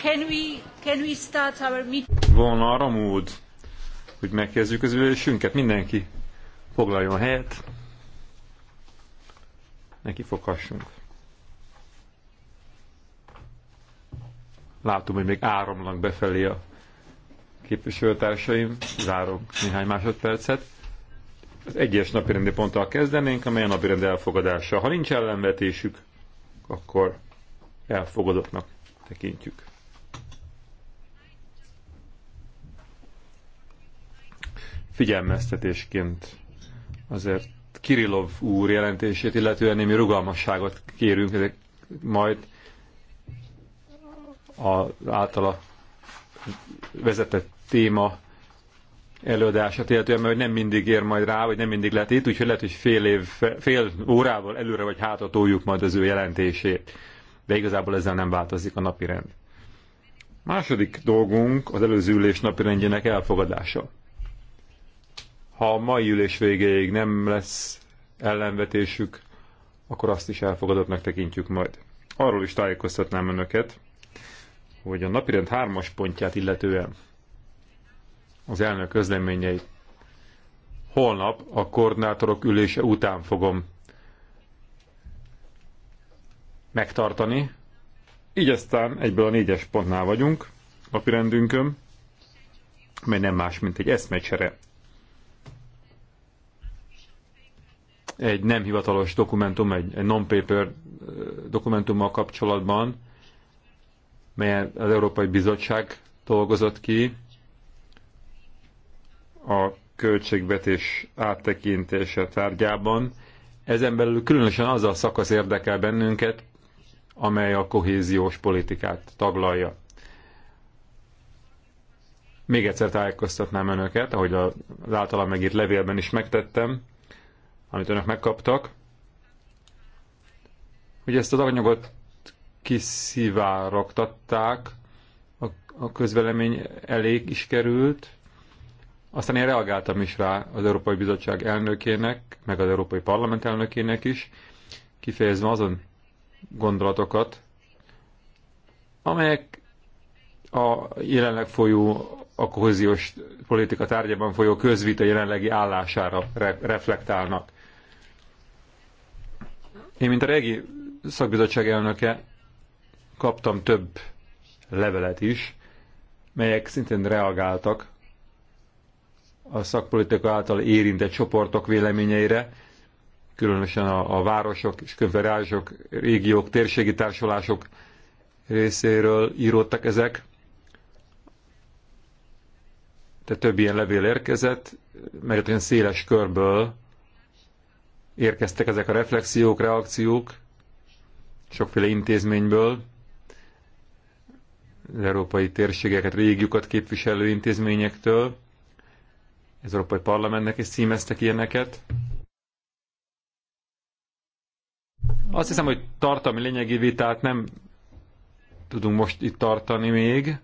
Can we, can we start our Van arra mód, hogy megkezdjük az ülésünket. Mindenki foglaljon helyet. Neki foghassunk. Látom, hogy még áramlanak befelé a képviselőtársaim. Zárok néhány másodpercet. Az egyes napirendi ponttal kezdenénk, amely a napirend elfogadása. Ha nincs ellenvetésük, akkor elfogadottnak tekintjük. figyelmeztetésként azért Kirillov úr jelentését, illetően némi rugalmasságot kérünk, ezek majd az általa vezetett téma előadását, illetően, mert nem mindig ér majd rá, vagy nem mindig lehet itt, úgyhogy lehet, hogy fél, év, fél órával előre vagy hátra toljuk majd az ő jelentését. De igazából ezzel nem változik a napirend. Második dolgunk az előző ülés napirendjének elfogadása. Ha a mai ülés végéig nem lesz ellenvetésük, akkor azt is elfogadottnak tekintjük majd. Arról is tájékoztatnám önöket, hogy a napirend hármas pontját illetően az elnök közleményei holnap a koordinátorok ülése után fogom megtartani. Így aztán egyből a négyes pontnál vagyunk napirendünkön, mely nem más, mint egy eszmecsere egy nem hivatalos dokumentum, egy, egy non-paper dokumentummal kapcsolatban, melyet az Európai Bizottság dolgozott ki a költségvetés áttekintése tárgyában. Ezen belül különösen az a szakasz érdekel bennünket, amely a kohéziós politikát taglalja. Még egyszer tájékoztatnám önöket, ahogy az általam megírt levélben is megtettem, amit önök megkaptak, hogy ezt az anyagot kiszivárogtatták, a, a közvelemény elég is került, aztán én reagáltam is rá az Európai Bizottság elnökének, meg az Európai Parlament elnökének is, kifejezve azon gondolatokat, amelyek a jelenleg folyó, a kohéziós politika tárgyában folyó közvita jelenlegi állására re- reflektálnak. Én, mint a régi szakbizottság elnöke, kaptam több levelet is, melyek szintén reagáltak a szakpolitika által érintett csoportok véleményeire, különösen a, a városok és konferások, régiók, térségi társulások részéről íródtak ezek. Tehát több ilyen levél érkezett, mert olyan széles körből, érkeztek ezek a reflexiók, reakciók sokféle intézményből, az európai térségeket, régiukat képviselő intézményektől, az Európai Parlamentnek is címeztek ilyeneket. Azt hiszem, hogy tartalmi lényegi vitát nem tudunk most itt tartani még,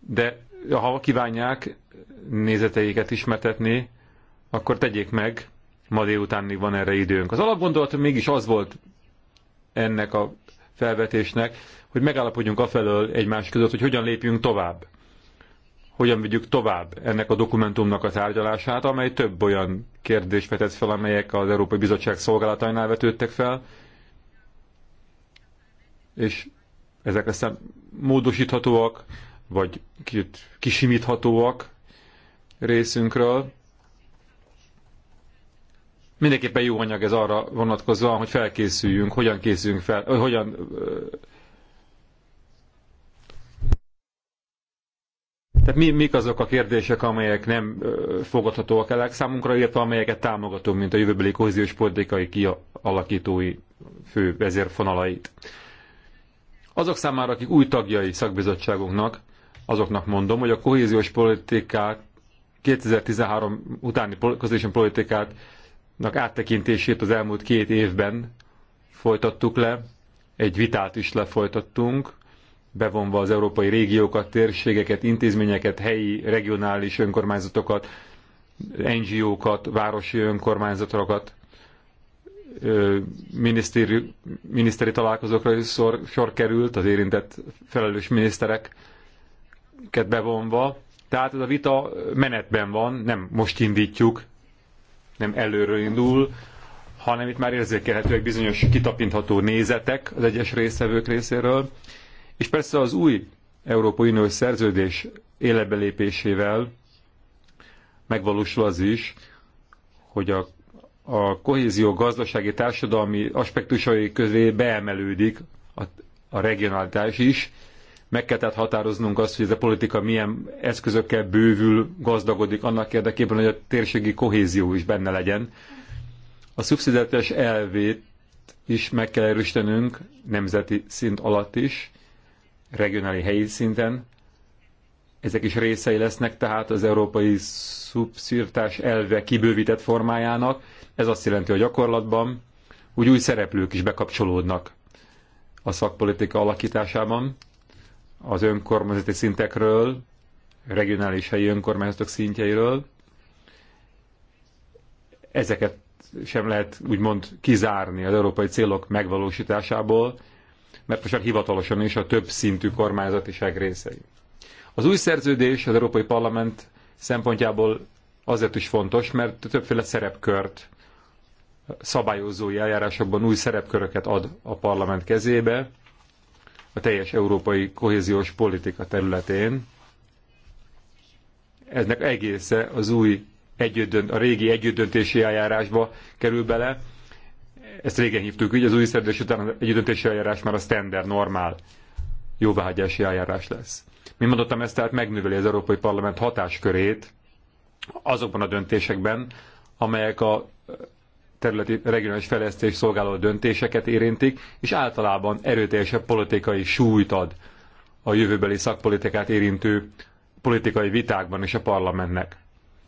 de ha kívánják nézeteiket ismertetni, akkor tegyék meg, ma délutánig van erre időnk. Az alapgondolat mégis az volt ennek a felvetésnek, hogy megállapodjunk afelől egymás között, hogy hogyan lépjünk tovább. Hogyan vigyük tovább ennek a dokumentumnak a tárgyalását, amely több olyan kérdést vetett fel, amelyek az Európai Bizottság szolgálatainál vetődtek fel, és ezek aztán módosíthatóak, vagy kicsit kisimíthatóak részünkről mindenképpen jó anyag ez arra vonatkozóan, hogy felkészüljünk, hogyan készüljünk fel, hogyan Tehát mi, mik azok a kérdések, amelyek nem fogadhatóak el számunkra, illetve amelyeket támogatunk, mint a jövőbeli kohéziós politikai kialakítói fő vezérfonalait. Azok számára, akik új tagjai szakbizottságunknak, azoknak mondom, hogy a kohéziós politikát 2013 utáni kohéziós politikát áttekintését az elmúlt két évben folytattuk le, egy vitát is lefolytattunk, bevonva az európai régiókat, térségeket, intézményeket, helyi, regionális önkormányzatokat, NGO-kat, városi önkormányzatokat, miniszteri, miniszteri találkozókra is sor, sor került, az érintett felelős minisztereket bevonva. Tehát ez a vita menetben van, nem most indítjuk, nem előről indul, hanem itt már érzékelhetőek bizonyos kitapintható nézetek az egyes résztvevők részéről. És persze az új Európai Uniós szerződés életbelépésével megvalósul az is, hogy a, a kohézió gazdasági társadalmi aspektusai közé beemelődik a, a regionalitás is, meg kell tehát határoznunk azt, hogy ez a politika milyen eszközökkel bővül, gazdagodik annak érdekében, hogy a térségi kohézió is benne legyen. A szubszidetes elvét is meg kell erősítenünk nemzeti szint alatt is, regionális helyi szinten. Ezek is részei lesznek tehát az európai szubszírtás elve kibővített formájának. Ez azt jelenti, hogy gyakorlatban hogy új szereplők is bekapcsolódnak a szakpolitika alakításában, az önkormányzati szintekről, regionális helyi önkormányzatok szintjeiről. Ezeket sem lehet úgymond kizárni az európai célok megvalósításából, mert most már hivatalosan is a több szintű kormányzatiság részei. Az új szerződés az Európai Parlament szempontjából azért is fontos, mert többféle szerepkört, szabályozói eljárásokban új szerepköröket ad a parlament kezébe, a teljes európai kohéziós politika területén. Eznek egésze az új együttdönt, a régi együttdöntési eljárásba kerül bele. Ezt régen hívtuk így, az új szerződés után az együttdöntési eljárás már a standard, normál jóváhagyási eljárás lesz. Mi mondottam, ezt tehát megnöveli az Európai Parlament hatáskörét azokban a döntésekben, amelyek a területi regionális fejlesztés szolgáló döntéseket érintik, és általában erőteljesebb politikai súlyt ad a jövőbeli szakpolitikát érintő politikai vitákban és a parlamentnek.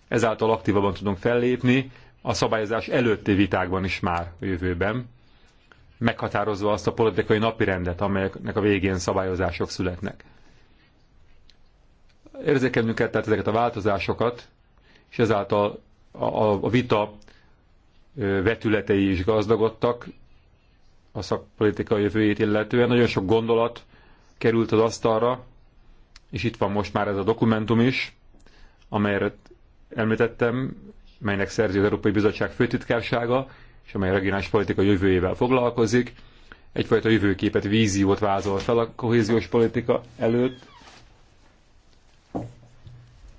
Ezáltal aktívabban tudunk fellépni a szabályozás előtti vitákban is már a jövőben, meghatározva azt a politikai napirendet, amelyeknek a végén szabályozások születnek. Érzékelnünk kell tehát ezeket a változásokat, és ezáltal a, a, a vita vetületei is gazdagodtak a szakpolitikai jövőjét illetően. Nagyon sok gondolat került az asztalra, és itt van most már ez a dokumentum is, amelyet említettem, melynek szerzi az Európai Bizottság főtitkársága, és amely a regionális politika jövőjével foglalkozik. Egyfajta jövőképet, víziót vázol fel a kohéziós politika előtt,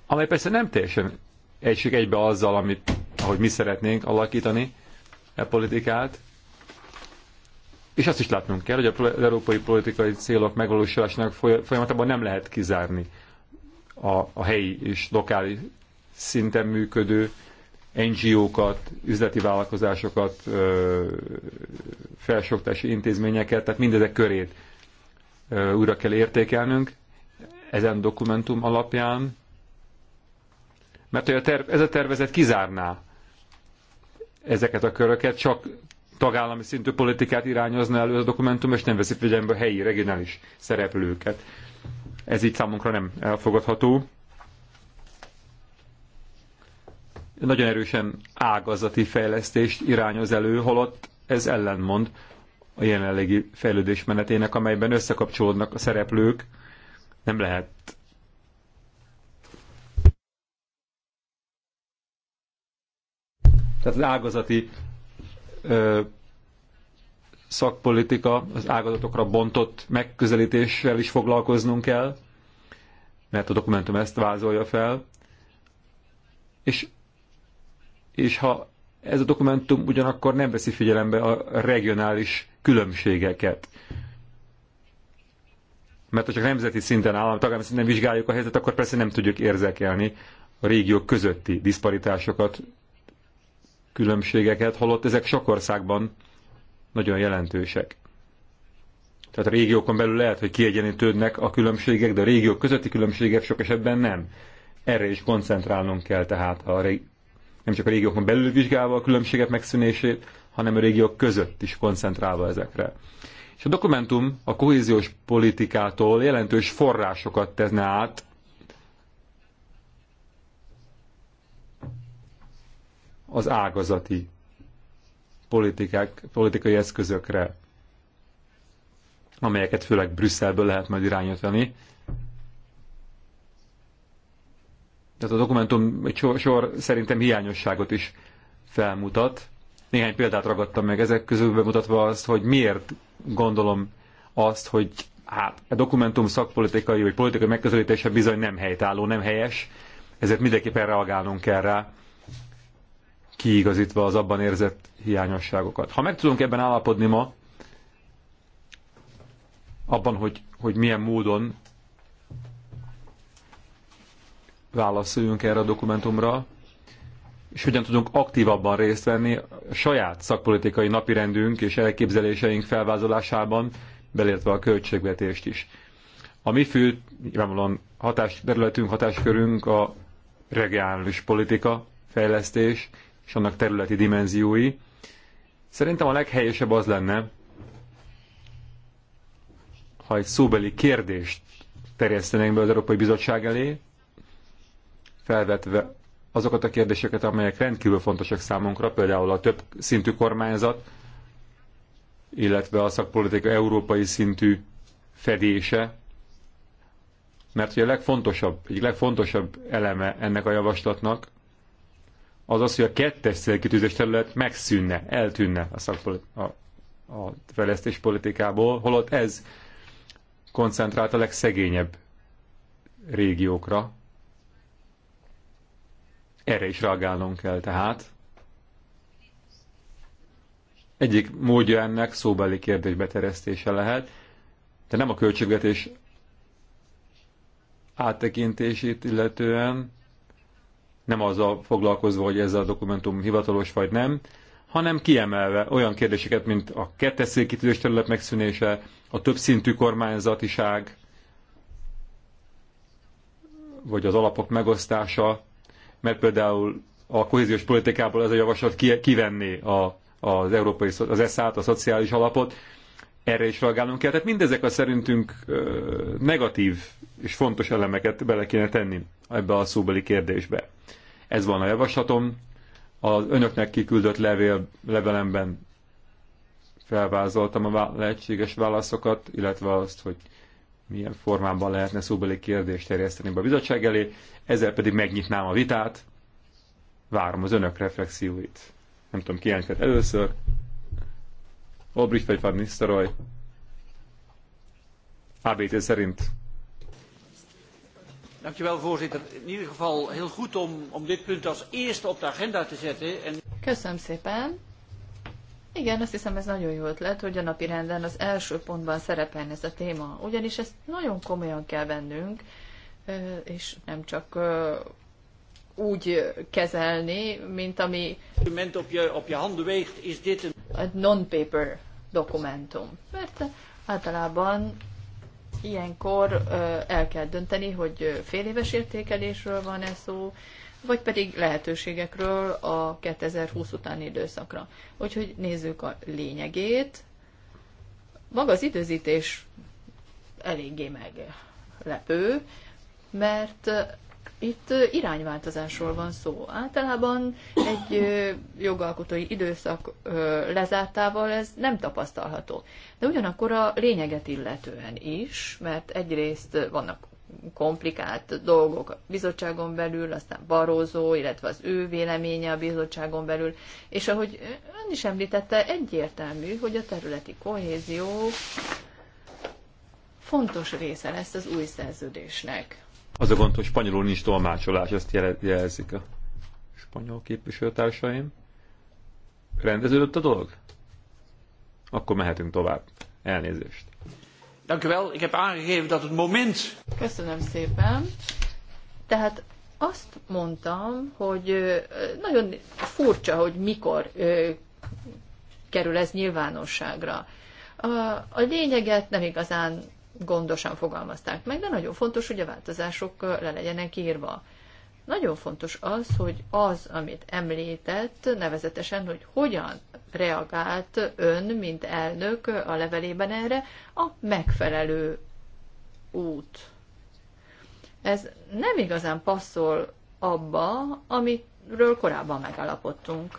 amely persze nem teljesen egység egybe azzal, amit ahogy mi szeretnénk alakítani e politikát. És azt is látnunk kell, hogy az európai politikai célok megvalósulásának folyamatában nem lehet kizárni a, a helyi és lokális szinten működő NGO-kat, üzleti vállalkozásokat, felsőoktási intézményeket, tehát mindezek körét újra kell értékelnünk ezen dokumentum alapján, mert hogy a terv, ez a tervezet kizárná ezeket a köröket, csak tagállami szintű politikát irányozna elő a dokumentum, és nem veszi figyelembe a helyi, regionális szereplőket. Ez így számunkra nem elfogadható. Nagyon erősen ágazati fejlesztést irányoz elő, holott ez ellenmond a jelenlegi fejlődés menetének, amelyben összekapcsolódnak a szereplők. Nem lehet Tehát az ágazati ö, szakpolitika, az ágazatokra bontott megközelítéssel is foglalkoznunk kell, mert a dokumentum ezt vázolja fel. És, és ha ez a dokumentum ugyanakkor nem veszi figyelembe a regionális különbségeket, mert ha csak nemzeti szinten, állam, tagállami szinten vizsgáljuk a helyzetet, akkor persze nem tudjuk érzekelni a régiók közötti diszparitásokat, különbségeket, holott ezek sok országban nagyon jelentősek. Tehát a régiókon belül lehet, hogy kiegyenítődnek a különbségek, de a régiók közötti különbségek sok esetben nem. Erre is koncentrálnunk kell tehát a régi nem csak a régiókon belül vizsgálva a különbségek megszűnését, hanem a régiók között is koncentrálva ezekre. És a dokumentum a kohéziós politikától jelentős forrásokat tezne át az ágazati politikák, politikai eszközökre, amelyeket főleg Brüsszelből lehet majd irányítani. Tehát a dokumentum egy sor, sor szerintem hiányosságot is felmutat. Néhány példát ragadtam meg ezek közül, bemutatva azt, hogy miért gondolom azt, hogy hát a dokumentum szakpolitikai vagy politikai megközelítése bizony nem helytálló, nem helyes, ezért mindenképpen reagálnunk kell rá kiigazítva az abban érzett hiányosságokat. Ha meg tudunk ebben állapodni ma, abban, hogy, hogy milyen módon válaszoljunk erre a dokumentumra, és hogyan tudunk aktívabban részt venni a saját szakpolitikai napirendünk és elképzeléseink felvázolásában, beleértve a költségvetést is. A mi fő, nyilvánvalóan hatásterületünk, hatáskörünk a regionális politika, fejlesztés és annak területi dimenziói. Szerintem a leghelyesebb az lenne, ha egy szóbeli kérdést terjesztenénk be az Európai Bizottság elé, felvetve azokat a kérdéseket, amelyek rendkívül fontosak számunkra, például a több szintű kormányzat, illetve a szakpolitika európai szintű fedése, mert ugye a legfontosabb, egy legfontosabb eleme ennek a javaslatnak az az, hogy a kettes célkitűzés terület megszűnne, eltűnne a, a, a fejlesztés politikából, holott ez koncentrált a legszegényebb régiókra. Erre is reagálnunk kell tehát. Egyik módja ennek szóbeli kérdés beteresztése lehet, de nem a költségvetés áttekintését illetően, nem azzal foglalkozva, hogy ez a dokumentum hivatalos vagy nem, hanem kiemelve olyan kérdéseket, mint a kettes szélkitűzés terület megszűnése, a többszintű kormányzatiság, vagy az alapok megosztása, mert például a kohéziós politikából ez a javaslat kivenni a, az európai, az eszát, a szociális alapot, erre is reagálnunk kell. Tehát mindezek a szerintünk negatív és fontos elemeket bele kéne tenni ebbe a szóbeli kérdésbe. Ez van a javaslatom. Az önöknek kiküldött levél, levelemben felvázoltam a lehetséges válaszokat, illetve azt, hogy milyen formában lehetne szóbeli kérdést terjeszteni be a bizottság elé, ezzel pedig megnyitnám a vitát, várom az önök reflexióit. Nem tudom, ki először. Obrich vagy Van Nistelrooy. ABT szerint Dankjewel, voorzitter. In ieder geval heel goed om, om dit punt als eerste op de agenda te zetten. En... Köszönöm szépen. Igen, azt hiszem ez nagyon jó ötlet, hogy a napi renden az első pontban szerepeljen ez a téma. Ugyanis ezt nagyon komolyan kell vennünk, és nem csak úgy kezelni, mint ami Egy non-paper dokumentum. Mert általában ilyenkor el kell dönteni, hogy fél éves értékelésről van-e szó, vagy pedig lehetőségekről a 2020 utáni időszakra. Úgyhogy nézzük a lényegét. Maga az időzítés eléggé meglepő, mert itt irányváltozásról van szó. Általában egy jogalkotói időszak lezártával ez nem tapasztalható. De ugyanakkor a lényeget illetően is, mert egyrészt vannak komplikált dolgok a bizottságon belül, aztán Barózó, illetve az ő véleménye a bizottságon belül, és ahogy ön is említette, egyértelmű, hogy a területi kohézió fontos része lesz az új szerződésnek. Az a gond, hogy spanyolul nincs tolmácsolás, ezt jelzik a spanyol képviselőtársaim. Rendeződött a dolog? Akkor mehetünk tovább. Elnézést. Dank u wel. Ik heb aangegeven dat het moment... Köszönöm szépen. Tehát azt mondtam, hogy nagyon furcsa, hogy mikor kerül ez nyilvánosságra. A lényeget nem igazán gondosan fogalmazták meg, de nagyon fontos, hogy a változások le legyenek írva. Nagyon fontos az, hogy az, amit említett, nevezetesen, hogy hogyan reagált ön, mint elnök a levelében erre, a megfelelő út. Ez nem igazán passzol abba, amiről korábban megalapodtunk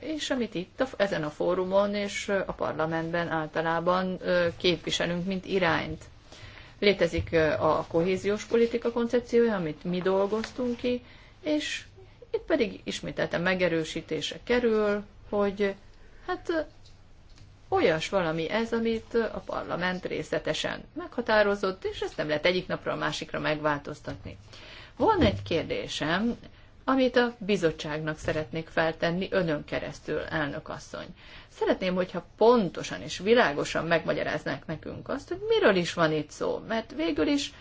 és amit itt ezen a fórumon és a parlamentben általában képviselünk, mint irányt. Létezik a kohéziós politika koncepciója, amit mi dolgoztunk ki, és itt pedig ismételten megerősítése kerül, hogy hát olyas valami ez, amit a parlament részletesen meghatározott, és ezt nem lehet egyik napra a másikra megváltoztatni. Van egy kérdésem amit a bizottságnak szeretnék feltenni önön keresztül, elnök asszony. Szeretném, hogyha pontosan és világosan megmagyaráznák nekünk azt, hogy miről is van itt szó, mert végül is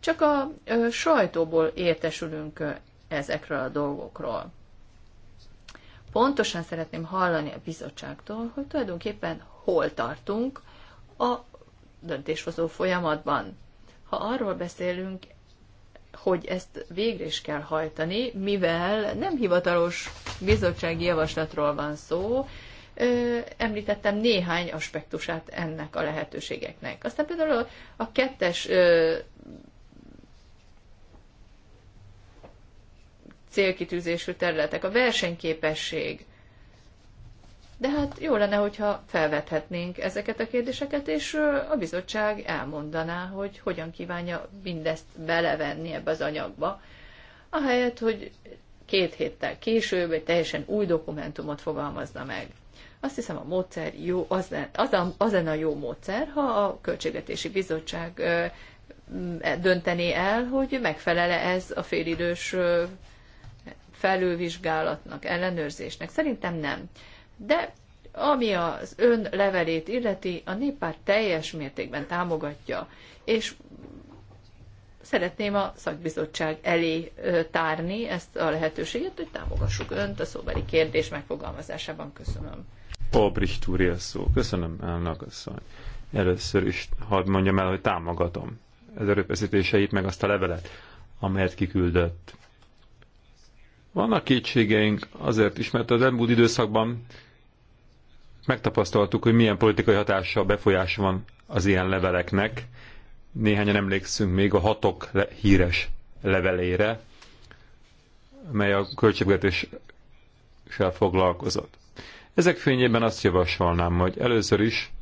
csak a ö, sajtóból értesülünk ö, ezekről a dolgokról. Pontosan szeretném hallani a bizottságtól, hogy tulajdonképpen hol tartunk a döntéshozó folyamatban. Ha arról beszélünk hogy ezt végre is kell hajtani, mivel nem hivatalos bizottsági javaslatról van szó, említettem néhány aspektusát ennek a lehetőségeknek. Aztán például a kettes célkitűzésű területek, a versenyképesség, de hát jó lenne, hogyha felvethetnénk ezeket a kérdéseket, és a bizottság elmondaná, hogy hogyan kívánja mindezt belevenni ebbe az anyagba, ahelyett, hogy két héttel később egy teljesen új dokumentumot fogalmazna meg. Azt hiszem a módszer jó, az lenne, az, a, az lenne a jó módszer, ha a Költségvetési Bizottság e, dönteni el, hogy megfelele ez a félidős felülvizsgálatnak, ellenőrzésnek. Szerintem nem de ami az ön levelét illeti, a néppárt teljes mértékben támogatja, és szeretném a szakbizottság elé tárni ezt a lehetőséget, hogy támogassuk önt a szóbeli kérdés megfogalmazásában. Köszönöm. Albrecht úr szó. Köszönöm, elnök asszony. Először is hadd mondjam el, hogy támogatom az erőfeszítéseit, meg azt a levelet, amelyet kiküldött. Vannak kétségeink azért is, mert az elmúlt időszakban megtapasztaltuk, hogy milyen politikai hatással, befolyás van az ilyen leveleknek. Néhányan emlékszünk még a hatok le- híres levelére, mely a költségvetéssel foglalkozott. Ezek fényében azt javasolnám, hogy először is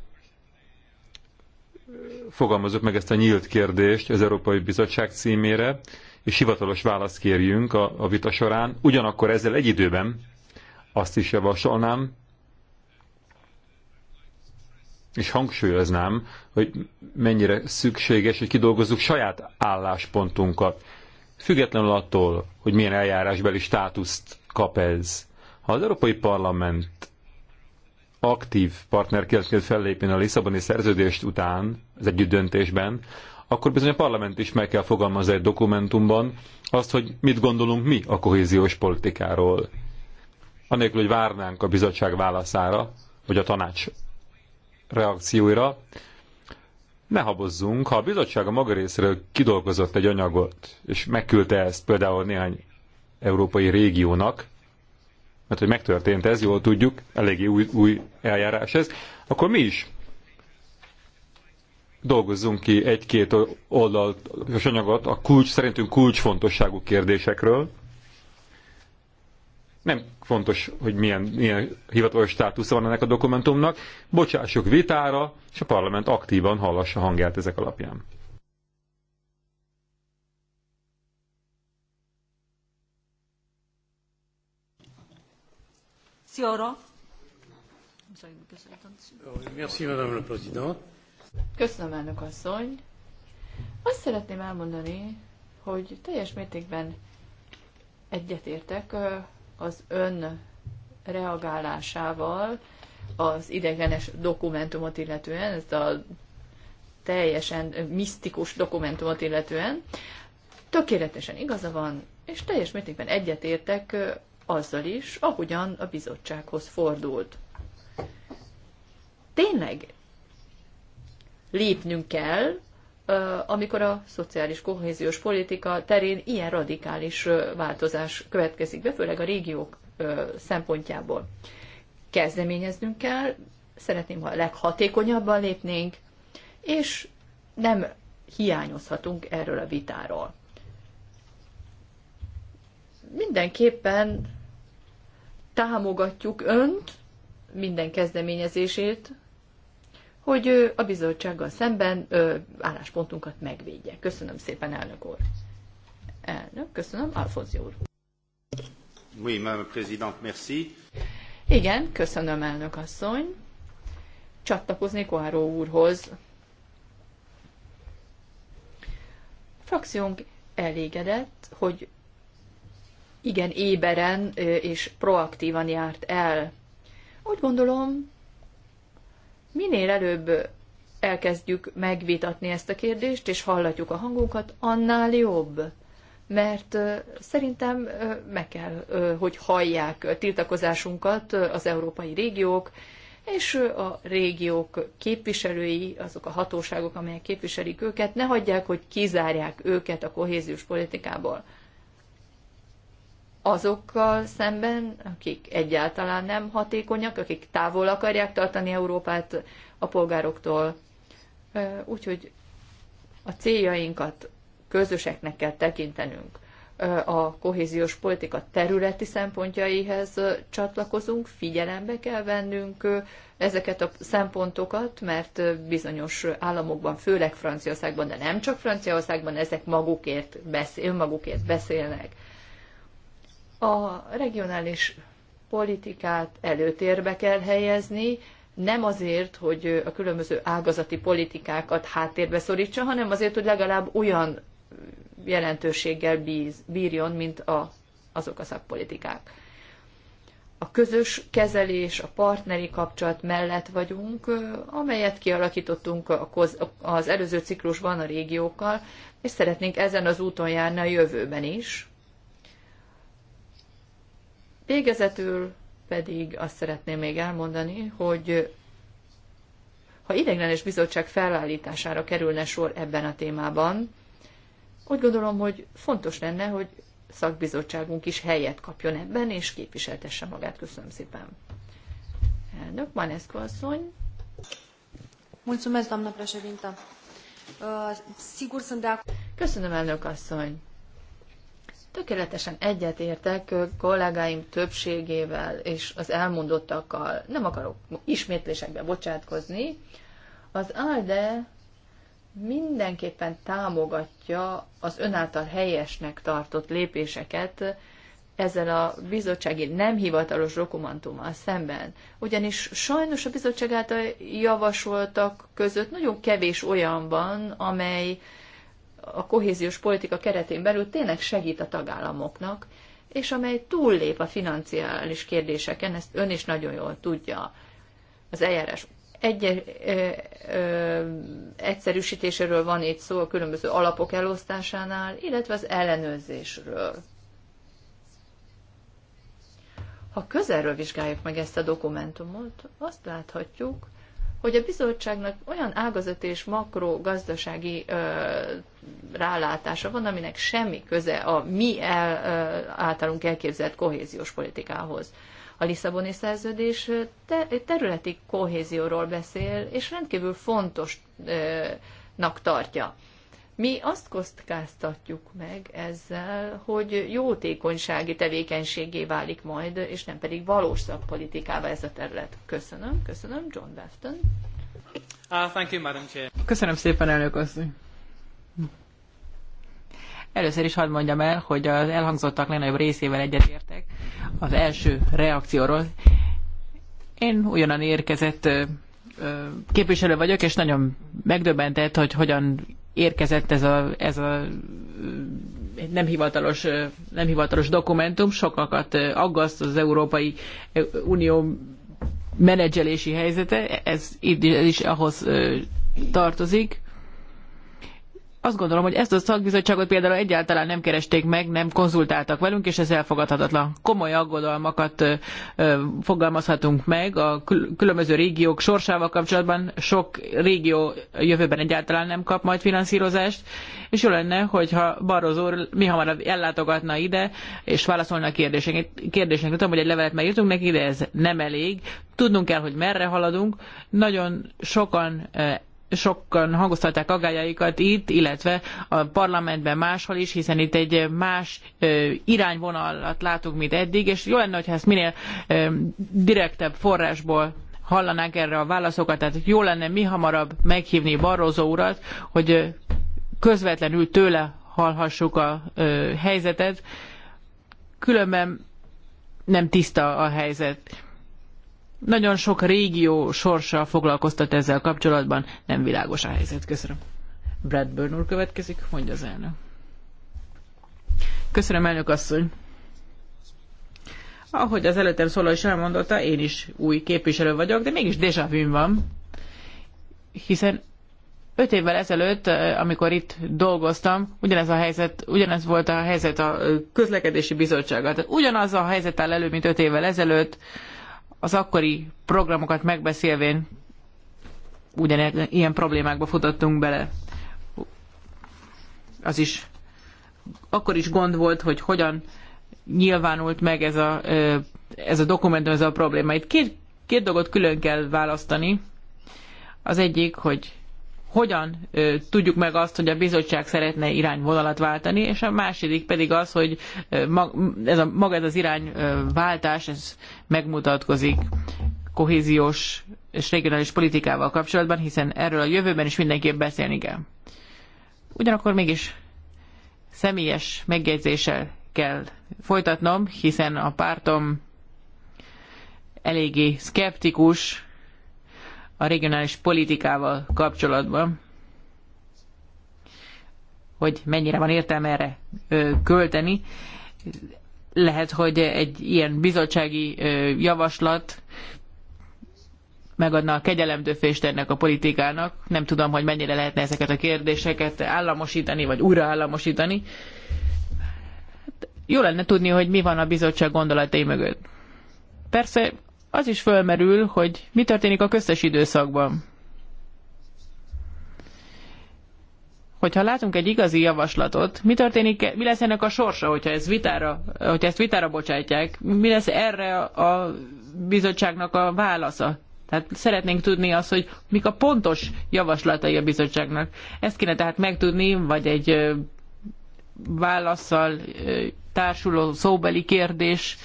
fogalmazok meg ezt a nyílt kérdést az Európai Bizottság címére, és hivatalos választ kérjünk a, a vita során. Ugyanakkor ezzel egy időben azt is javasolnám, és hangsúlyoznám, hogy mennyire szükséges, hogy kidolgozzuk saját álláspontunkat. Függetlenül attól, hogy milyen eljárásbeli státuszt kap ez. Ha az Európai Parlament aktív partnerként kell fellépni a Lisszaboni szerződést után, az együtt döntésben, akkor bizony a parlament is meg kell fogalmazni egy dokumentumban azt, hogy mit gondolunk mi a kohéziós politikáról. Anélkül, hogy várnánk a bizottság válaszára, vagy a tanács reakcióira. Ne habozzunk, ha a bizottság a maga részéről kidolgozott egy anyagot, és megküldte ezt például néhány európai régiónak, mert hogy megtörtént ez, jól tudjuk, eléggé új, új eljárás ez, akkor mi is dolgozzunk ki egy-két oldalas anyagot a kulcs, szerintünk kulcsfontosságú kérdésekről, nem fontos, hogy milyen, milyen hivatalos státusza van ennek a dokumentumnak. Bocsássuk vitára, és a parlament aktívan hallassa hangját ezek alapján. Köszönöm, elnök asszony. Azt szeretném elmondani, hogy teljes mértékben egyetértek az ön reagálásával az idegenes dokumentumot illetően, ezt a teljesen misztikus dokumentumot illetően, tökéletesen igaza van, és teljes mértékben egyetértek azzal is, ahogyan a bizottsághoz fordult. Tényleg lépnünk kell, amikor a szociális kohéziós politika terén ilyen radikális változás következik be, főleg a régiók szempontjából. Kezdeményeznünk kell, szeretném, ha leghatékonyabban lépnénk, és nem hiányozhatunk erről a vitáról. Mindenképpen támogatjuk önt, minden kezdeményezését, hogy a bizottsággal szemben álláspontunkat megvédje. Köszönöm szépen, elnök úr. Elnök, köszönöm, Alfonzi úr. Oui, madame merci. Igen, köszönöm, elnök asszony. Csatlakoznék Koáró úrhoz. frakciónk elégedett, hogy igen éberen és proaktívan járt el. Úgy gondolom, minél előbb elkezdjük megvitatni ezt a kérdést, és hallatjuk a hangunkat, annál jobb. Mert szerintem meg kell, hogy hallják tiltakozásunkat az európai régiók, és a régiók képviselői, azok a hatóságok, amelyek képviselik őket, ne hagyják, hogy kizárják őket a kohéziós politikából azokkal szemben, akik egyáltalán nem hatékonyak, akik távol akarják tartani Európát a polgároktól. Úgyhogy a céljainkat közöseknek kell tekintenünk. A kohéziós politika területi szempontjaihez csatlakozunk, figyelembe kell vennünk ezeket a szempontokat, mert bizonyos államokban, főleg Franciaországban, de nem csak Franciaországban, ezek magukért beszél, önmagukért beszélnek a regionális politikát előtérbe kell helyezni, nem azért, hogy a különböző ágazati politikákat háttérbe szorítsa, hanem azért, hogy legalább olyan jelentőséggel bíz, bírjon, mint a, azok a szakpolitikák. A közös kezelés, a partneri kapcsolat mellett vagyunk, amelyet kialakítottunk az előző ciklusban a régiókkal, és szeretnénk ezen az úton járni a jövőben is, Végezetül pedig azt szeretném még elmondani, hogy ha ideiglenes bizottság felállítására kerülne sor ebben a témában, úgy gondolom, hogy fontos lenne, hogy szakbizottságunk is helyet kapjon ebben, és képviseltesse magát. Köszönöm szépen. Elnök Manesko asszony. Mulțumesc, doamnă președintă. Sigur sunt de Köszönöm, elnök asszony. Tökéletesen egyetértek kollégáim többségével és az elmondottakkal. Nem akarok ismétlésekbe bocsátkozni. Az ALDE mindenképpen támogatja az önáltal helyesnek tartott lépéseket ezzel a bizottsági nem hivatalos dokumentummal szemben. Ugyanis sajnos a bizottság által javasoltak között nagyon kevés olyan van, amely a kohéziós politika keretén belül tényleg segít a tagállamoknak, és amely túllép a financiális kérdéseken, ezt ön is nagyon jól tudja az eljárás egy, ö, ö, egyszerűsítéséről van itt szó a különböző alapok elosztásánál, illetve az ellenőrzésről. Ha közelről vizsgáljuk meg ezt a dokumentumot, azt láthatjuk, hogy a bizottságnak olyan ágazat és ö, rálátása van, aminek semmi köze a mi el, ö, általunk elképzelt kohéziós politikához. A Lisszaboni szerződés te, területi kohézióról beszél, és rendkívül fontosnak tartja. Mi azt kockáztatjuk meg ezzel, hogy jótékonysági tevékenységé válik majd, és nem pedig valós szakpolitikába ez a terület. Köszönöm, köszönöm, John Bafton. Uh, ah, thank you, Madam Chair. Köszönöm szépen, elnök asszony. Először is hadd mondjam el, hogy az elhangzottak legnagyobb részével egyetértek az első reakcióról. Én ugyanan érkezett képviselő vagyok, és nagyon megdöbbentett, hogy hogyan érkezett ez a, ez a nem, hivatalos, nem hivatalos dokumentum, sokakat aggaszt az Európai Unió menedzselési helyzete, ez, ez is ahhoz tartozik. Azt gondolom, hogy ezt a szakbizottságot például egyáltalán nem keresték meg, nem konzultáltak velünk, és ez elfogadhatatlan. Komoly aggodalmakat fogalmazhatunk meg a különböző régiók sorsával kapcsolatban. Sok régió jövőben egyáltalán nem kap majd finanszírozást, és jó lenne, hogyha Barroso mi hamarabb ellátogatna ide, és válaszolna a kérdésnek. Tudom, hogy egy levelet már neki, de ez nem elég. Tudnunk kell, hogy merre haladunk. Nagyon sokan sokan hangoztatták agályaikat itt, illetve a parlamentben máshol is, hiszen itt egy más irányvonalat látunk, mint eddig, és jó lenne, hogyha ezt minél direktebb forrásból hallanánk erre a válaszokat, tehát jó lenne mi hamarabb meghívni Barroso urat, hogy közvetlenül tőle hallhassuk a helyzetet, különben nem tiszta a helyzet nagyon sok régió sorsa foglalkoztat ezzel kapcsolatban, nem világos a helyzet. Köszönöm. Bradburn úr következik, mondja az elnök. Köszönöm, elnök asszony. Ahogy az előttem szóló is elmondotta, én is új képviselő vagyok, de mégis déjà vu van, hiszen öt évvel ezelőtt, amikor itt dolgoztam, ugyanez a helyzet, ugyanez volt a helyzet a közlekedési bizottsággal. Tehát ugyanaz a helyzet áll elő, mint öt évvel ezelőtt, az akkori programokat megbeszélvén ugyanilyen problémákba futottunk bele. Az is akkor is gond volt, hogy hogyan nyilvánult meg ez a, ez a dokumentum, ez a probléma. Itt két, két dolgot külön kell választani. Az egyik, hogy hogyan tudjuk meg azt, hogy a bizottság szeretne irányvonalat váltani, és a második pedig az, hogy ez a, maga ez az irányváltás, ez megmutatkozik kohéziós és regionális politikával kapcsolatban, hiszen erről a jövőben is mindenképp beszélni kell. Ugyanakkor mégis személyes megjegyzéssel kell folytatnom, hiszen a pártom eléggé szkeptikus a regionális politikával kapcsolatban, hogy mennyire van értelme erre költeni. Lehet, hogy egy ilyen bizottsági javaslat megadna a kegyelemdöfést ennek a politikának. Nem tudom, hogy mennyire lehetne ezeket a kérdéseket államosítani, vagy újraállamosítani. Hát, jó lenne tudni, hogy mi van a bizottság gondolatai mögött. Persze az is fölmerül, hogy mi történik a köztes időszakban. Hogyha látunk egy igazi javaslatot, mi történik, mi lesz ennek a sorsa, hogyha, ez vitára, hogyha ezt vitára bocsátják, mi lesz erre a bizottságnak a válasza? Tehát szeretnénk tudni azt, hogy mik a pontos javaslatai a bizottságnak. Ezt kéne tehát megtudni, vagy egy válaszsal társuló szóbeli kérdés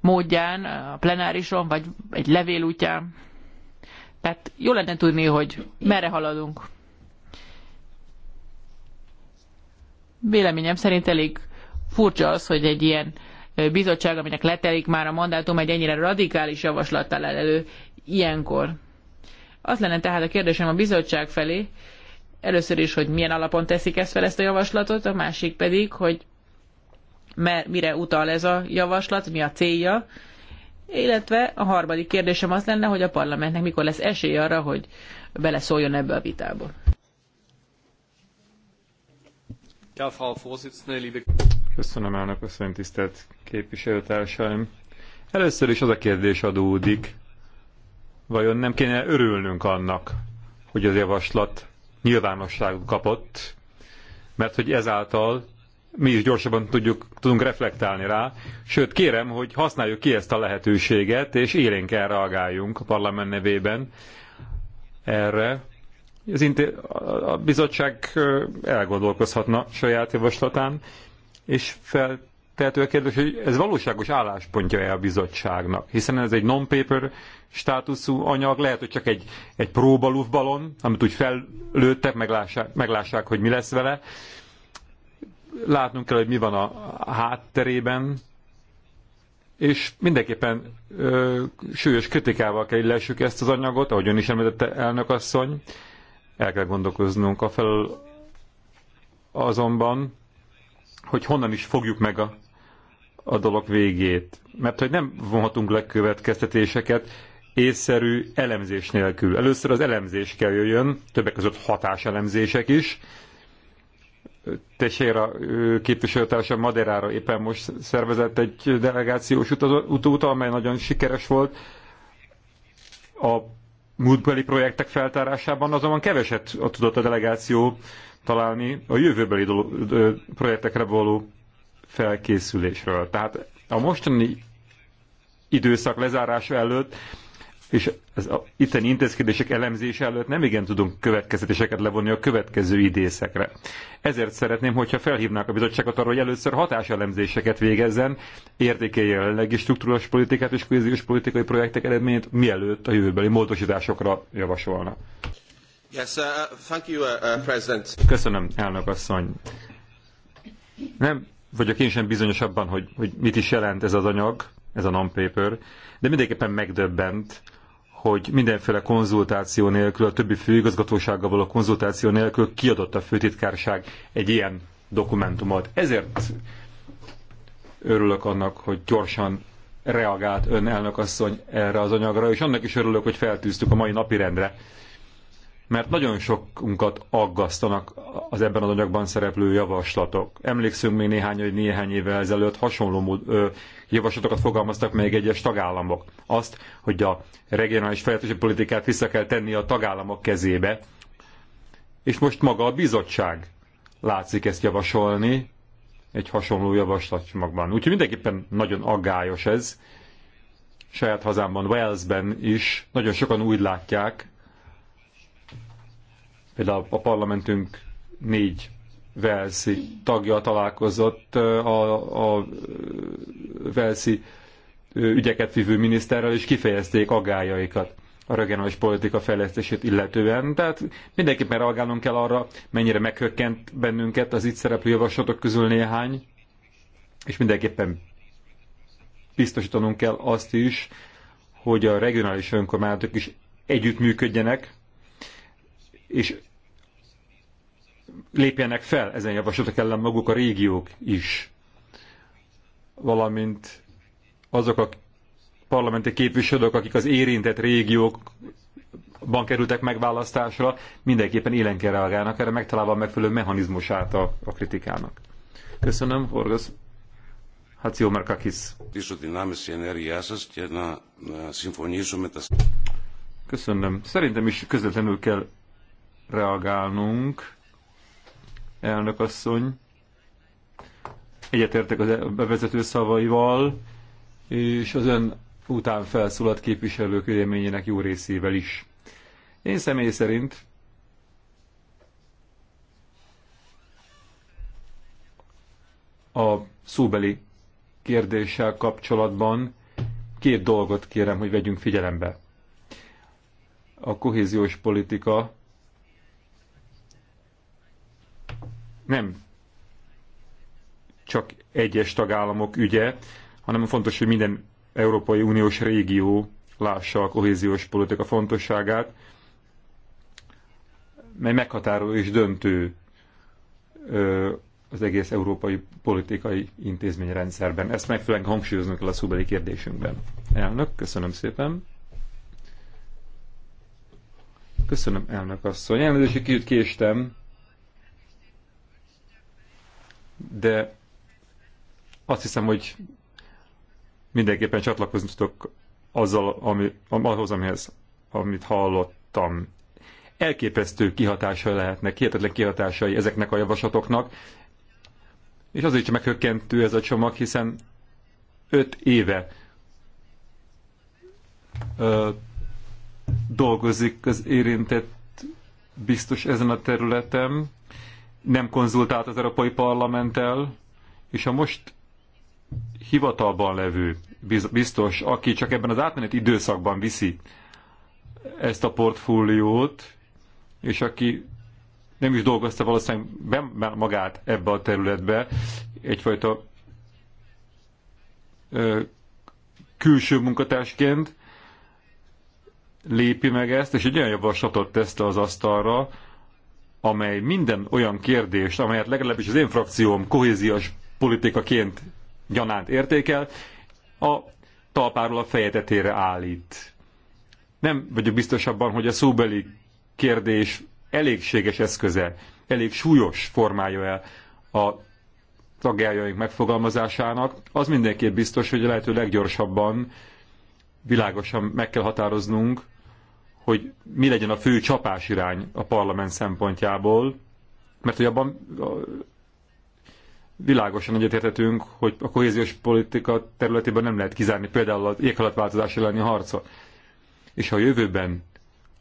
módján, a plenárison, vagy egy levél útján. Tehát jó lenne tudni, hogy merre haladunk. Véleményem szerint elég furcsa az, hogy egy ilyen bizottság, aminek letelik már a mandátum, egy ennyire radikális javaslattal elő ilyenkor. Az lenne tehát a kérdésem a bizottság felé, először is, hogy milyen alapon teszik ezt fel ezt a javaslatot, a másik pedig, hogy mire utal ez a javaslat, mi a célja, illetve a harmadik kérdésem az lenne, hogy a parlamentnek mikor lesz esély arra, hogy beleszóljon ebbe a vitába. Köszönöm elnök, köszönöm tisztelt képviselőtársaim. Először is az a kérdés adódik, vajon nem kéne örülnünk annak, hogy az javaslat nyilvánosságot kapott, mert hogy ezáltal mi is gyorsabban tudjuk, tudunk reflektálni rá. Sőt, kérem, hogy használjuk ki ezt a lehetőséget, és élénkkel reagáljunk a parlament nevében erre. Az inté- a bizottság elgondolkozhatna saját javaslatán, és fel tehető a kérdés, hogy ez valóságos álláspontja-e a bizottságnak? Hiszen ez egy non-paper státuszú anyag, lehet, hogy csak egy, egy próbalufbalon, amit úgy fellőttek, meglássák, meglássák, hogy mi lesz vele, látnunk kell, hogy mi van a hátterében, és mindenképpen ö, súlyos kritikával kell illessük ezt az anyagot, ahogy ön is említette, elnök asszony. El kell gondolkoznunk a felől azonban, hogy honnan is fogjuk meg a, a dolog végét. Mert hogy nem vonhatunk le következtetéseket észszerű elemzés nélkül. Először az elemzés kell jöjjön, többek között hatáselemzések is, Teixeira képviselőtársa Maderára éppen most szervezett egy delegációs utóta, amely nagyon sikeres volt. A múltbeli projektek feltárásában azonban keveset tudott a delegáció találni a jövőbeli projektekre való felkészülésről. Tehát a mostani időszak lezárása előtt és az a itteni intézkedések elemzése előtt nem igen tudunk következtetéseket levonni a következő idészekre. Ezért szeretném, hogyha felhívnák a bizottságot arra, hogy először hatáselemzéseket végezzen, értékelje jelenlegi struktúrás politikát és kohéziós politikai projektek eredményét, mielőtt a jövőbeli módosításokra javasolna. Yes, uh, thank you, uh, uh, President. Köszönöm, elnök asszony. Nem vagyok én sem bizonyos abban, hogy, hogy mit is jelent ez az anyag, ez a non-paper, de mindenképpen megdöbbent, hogy mindenféle konzultáció nélkül, a többi főigazgatósággal való konzultáció nélkül kiadott a főtitkárság egy ilyen dokumentumot. Ezért örülök annak, hogy gyorsan reagált ön asszony erre az anyagra, és annak is örülök, hogy feltűztük a mai napirendre, mert nagyon sokunkat aggasztanak az ebben az anyagban szereplő javaslatok. Emlékszünk még néhány, hogy néhány évvel ezelőtt hasonló mód, ö, javaslatokat fogalmaztak meg egyes tagállamok. Azt, hogy a regionális fejlesztési politikát vissza kell tenni a tagállamok kezébe, és most maga a bizottság látszik ezt javasolni, egy hasonló javaslatcsomagban. Úgyhogy mindenképpen nagyon aggályos ez. Saját hazámban, Walesben is nagyon sokan úgy látják, például a parlamentünk négy Velszi tagja találkozott a, a Velszi ügyeket vívő miniszterrel, és kifejezték agályaikat a regionális politika fejlesztését illetően. Tehát mindenképpen reagálnunk kell arra, mennyire meghökkent bennünket az itt szereplő javaslatok közül néhány, és mindenképpen biztosítanunk kell azt is, hogy a regionális önkormányzatok is együttműködjenek, és lépjenek fel ezen javaslatok ellen maguk a régiók is, valamint azok a parlamenti képviselők, akik az érintett régiókban kerültek megválasztásra, mindenképpen élen kell reagálnak erre, megtalálva a megfelelő mechanizmusát a, a kritikának. Köszönöm, Horgasz. Hatzió Merkakis. Köszönöm. Szerintem is közvetlenül kell reagálnunk elnök asszony. Egyetértek a bevezető szavaival, és az ön után felszólalt képviselők véleményének jó részével is. Én személy szerint a szóbeli kérdéssel kapcsolatban két dolgot kérem, hogy vegyünk figyelembe. A kohéziós politika nem csak egyes tagállamok ügye, hanem fontos, hogy minden Európai Uniós régió lássa a kohéziós politika fontosságát, mely meghatározó és döntő az egész európai politikai intézményrendszerben. Ezt megfelelően hangsúlyozni kell a szóbeli kérdésünkben. Elnök, köszönöm szépen. Köszönöm, elnök asszony. Elnök, hogy kicsit késtem de azt hiszem, hogy mindenképpen csatlakozni tudok azzal, ami, ahhoz, amihez, amit hallottam. Elképesztő kihatásai lehetnek, hihetetlen kihatásai ezeknek a javaslatoknak, és azért is meghökkentő ez a csomag, hiszen öt éve ö, dolgozik az érintett biztos ezen a területen, nem konzultált az Európai Parlamenttel, és a most hivatalban levő biztos, aki csak ebben az átmeneti időszakban viszi ezt a portfóliót, és aki nem is dolgozta valószínűleg be magát ebbe a területbe, egyfajta ö, külső munkatársként lépi meg ezt, és egy olyan javaslatot tesz az asztalra, amely minden olyan kérdést, amelyet legalábbis az én frakcióm kohéziós politikaként gyanánt értékel, a talpáról a fejetetére állít. Nem vagyok biztos abban, hogy a szóbeli kérdés elégséges eszköze, elég súlyos formája-e a tagjaink megfogalmazásának. Az mindenképp biztos, hogy a lehető leggyorsabban világosan meg kell határoznunk, hogy mi legyen a fő irány a parlament szempontjából, mert hogy abban világosan egyetértetünk, hogy a kohéziós politika területében nem lehet kizárni például az éghajlatváltozás elleni harcot. És ha a jövőben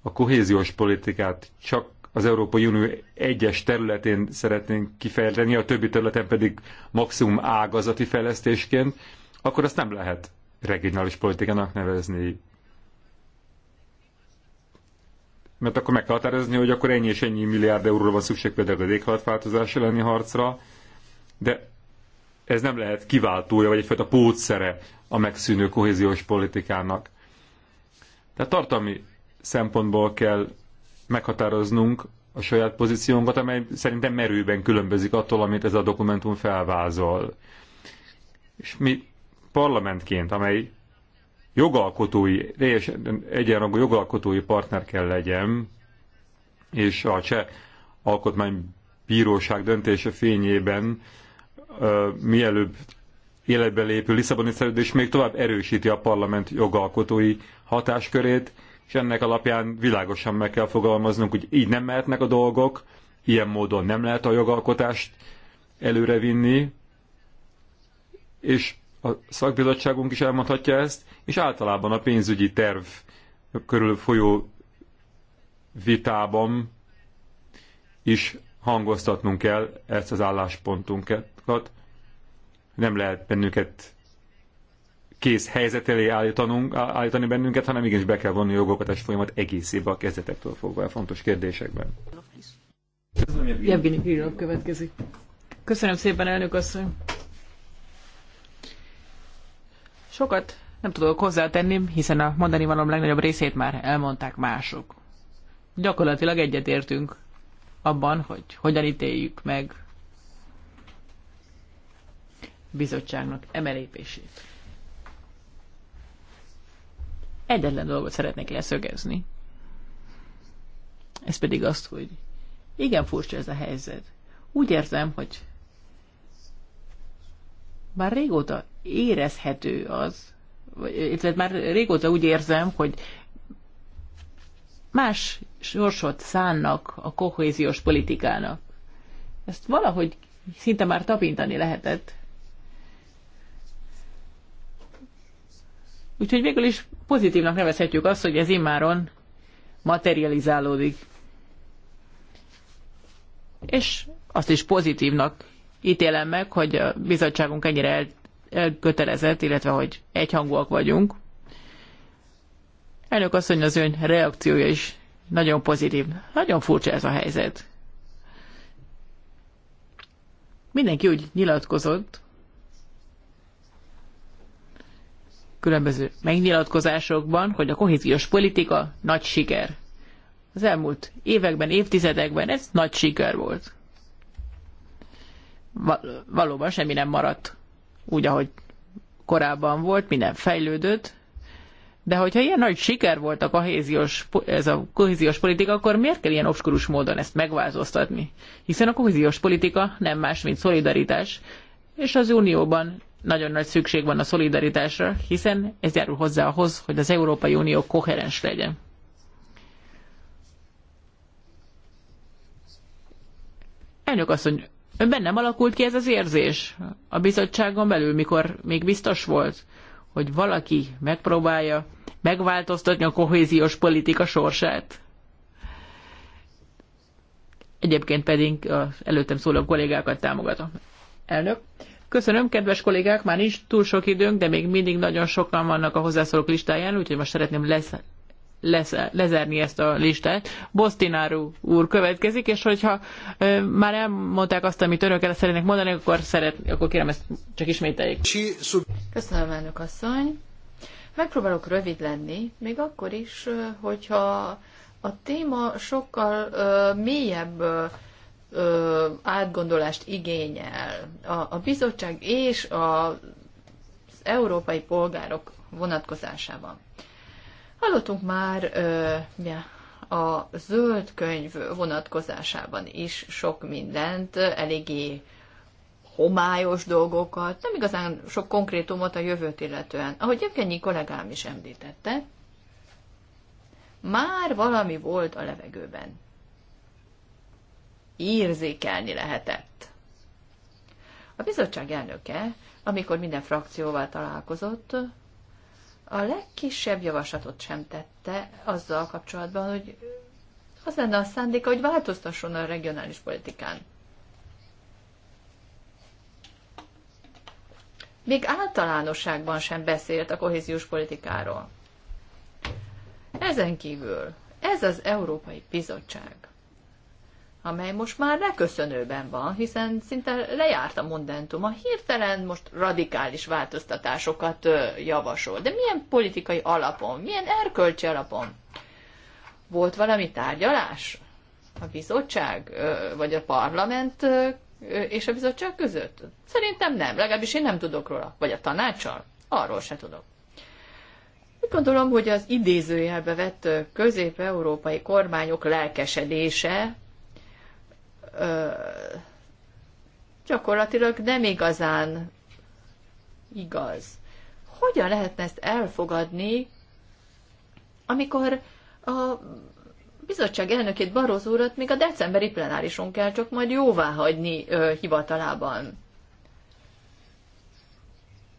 a kohéziós politikát csak az Európai Unió egyes területén szeretnénk kifejteni, a többi területen pedig maximum ágazati fejlesztésként, akkor azt nem lehet regionális politikának nevezni mert akkor meg kell határozni, hogy akkor ennyi és ennyi milliárd euróra van szükség például az éghajlatváltozás elleni harcra, de ez nem lehet kiváltója, vagy egyfajta pótszere a megszűnő kohéziós politikának. Tehát tartalmi szempontból kell meghatároznunk a saját pozíciónkat, amely szerintem merőben különbözik attól, amit ez a dokumentum felvázol. És mi parlamentként, amely jogalkotói, teljesen egyenrangú jogalkotói partner kell legyen, és a cseh alkotmánybíróság döntése fényében ö, mielőbb életbe lépő Lisszaboni szerződés még tovább erősíti a parlament jogalkotói hatáskörét, és ennek alapján világosan meg kell fogalmaznunk, hogy így nem mehetnek a dolgok, ilyen módon nem lehet a jogalkotást előrevinni, és a szakbizottságunk is elmondhatja ezt, és általában a pénzügyi terv körül folyó vitában is hangoztatnunk kell ezt az álláspontunkat. Nem lehet bennünket kész helyzet elé állítanunk, állítani bennünket, hanem igenis be kell vonni a jogokat folyamat egészébe a kezdetektől fogva a fontos kérdésekben. Jevgenyi Kirillov következik. Köszönöm szépen, elnök asszony! Sokat nem tudok hozzátenni, hiszen a mondani valam legnagyobb részét már elmondták mások. Gyakorlatilag egyetértünk abban, hogy hogyan ítéljük meg bizottságnak emelépését. Egyetlen dolgot szeretnék leszögezni. Ez pedig azt, hogy igen furcsa ez a helyzet. Úgy érzem, hogy már régóta érezhető az, illetve már régóta úgy érzem, hogy más sorsot szánnak a kohéziós politikának. Ezt valahogy szinte már tapintani lehetett. Úgyhogy végül is pozitívnak nevezhetjük azt, hogy ez immáron materializálódik. És azt is pozitívnak ítélem meg, hogy a bizottságunk ennyire elkötelezett, illetve hogy egyhangúak vagyunk. Elnök mondja, az ön reakciója is nagyon pozitív. Nagyon furcsa ez a helyzet. Mindenki úgy nyilatkozott, különböző megnyilatkozásokban, hogy a kohéziós politika nagy siker. Az elmúlt években, évtizedekben ez nagy siker volt. Val- valóban semmi nem maradt úgy, ahogy korábban volt, minden fejlődött, de hogyha ilyen nagy siker volt a kohéziós, ez a kohéziós politika, akkor miért kell ilyen obskurus módon ezt megváltoztatni? Hiszen a kohéziós politika nem más, mint szolidaritás, és az Unióban nagyon nagy szükség van a szolidaritásra, hiszen ez járul hozzá ahhoz, hogy az Európai Unió koherens legyen. Elnök asszony, Önben nem alakult ki ez az érzés a bizottságon belül, mikor még biztos volt, hogy valaki megpróbálja megváltoztatni a kohéziós politika sorsát. Egyébként pedig az előttem szóló kollégákat támogatom. Elnök. Köszönöm, kedves kollégák, már nincs túl sok időnk, de még mindig nagyon sokan vannak a hozzászólók listáján, úgyhogy most szeretném lesz lezárni ezt a listát. Bostináru úr következik, és hogyha ö, már elmondták azt, amit önök el szeretnék mondani, akkor, szeret, akkor kérem ezt csak ismételjék. Köszönöm, elnök asszony. Megpróbálok rövid lenni, még akkor is, hogyha a téma sokkal ö, mélyebb ö, átgondolást igényel. A, a bizottság és a, az európai polgárok vonatkozásában. Hallottunk már ö, a zöld könyv vonatkozásában is sok mindent, eléggé homályos dolgokat, nem igazán sok konkrétumot a jövőt illetően. Ahogy Evgenyi kollégám is említette, már valami volt a levegőben. Érzékelni lehetett. A bizottság elnöke, amikor minden frakcióval találkozott, a legkisebb javaslatot sem tette azzal kapcsolatban, hogy az lenne a szándéka, hogy változtasson a regionális politikán. Még általánosságban sem beszélt a kohéziós politikáról. Ezen kívül ez az Európai Bizottság amely most már leköszönőben van, hiszen szinte lejárt a mondentum. A hirtelen most radikális változtatásokat javasol. De milyen politikai alapon, milyen erkölcsi alapon? Volt valami tárgyalás? A bizottság, vagy a parlament és a bizottság között? Szerintem nem, legalábbis én nem tudok róla. Vagy a tanácsal? Arról se tudok. Úgy gondolom, hogy az idézőjelbe vett közép-európai kormányok lelkesedése gyakorlatilag nem igazán igaz. Hogyan lehetne ezt elfogadni, amikor a bizottság elnökét Barroz úrat még a decemberi plenárison kell csak majd jóvá hagyni ö, hivatalában.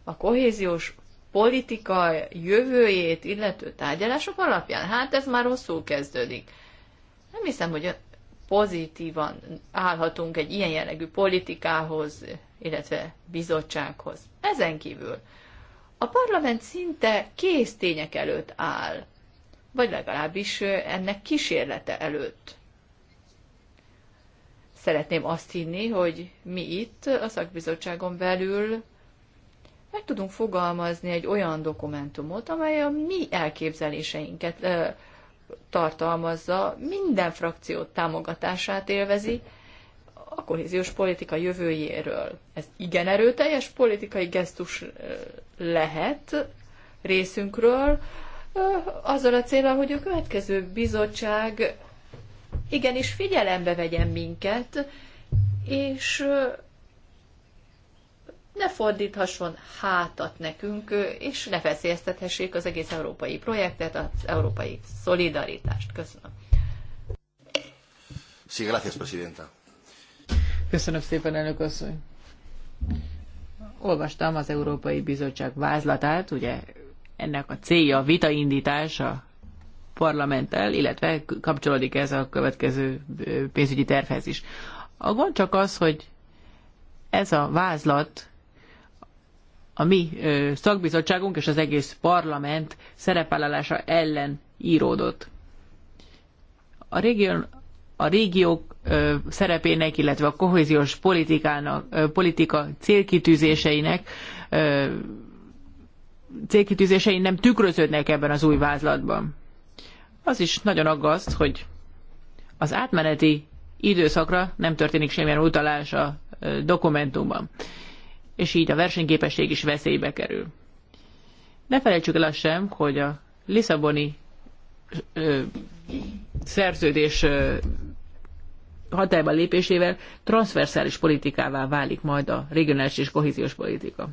A kohéziós politika jövőjét illető tárgyalások alapján, hát ez már rosszul kezdődik. Nem hiszem, hogy pozitívan állhatunk egy ilyen jellegű politikához, illetve bizottsághoz. Ezen kívül a parlament szinte kész tények előtt áll, vagy legalábbis ennek kísérlete előtt. Szeretném azt hinni, hogy mi itt a szakbizottságon belül meg tudunk fogalmazni egy olyan dokumentumot, amely a mi elképzeléseinket tartalmazza, minden frakció támogatását élvezi a kohéziós politika jövőjéről. Ez igen erőteljes politikai gesztus lehet részünkről, azzal a célral, hogy a következő bizottság igenis figyelembe vegyen minket, és ne fordíthasson hátat nekünk, és ne veszélyeztethessék az egész európai projektet, az európai szolidaritást. Köszönöm. Sí, gracias, presidenta. Köszönöm szépen, elnök asszony. Olvastam az Európai Bizottság vázlatát, ugye ennek a célja a vitaindítás a parlamenttel, illetve kapcsolódik ez a következő pénzügyi tervhez is. A gond csak az, hogy ez a vázlat a mi szakbizottságunk és az egész parlament szerepállása ellen íródott. A, régión, a régiók ö, szerepének, illetve a kohéziós politikának, ö, politika célkitűzéseinek ö, célkitűzései nem tükröződnek ebben az új vázlatban. Az is nagyon aggaszt, hogy az átmeneti időszakra nem történik semmilyen utalás a dokumentumban és így a versenyképesség is veszélybe kerül. Ne felejtsük el azt sem, hogy a Lisszaboni szerződés ö, hatályban lépésével transzverszális politikává válik majd a regionális és kohéziós politika.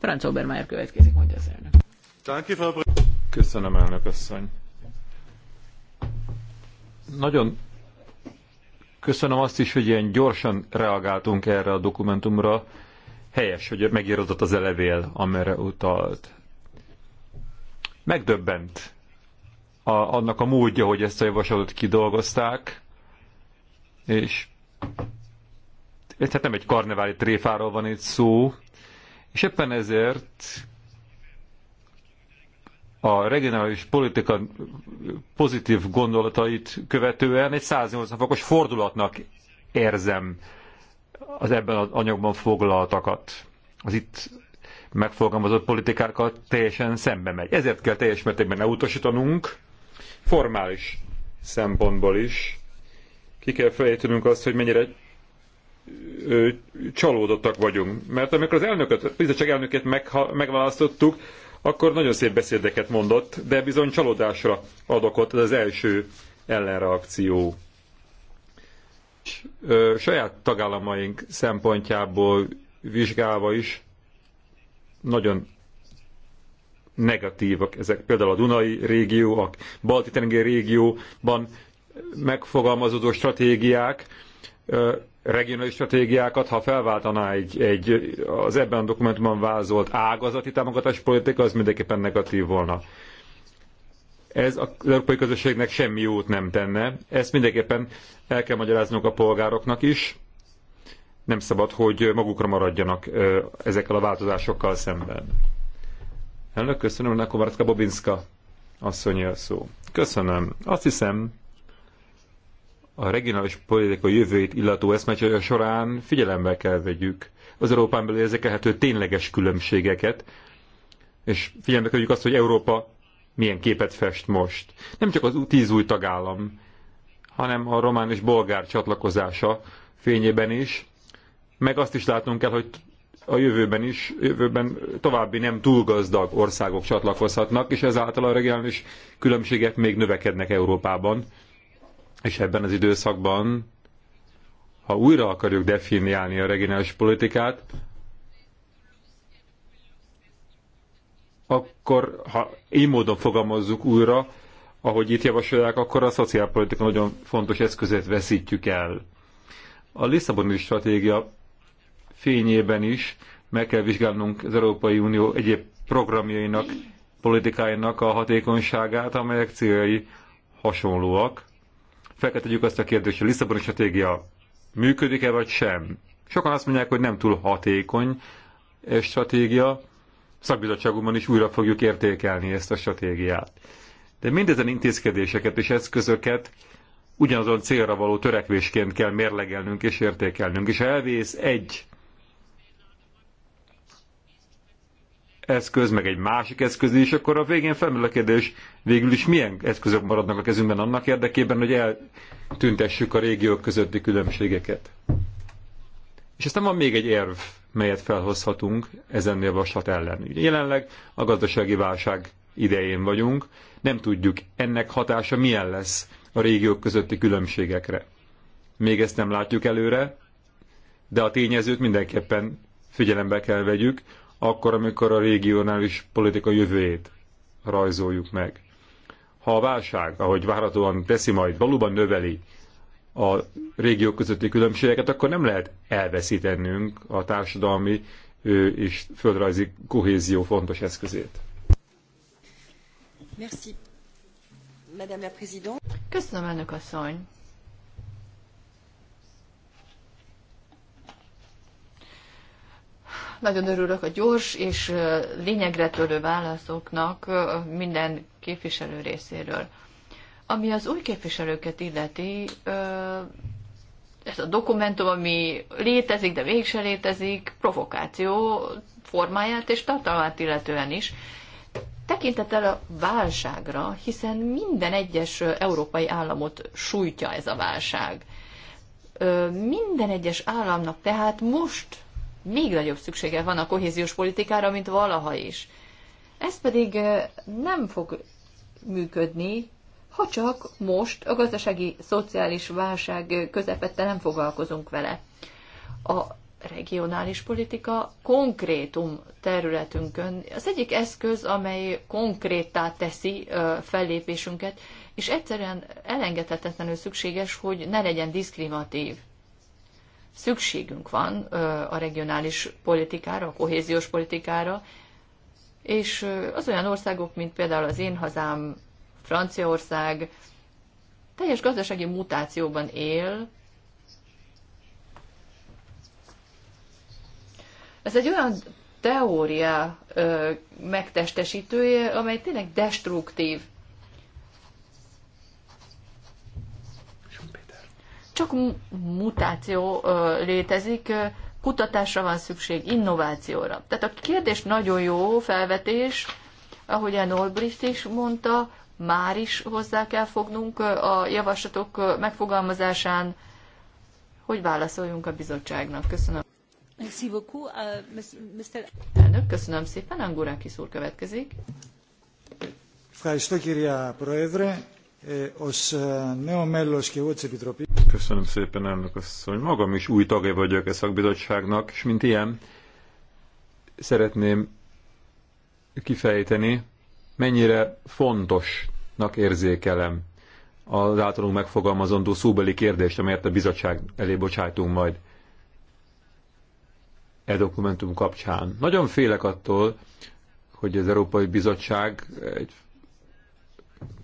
Franz Obermeier következik, mondja az elnök. Köszönöm, elnök asszony. Nagyon köszönöm azt is, hogy ilyen gyorsan reagáltunk erre a dokumentumra, Helyes, hogy megírodott az elevél, amire utalt. Megdöbbent a, annak a módja, hogy ezt a javaslatot kidolgozták, és tehát nem egy karneváli tréfáról van itt szó, és éppen ezért a regionális politika pozitív gondolatait követően egy 180 fokos fordulatnak érzem az ebben az anyagban foglaltakat, az itt megfogalmazott politikákat teljesen szembe megy. Ezért kell teljes mértékben elutasítanunk, formális szempontból is. Ki kell felejtenünk azt, hogy mennyire ö, csalódottak vagyunk. Mert amikor az elnököt, a bizottság elnökét megválasztottuk, akkor nagyon szép beszédeket mondott, de bizony csalódásra adokott ez az első ellenreakció ö, saját tagállamaink szempontjából vizsgálva is nagyon negatívak ezek. Például a Dunai régió, a Balti-tenger régióban megfogalmazódó stratégiák, regionális stratégiákat, ha felváltaná egy, egy az ebben a dokumentumban vázolt ágazati támogatás politika, az mindenképpen negatív volna. Ez az európai közösségnek semmi jót nem tenne. Ezt mindenképpen el kell magyaráznunk a polgároknak is. Nem szabad, hogy magukra maradjanak ezekkel a változásokkal szemben. Elnök, köszönöm, Nakomartka Bobinska asszonyi a szó. Köszönöm. Azt hiszem, a regionális politika jövőjét illató a során figyelembe kell vegyük az Európán belül érzékelhető tényleges különbségeket, és figyelembe kell vegyük azt, hogy Európa milyen képet fest most. Nem csak az tíz új tagállam, hanem a román és bolgár csatlakozása fényében is, meg azt is látnunk kell, hogy a jövőben is, jövőben további nem túl gazdag országok csatlakozhatnak, és ezáltal a regionális különbségek még növekednek Európában. És ebben az időszakban, ha újra akarjuk definiálni a regionális politikát, akkor ha így módon fogalmazzuk újra, ahogy itt javasolják, akkor a szociálpolitika nagyon fontos eszközét veszítjük el. A Lisszaboni stratégia fényében is meg kell vizsgálnunk az Európai Unió egyéb programjainak, politikáinak a hatékonyságát, amelyek céljai hasonlóak. Fel azt a kérdést, hogy a Lisszaboni stratégia működik-e vagy sem. Sokan azt mondják, hogy nem túl hatékony stratégia, szakbizottságunkban is újra fogjuk értékelni ezt a stratégiát. De mindezen intézkedéseket és eszközöket ugyanazon célra való törekvésként kell mérlegelnünk és értékelnünk. És ha elvész egy eszköz, meg egy másik eszköz is, akkor a végén felmerül a kérdés, végül is milyen eszközök maradnak a kezünkben annak érdekében, hogy eltüntessük a régiók közötti különbségeket. És aztán van még egy érv, melyet felhozhatunk ezen javaslat ellen. Ugye jelenleg a gazdasági válság idején vagyunk, nem tudjuk ennek hatása milyen lesz a régiók közötti különbségekre. Még ezt nem látjuk előre, de a tényezőt mindenképpen figyelembe kell vegyük, akkor, amikor a regionális politika jövőjét rajzoljuk meg. Ha a válság, ahogy várhatóan teszi majd, valóban növeli a régiók közötti különbségeket, akkor nem lehet elveszítenünk a társadalmi és földrajzi kohézió fontos eszközét. Merci. Madame la Présidente. Köszönöm, elnök asszony. Nagyon örülök a gyors és lényegre törő válaszoknak minden képviselő részéről. Ami az új képviselőket illeti, ez a dokumentum, ami létezik, de mégse létezik, provokáció formáját és tartalmát illetően is, tekintettel a válságra, hiszen minden egyes európai államot sújtja ez a válság. Minden egyes államnak tehát most még nagyobb szüksége van a kohéziós politikára, mint valaha is. Ez pedig nem fog működni, ha csak most a gazdasági szociális válság közepette nem foglalkozunk vele. A regionális politika konkrétum területünkön az egyik eszköz, amely konkréttá teszi fellépésünket, és egyszerűen elengedhetetlenül szükséges, hogy ne legyen diszkriminatív. Szükségünk van a regionális politikára, a kohéziós politikára, és az olyan országok, mint például az én hazám Franciaország teljes gazdasági mutációban él. Ez egy olyan teória ö, megtestesítője, amely tényleg destruktív. Csak mutáció ö, létezik, kutatásra van szükség, innovációra. Tehát a kérdés nagyon jó felvetés, ahogy Olbricht is mondta, már is hozzá kell fognunk a javaslatok megfogalmazásán, hogy válaszoljunk a bizottságnak. Köszönöm. Euh, elnök, köszönöm szépen. Angurákis úr következik. Köszönöm szépen, elnök asszony. Magam is új tagja vagyok a e szakbizottságnak, és mint ilyen szeretném kifejteni, mennyire fontosnak érzékelem az általunk megfogalmazandó szóbeli kérdést, amelyet a bizottság elé bocsájtunk majd e dokumentum kapcsán. Nagyon félek attól, hogy az Európai Bizottság egy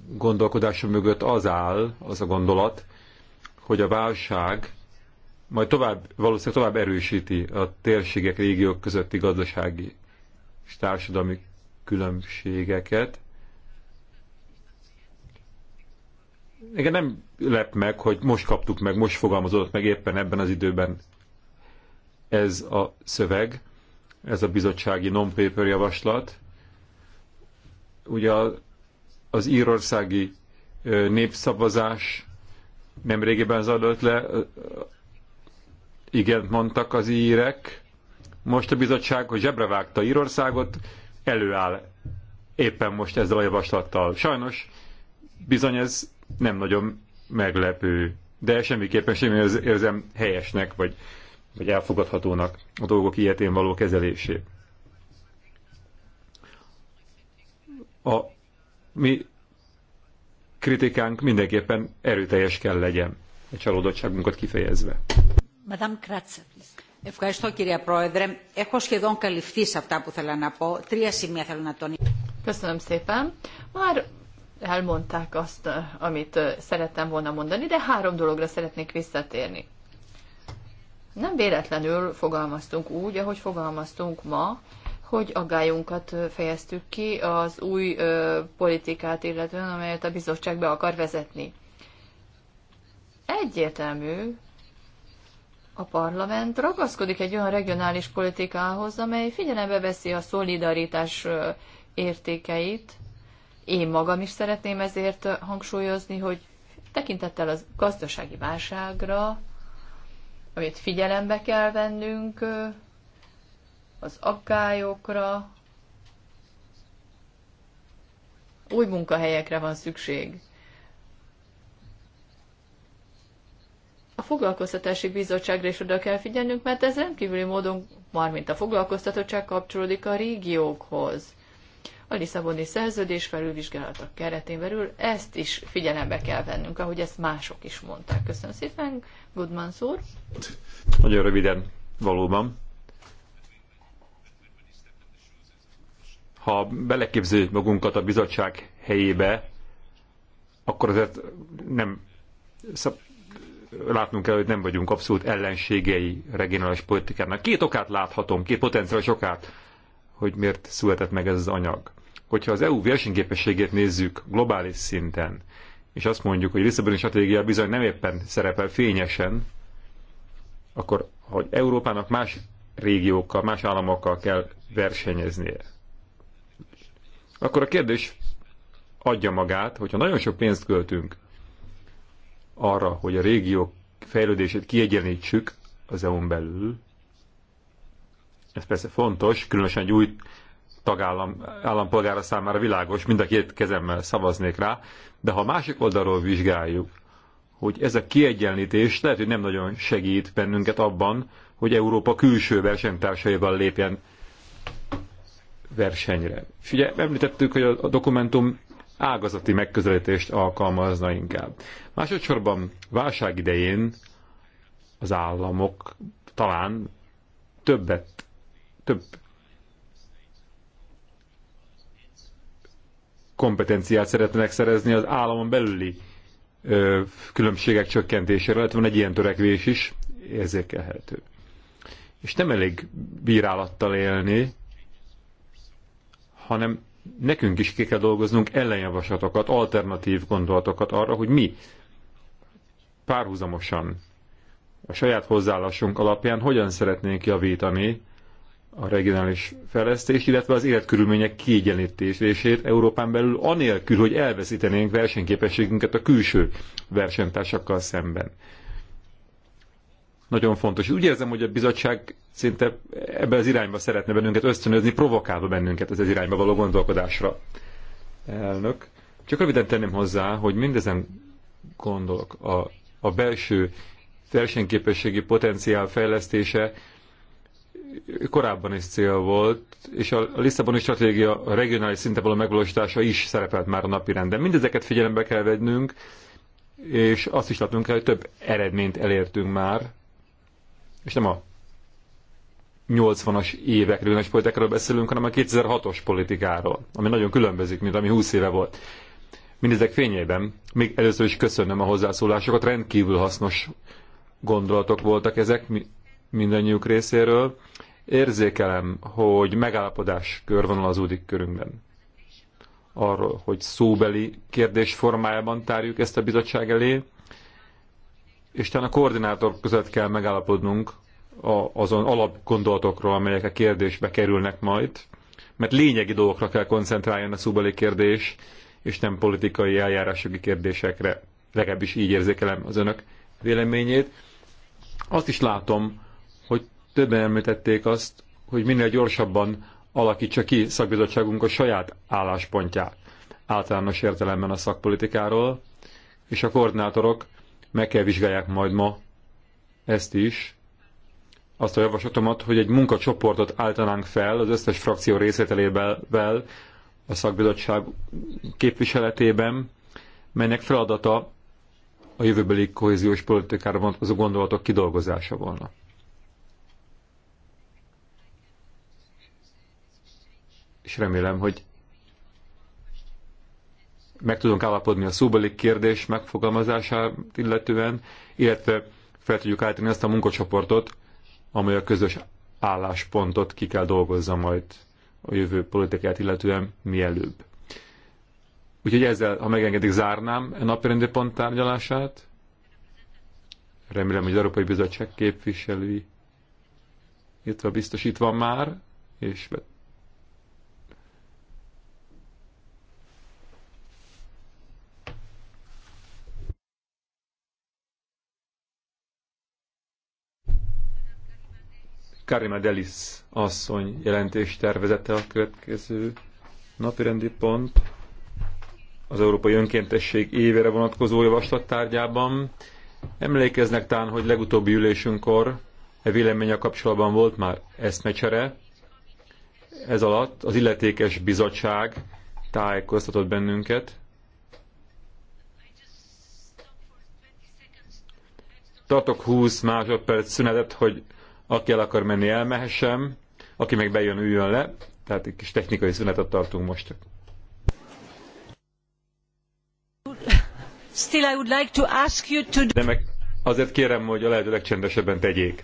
gondolkodása mögött az áll, az a gondolat, hogy a válság majd tovább, valószínűleg tovább erősíti a térségek, régiók közötti gazdasági és társadalmi különbségeket. Igen, nem lep meg, hogy most kaptuk meg, most fogalmazódott meg éppen ebben az időben ez a szöveg, ez a bizottsági non-paper javaslat. Ugye az írországi népszavazás nem régiben zajlott le, igent mondtak az írek. Most a bizottság, hogy vágta Írországot, előáll éppen most ezzel a javaslattal. Sajnos bizony ez nem nagyon meglepő, de semmiképpen sem érzem helyesnek, vagy, vagy elfogadhatónak a dolgok ilyetén való kezelését. A mi kritikánk mindenképpen erőteljes kell legyen, a csalódottságunkat kifejezve. Madame Kratzer, please. Ευχαριστώ κυρία Πρόεδρε. Έχω σχεδόν Köszönöm szépen. Már elmondták azt, amit szerettem volna mondani, de három dologra szeretnék visszatérni. Nem véletlenül fogalmaztunk úgy, ahogy fogalmaztunk ma, hogy aggályunkat fejeztük ki az új ö, politikát illetően, amelyet a bizottság be akar vezetni. Egyértelmű, a parlament ragaszkodik egy olyan regionális politikához, amely figyelembe veszi a szolidaritás értékeit. Én magam is szeretném ezért hangsúlyozni, hogy tekintettel a gazdasági válságra, amit figyelembe kell vennünk, az aggályokra, új munkahelyekre van szükség. a foglalkoztatási bizottságra is oda kell figyelnünk, mert ez rendkívüli módon, mármint a foglalkoztatottság kapcsolódik a régiókhoz. A Lisszaboni szerződés felülvizsgálatok keretén belül ezt is figyelembe kell vennünk, ahogy ezt mások is mondták. Köszönöm szépen, Goodman úr. Nagyon röviden, valóban. Ha beleképzeljük magunkat a bizottság helyébe, akkor azért nem látnunk kell, hogy nem vagyunk abszolút ellenségei regionális politikának. Két okát láthatom, két potenciális okát, hogy miért született meg ez az anyag. Hogyha az EU versenyképességét nézzük globális szinten, és azt mondjuk, hogy a Lisszaboni stratégia bizony nem éppen szerepel fényesen, akkor hogy Európának más régiókkal, más államokkal kell versenyeznie. Akkor a kérdés adja magát, hogyha nagyon sok pénzt költünk arra, hogy a régiók fejlődését kiegyenlítsük az EU-n belül. Ez persze fontos, különösen egy új tagállam állampolgára számára világos, mind a két kezemmel szavaznék rá, de ha a másik oldalról vizsgáljuk, hogy ez a kiegyenlítés lehet, hogy nem nagyon segít bennünket abban, hogy Európa külső versenytársaival lépjen versenyre. És ugye említettük, hogy a dokumentum ágazati megközelítést alkalmazna inkább. Másodszorban válság idején az államok talán többet, több kompetenciát szeretnének szerezni az államon belüli ö, különbségek csökkentésére, illetve van egy ilyen törekvés is érzékelhető. És nem elég bírálattal élni, hanem nekünk is ki kell dolgoznunk ellenjavaslatokat, alternatív gondolatokat arra, hogy mi párhuzamosan a saját hozzáállásunk alapján hogyan szeretnénk javítani a regionális fejlesztést, illetve az életkörülmények kiegyenlítését Európán belül, anélkül, hogy elveszítenénk versenyképességünket a külső versenytársakkal szemben nagyon fontos. Úgy érzem, hogy a bizottság szinte ebbe az irányba szeretne bennünket ösztönözni, provokálva bennünket ez az irányba való gondolkodásra. Elnök. Csak röviden tenném hozzá, hogy mindezen gondolok a, a belső versenyképességi potenciál fejlesztése korábban is cél volt, és a Lisszaboni stratégia a regionális szinten való megvalósítása is szerepelt már a napi renden. Mindezeket figyelembe kell vennünk, és azt is látnunk kell, hogy több eredményt elértünk már és nem a 80-as évekről, nagy politikáról beszélünk, hanem a 2006-os politikáról, ami nagyon különbözik, mint ami 20 éve volt. Mindezek fényében még először is köszönöm a hozzászólásokat, rendkívül hasznos gondolatok voltak ezek mindannyiuk részéről. Érzékelem, hogy megállapodás körvonalazódik körünkben. Arról, hogy szóbeli kérdés formájában tárjuk ezt a bizottság elé, és talán a koordinátor között kell megállapodnunk a, azon alapgondolatokról, amelyek a kérdésbe kerülnek majd, mert lényegi dolgokra kell koncentráljon a szóbeli kérdés, és nem politikai eljárásjogi kérdésekre. Legalábbis így érzékelem az önök véleményét. Azt is látom, hogy többen említették azt, hogy minél gyorsabban alakítsa ki szakbizottságunk a saját álláspontját általános értelemben a szakpolitikáról, és a koordinátorok meg kell vizsgálják majd ma ezt is, azt a javaslatomat, hogy egy munkacsoportot álltanánk fel az összes frakció részételével, a szakbizottság képviseletében, melynek feladata a jövőbeli kohéziós politikára vonatkozó gondolatok kidolgozása volna. És remélem, hogy meg tudunk állapodni a szóbeli kérdés megfogalmazását illetően, illetve fel tudjuk állítani azt a munkacsoportot, amely a közös álláspontot ki kell dolgozza majd a jövő politikát illetően mielőbb. Úgyhogy ezzel, ha megengedik, zárnám a e napirendi pont tárgyalását. Remélem, hogy az Európai Bizottság képviselői itt a biztosítva már, és Karima Delis asszony jelentés tervezette a következő napirendi pont az Európai Önkéntesség évére vonatkozó javaslat tárgyában. Emlékeznek tán, hogy legutóbbi ülésünkkor e véleménye kapcsolatban volt már eszmecsere. Ez alatt az illetékes bizottság tájékoztatott bennünket. Tartok 20 másodperc szünetet, hogy aki el akar menni, elmehessem. Aki meg bejön, üljön le. Tehát egy kis technikai szünetet tartunk most. Still I would like to ask you to... De meg azért kérem, hogy a lehető legcsendesebben tegyék.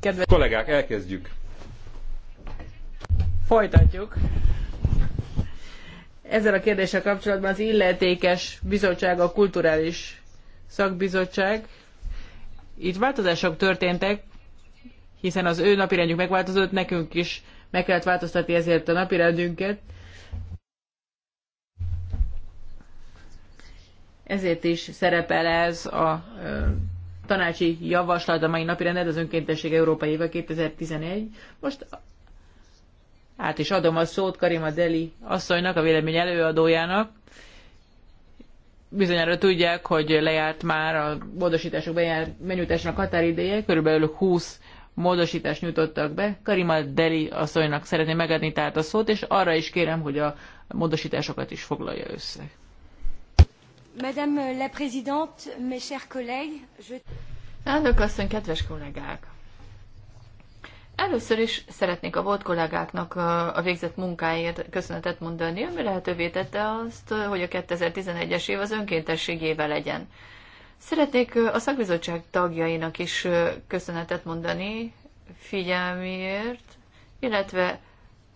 Kedves kollégák, elkezdjük. Folytatjuk. Ezzel a kérdéssel kapcsolatban az illetékes bizottság, a kulturális szakbizottság. Itt változások történtek, hiszen az ő napirendjük megváltozott, nekünk is meg kellett változtatni ezért a napirendünket. Ezért is szerepel ez a tanácsi javaslat a mai napi rendet, az önkéntesség Európai Éve 2011. Most át is adom a szót Karima Deli asszonynak, a vélemény előadójának. Bizonyára tudják, hogy lejárt már a módosítások benyújtásnak határideje, körülbelül 20 módosítást nyújtottak be. Karima Deli asszonynak szeretném megadni tehát a szót, és arra is kérem, hogy a módosításokat is foglalja össze. Elnök asszony, kedves kollégák! Először is szeretnék a volt kollégáknak a végzett munkáért köszönetet mondani, ami lehetővé tette azt, hogy a 2011-es év az önkéntességével legyen. Szeretnék a szakbizottság tagjainak is köszönetet mondani figyelmiért, illetve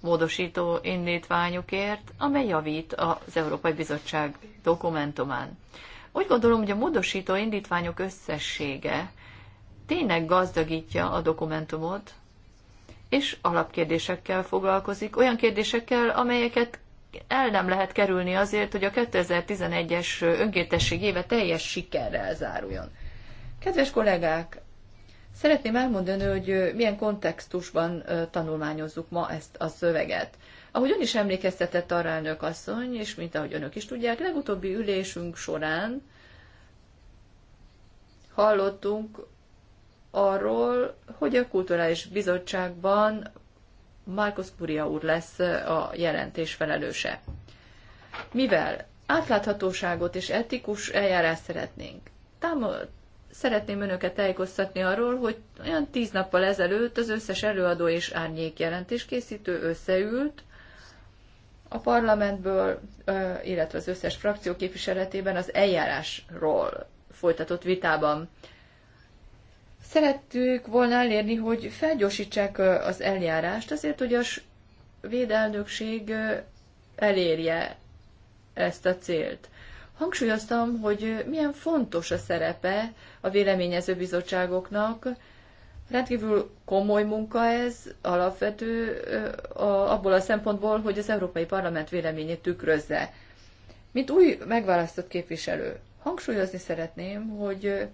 módosító indítványukért, amely javít az Európai Bizottság dokumentumán. Úgy gondolom, hogy a módosító indítványok összessége tényleg gazdagítja a dokumentumot, és alapkérdésekkel foglalkozik, olyan kérdésekkel, amelyeket el nem lehet kerülni azért, hogy a 2011-es önkéntesség éve teljes sikerrel záruljon. Kedves kollégák, Szeretném elmondani, hogy milyen kontextusban tanulmányozzuk ma ezt a szöveget. Ahogy ön is emlékeztetett arra elnök asszony, és mint ahogy önök is tudják, legutóbbi ülésünk során hallottunk arról, hogy a Kulturális Bizottságban Márkusz Puria úr lesz a jelentés felelőse. Mivel átláthatóságot és etikus eljárást szeretnénk Szeretném önöket tájékoztatni arról, hogy olyan tíz nappal ezelőtt az összes előadó és árnyék jelentés készítő összeült a parlamentből, illetve az összes frakció képviseletében az eljárásról folytatott vitában. Szerettük volna elérni, hogy felgyorsítsák az eljárást, azért, hogy a védelnökség elérje ezt a célt hangsúlyoztam, hogy milyen fontos a szerepe a véleményező bizottságoknak. Rendkívül komoly munka ez, alapvető abból a szempontból, hogy az Európai Parlament véleményét tükrözze. Mint új megválasztott képviselő, hangsúlyozni szeretném, hogy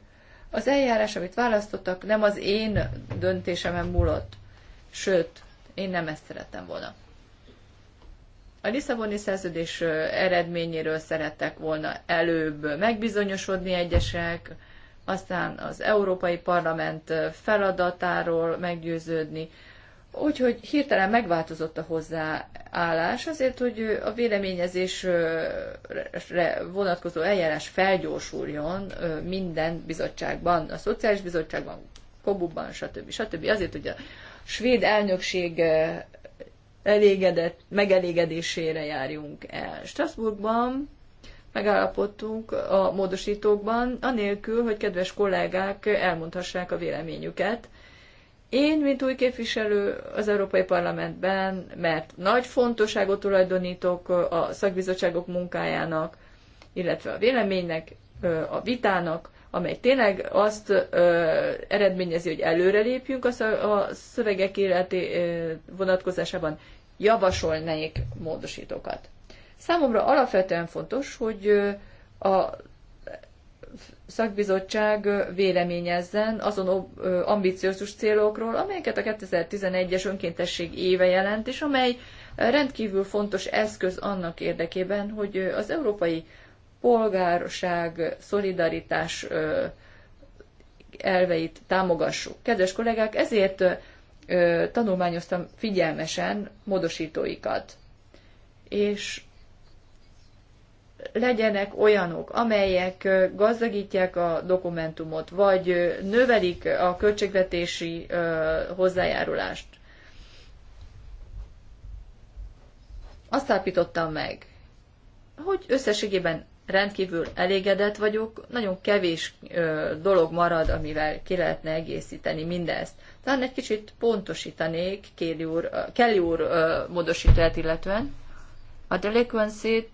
az eljárás, amit választottak, nem az én döntésemen múlott, sőt, én nem ezt szerettem volna. A Lisszaboni szerződés eredményéről szerettek volna előbb megbizonyosodni egyesek, aztán az Európai Parlament feladatáról meggyőződni. Úgyhogy hirtelen megváltozott a hozzáállás azért, hogy a véleményezésre vonatkozó eljárás felgyorsuljon minden bizottságban, a Szociális Bizottságban, Kobubban, stb. stb. Azért, hogy a svéd elnökség elégedett, megelégedésére járjunk el. Strasbourgban megállapodtunk a módosítókban, anélkül, hogy kedves kollégák elmondhassák a véleményüket. Én, mint új képviselő az Európai Parlamentben, mert nagy fontosságot tulajdonítok a szakbizottságok munkájának, illetve a véleménynek, a vitának, amely tényleg azt ö, eredményezi, hogy előrelépjünk a szövegek életi vonatkozásában, javasolnék módosítókat. Számomra alapvetően fontos, hogy a szakbizottság véleményezzen azon ambiciózus célokról, amelyeket a 2011-es önkéntesség éve jelent, és amely rendkívül fontos eszköz annak érdekében, hogy az európai polgárság, szolidaritás elveit támogassuk. Kedves kollégák, ezért tanulmányoztam figyelmesen módosítóikat. És legyenek olyanok, amelyek gazdagítják a dokumentumot, vagy növelik a költségvetési hozzájárulást. Azt állapítottam meg, hogy összességében rendkívül elégedett vagyok, nagyon kevés ö, dolog marad, amivel ki lehetne egészíteni mindezt. Talán egy kicsit pontosítanék Kelly úr, Kelly úr ö, módosítóját illetően. A delinquency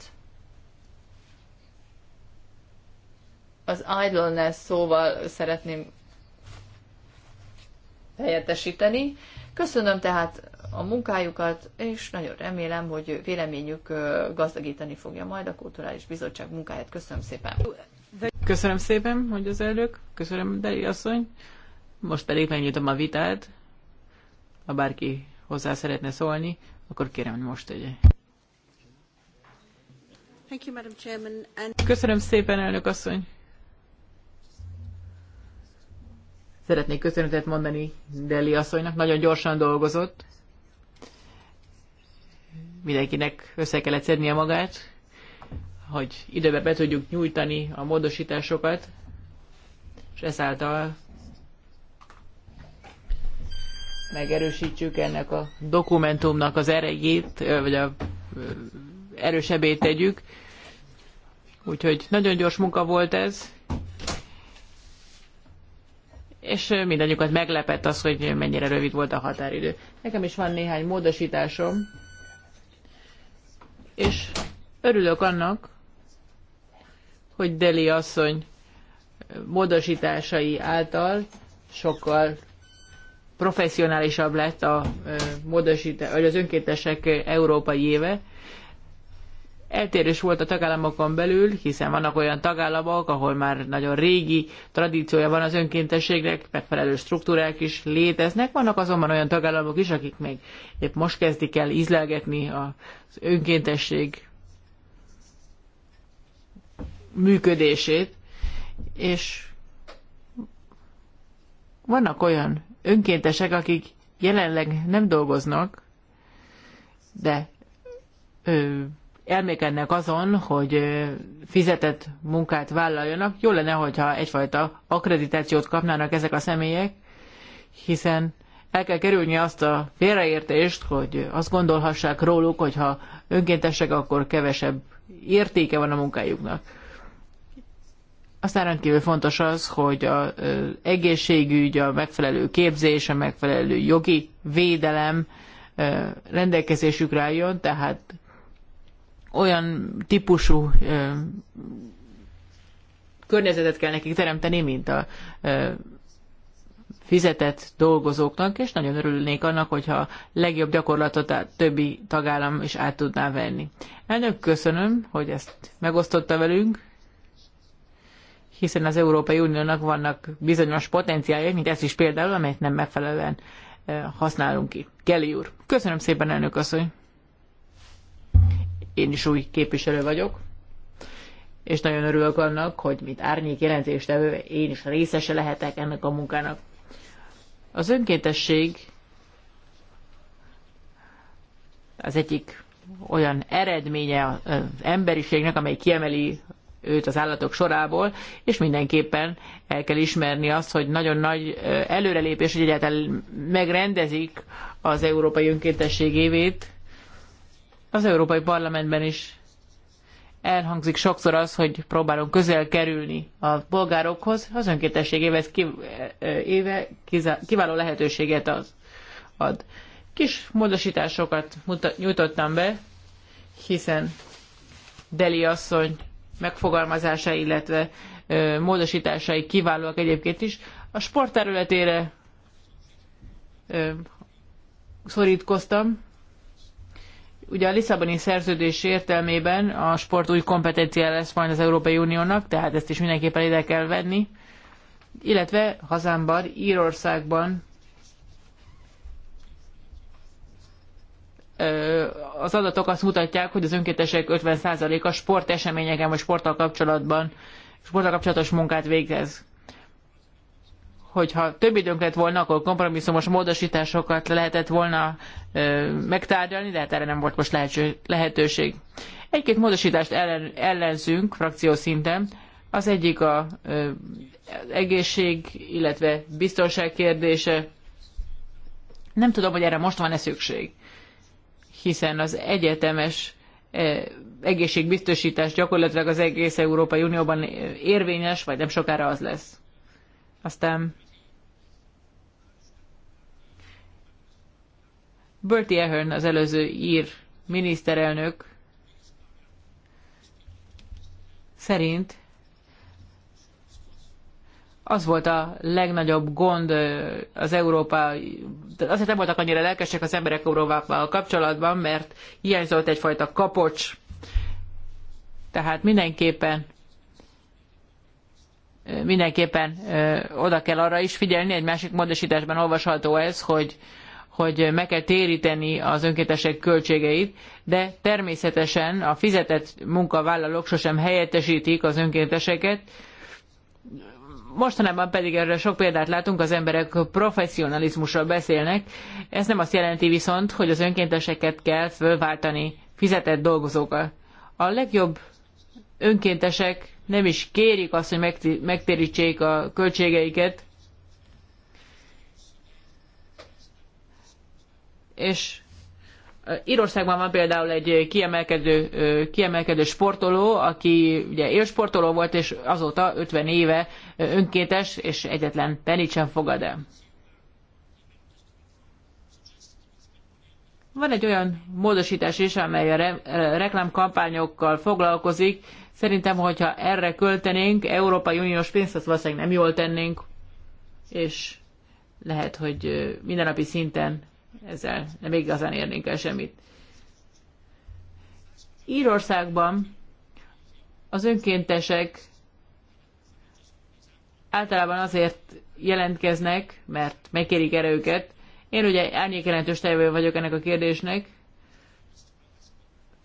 az idleness szóval szeretném helyettesíteni. Köszönöm tehát a munkájukat, és nagyon remélem, hogy véleményük gazdagítani fogja majd a Kulturális Bizottság munkáját. Köszönöm szépen! Köszönöm szépen, hogy az elnök. Köszönöm, Deli asszony. Most pedig megnyitom a vitát. Ha bárki hozzá szeretne szólni, akkor kérem, hogy most tegye. Köszönöm szépen, elnök asszony. Szeretnék köszönetet mondani Deli asszonynak, nagyon gyorsan dolgozott mindenkinek össze kellett szednie magát, hogy időbe be tudjuk nyújtani a módosításokat, és ezáltal megerősítsük ennek a dokumentumnak az erejét, vagy a erősebbé tegyük. Úgyhogy nagyon gyors munka volt ez, és mindannyiukat meglepett az, hogy mennyire rövid volt a határidő. Nekem is van néhány módosításom, és örülök annak, hogy Deli asszony módosításai által sokkal professzionálisabb lett a, módosítás, vagy az önkéntesek európai éve. Eltérés volt a tagállamokon belül, hiszen vannak olyan tagállamok, ahol már nagyon régi tradíciója van az önkéntességnek, megfelelő struktúrák is léteznek, vannak azonban olyan tagállamok is, akik még épp most kezdik el ízlelgetni az önkéntesség működését, és vannak olyan önkéntesek, akik jelenleg nem dolgoznak, de ö, elmékennek azon, hogy fizetett munkát vállaljanak. Jó lenne, hogyha egyfajta akkreditációt kapnának ezek a személyek, hiszen el kell kerülni azt a félreértést, hogy azt gondolhassák róluk, hogy ha önkéntesek, akkor kevesebb értéke van a munkájuknak. Aztán rendkívül fontos az, hogy az egészségügy, a megfelelő képzés, a megfelelő jogi védelem rendelkezésükre álljon, tehát olyan típusú ö, környezetet kell nekik teremteni, mint a ö, fizetett dolgozóknak, és nagyon örülnék annak, hogyha legjobb gyakorlatot a többi tagállam is át tudná venni. Elnök, köszönöm, hogy ezt megosztotta velünk, hiszen az Európai Uniónak vannak bizonyos potenciáljai, mint ez is például, amelyet nem megfelelően használunk ki. Kelly úr, köszönöm szépen, elnök asszony! én is új képviselő vagyok, és nagyon örülök annak, hogy mint árnyék jelentéstevő én is részese lehetek ennek a munkának. Az önkéntesség az egyik olyan eredménye az emberiségnek, amely kiemeli őt az állatok sorából, és mindenképpen el kell ismerni azt, hogy nagyon nagy előrelépés, hogy egyáltalán megrendezik az európai önkéntesség évét. Az Európai Parlamentben is elhangzik sokszor az, hogy próbálunk közel kerülni a polgárokhoz, az önkéntesség e, éve, éve kiváló lehetőséget az, ad. Kis módosításokat nyújtottam be, hiszen Deli asszony megfogalmazása, illetve e, módosításai kiválóak egyébként is. A sport területére e, szorítkoztam, Ugye a Lisszaboni szerződés értelmében a sport új kompetencia lesz majd az Európai Uniónak, tehát ezt is mindenképpen ide kell venni. Illetve hazámban, Írországban az adatok azt mutatják, hogy az önkéntesek 50%-a sporteseményeken vagy sporttal kapcsolatban, sporttal kapcsolatos munkát végez hogyha több időnk lett volna, akkor kompromisszumos módosításokat lehetett volna ö, megtárgyalni, de hát erre nem volt most lehetőség. Egy-két módosítást ellen, ellenzünk frakció szinten. Az egyik a ö, egészség, illetve biztonság kérdése. Nem tudom, hogy erre most van-e szükség, hiszen az egyetemes egészségbiztosítás gyakorlatilag az egész Európai Unióban érvényes, vagy nem sokára az lesz. Aztán Bertie Ahern, az előző ír miniszterelnök szerint az volt a legnagyobb gond az Európa, azért nem voltak annyira lelkesek az emberek Európával kapcsolatban, mert hiányzott egyfajta kapocs. Tehát mindenképpen mindenképpen oda kell arra is figyelni, egy másik módosításban olvasható ez, hogy hogy meg kell téríteni az önkéntesek költségeit, de természetesen a fizetett munkavállalók sosem helyettesítik az önkénteseket, mostanában pedig erre sok példát látunk, az emberek professzionalizmusról beszélnek. Ez nem azt jelenti viszont, hogy az önkénteseket kell fölváltani fizetett dolgozókkal. A legjobb önkéntesek nem is kérik azt, hogy megtérítsék a költségeiket, és Írországban van például egy kiemelkedő, kiemelkedő sportoló, aki ugye élsportoló volt, és azóta 50 éve önkéntes, és egyetlen penit sem fogad el. Van egy olyan módosítás is, amely a re- reklámkampányokkal foglalkozik. Szerintem, hogyha erre költenénk Európai Uniós pénzt, azt valószínűleg nem jól tennénk, és lehet, hogy mindennapi szinten ezzel nem igazán érnénk el semmit. Írországban az önkéntesek általában azért jelentkeznek, mert megkérik erőket. Én ugye jelentős tevő vagyok ennek a kérdésnek.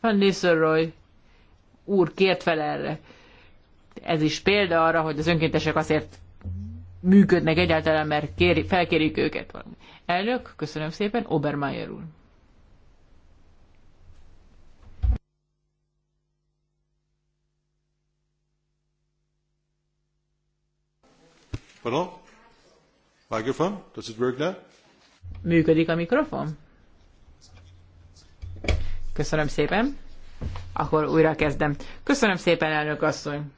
Van Nisselroy úr kért fel erre. Ez is példa arra, hogy az önkéntesek azért működnek egyáltalán, mert kéri, felkérik őket valami. Elnök, köszönöm szépen, Obermeyer úr. Pardon? Microphone? Does it work now? Működik a mikrofon? Köszönöm szépen. Akkor újra kezdem. Köszönöm szépen, elnök asszony.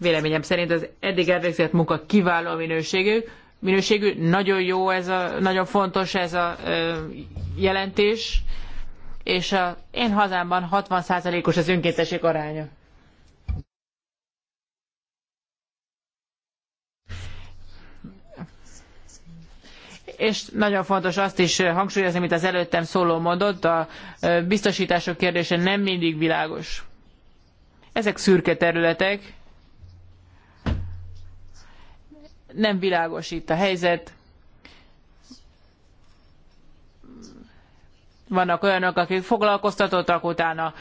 Véleményem szerint az eddig elvégzett munka kiváló minőségű, minőségű, nagyon jó ez a, nagyon fontos ez a ö, jelentés, és a, én hazámban 60%-os az önkéntesség aránya. és nagyon fontos azt is hangsúlyozni, amit az előttem szóló mondott, a biztosítások kérdése nem mindig világos. Ezek szürke területek, nem világos itt a helyzet. Vannak olyanok, akik foglalkoztatottak, utána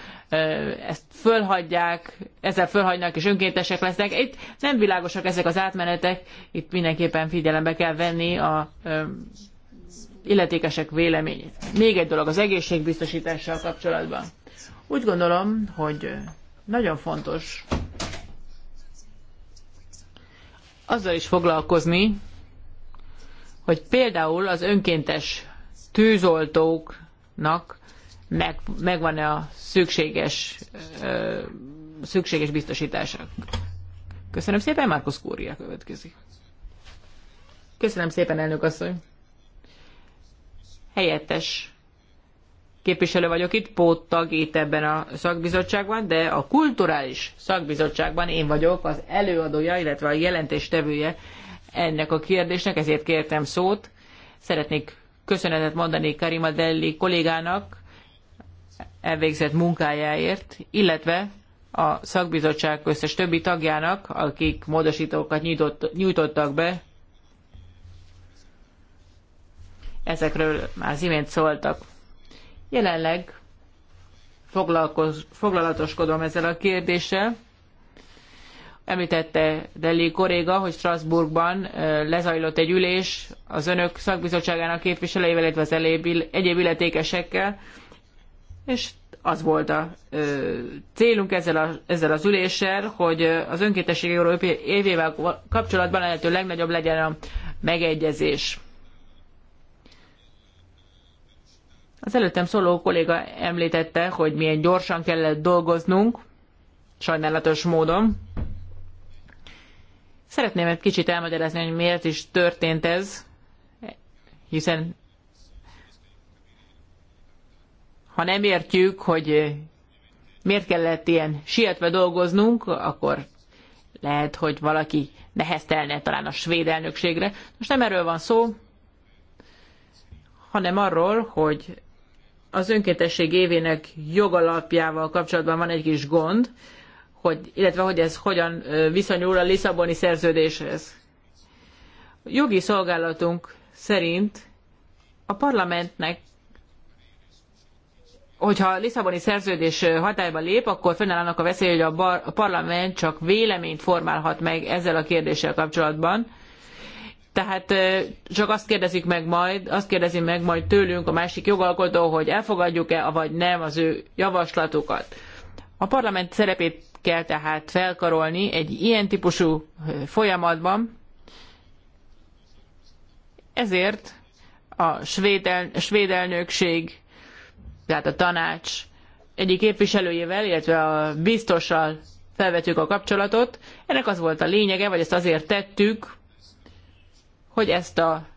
ezt fölhagyják, ezzel fölhagynak és önkéntesek lesznek. Itt nem világosak ezek az átmenetek, itt mindenképpen figyelembe kell venni a illetékesek véleményét. Még egy dolog az egészségbiztosítással kapcsolatban. Úgy gondolom, hogy nagyon fontos azzal is foglalkozni, hogy például az önkéntes tűzoltóknak meg, megvan-e a szükséges, ö, szükséges biztosítása. Köszönöm szépen, Márkusz Kúria következik. Köszönöm szépen, elnök asszony. Helyettes képviselő vagyok itt, póttag itt ebben a szakbizottságban, de a kulturális szakbizottságban én vagyok az előadója, illetve a jelentéstevője ennek a kérdésnek, ezért kértem szót. Szeretnék köszönetet mondani Karima Delli kollégának elvégzett munkájáért, illetve a szakbizottság összes többi tagjának, akik módosítókat nyújtott, nyújtottak be, ezekről már az imént szóltak. Jelenleg foglalatoskodom ezzel a kérdéssel. Említette Deli kolléga, hogy Strasbourgban lezajlott egy ülés az önök szakbizottságának képviselőivel, illetve az egyéb illetékesekkel, és az volt a ö, célunk ezzel, a, ezzel az üléssel, hogy az önkéntességi évével kapcsolatban lehető legnagyobb legyen a megegyezés. Az előttem szóló kolléga említette, hogy milyen gyorsan kellett dolgoznunk, sajnálatos módon. Szeretném egy kicsit elmagyarázni, hogy miért is történt ez, hiszen ha nem értjük, hogy miért kellett ilyen sietve dolgoznunk, akkor lehet, hogy valaki neheztelne talán a svéd elnökségre. Most nem erről van szó, hanem arról, hogy az önkéntesség évének jogalapjával kapcsolatban van egy kis gond, hogy, illetve hogy ez hogyan viszonyul a Lisszaboni szerződéshez. A jogi szolgálatunk szerint a parlamentnek hogyha a Lisszaboni szerződés hatályba lép, akkor fennáll annak a veszély, hogy a, bar, a parlament csak véleményt formálhat meg ezzel a kérdéssel kapcsolatban. Tehát csak azt kérdezik meg majd, azt kérdezi meg majd tőlünk a másik jogalkotó, hogy elfogadjuk-e, vagy nem az ő javaslatukat. A parlament szerepét kell tehát felkarolni egy ilyen típusú folyamatban, ezért a svéd, svédelnökség, svéd elnökség, tehát a tanács egyik képviselőjével, illetve a biztossal felvettük a kapcsolatot. Ennek az volt a lényege, vagy ezt azért tettük, hogy ezt a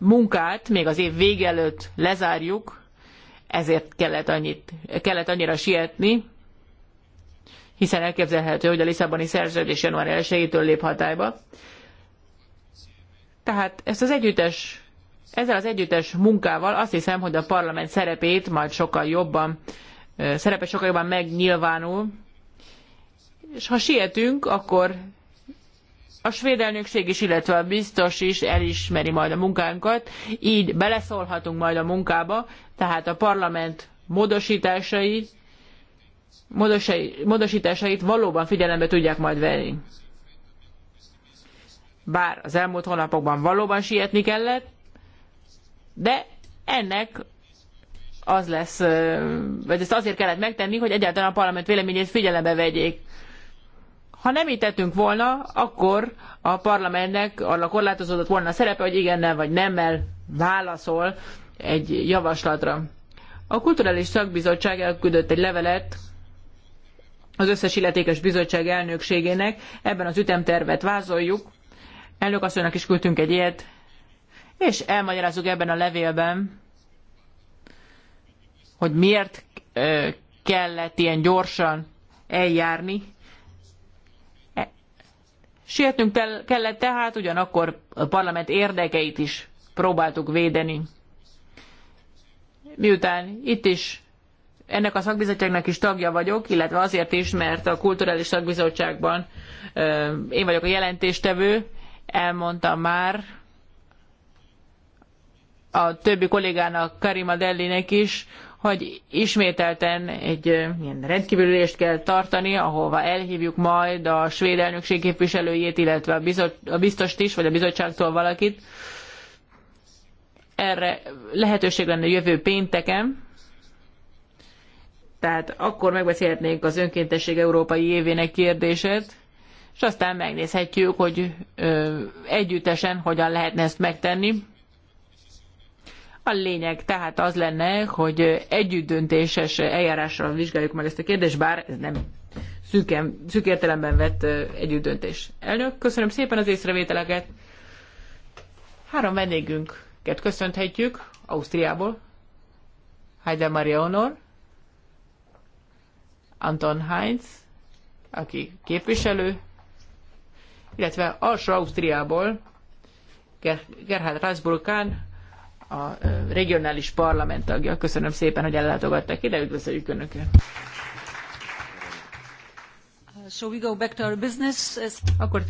munkát még az év vége előtt lezárjuk, ezért kellett, annyit, kellett annyira sietni, hiszen elképzelhető, hogy a Lisszaboni szerződés január 1-től lép hatályba. Tehát ezt az együttes, ezzel az együttes munkával azt hiszem, hogy a parlament szerepét majd sokkal jobban, szerepe sokkal jobban megnyilvánul, és ha sietünk, akkor a svéd elnökség is, illetve a biztos is elismeri majd a munkánkat, így beleszólhatunk majd a munkába, tehát a parlament módosításait, módosításait valóban figyelembe tudják majd venni. Bár az elmúlt hónapokban valóban sietni kellett, de ennek az lesz, vagy ezt azért kellett megtenni, hogy egyáltalán a parlament véleményét figyelembe vegyék. Ha nem így tettünk volna, akkor a parlamentnek arra korlátozódott volna a szerepe, hogy igennel vagy nemmel válaszol egy javaslatra. A Kulturális Szakbizottság elküldött egy levelet az összes illetékes bizottság elnökségének, ebben az ütemtervet vázoljuk. Elnök asszonynak is küldtünk egy ilyet, és elmagyarázzuk ebben a levélben, hogy miért kellett ilyen gyorsan eljárni, Sietnünk kellett tehát, ugyanakkor a parlament érdekeit is próbáltuk védeni. Miután itt is ennek a szakbizottságnak is tagja vagyok, illetve azért is, mert a kulturális szakbizottságban én vagyok a jelentéstevő, elmondtam már a többi kollégának, Karima Dellinek is, hogy ismételten egy ilyen rendkívülést kell tartani, ahova elhívjuk majd a svéd elnökség képviselőjét, illetve a, bizot, a biztost is, vagy a bizottságtól valakit. Erre lehetőség lenne jövő pénteken, tehát akkor megbeszélhetnénk az önkéntesség európai évének kérdését, és aztán megnézhetjük, hogy ö, együttesen hogyan lehetne ezt megtenni. A lényeg tehát az lenne, hogy együttdöntéses eljárással vizsgáljuk meg ezt a kérdést, bár ez nem szűken, szűk értelemben vett együttdöntés. Elnök, köszönöm szépen az észrevételeket. Három vendégünket köszönthetjük Ausztriából. Heide Maria Honor, Anton Heinz, aki képviselő, illetve Alsó Ausztriából Gerhard Rasburkán, a regionális parlament tagja. Köszönöm szépen, hogy ellátogattak ide, üdvözöljük Önöket! Uh, so we go back to our business. Akkor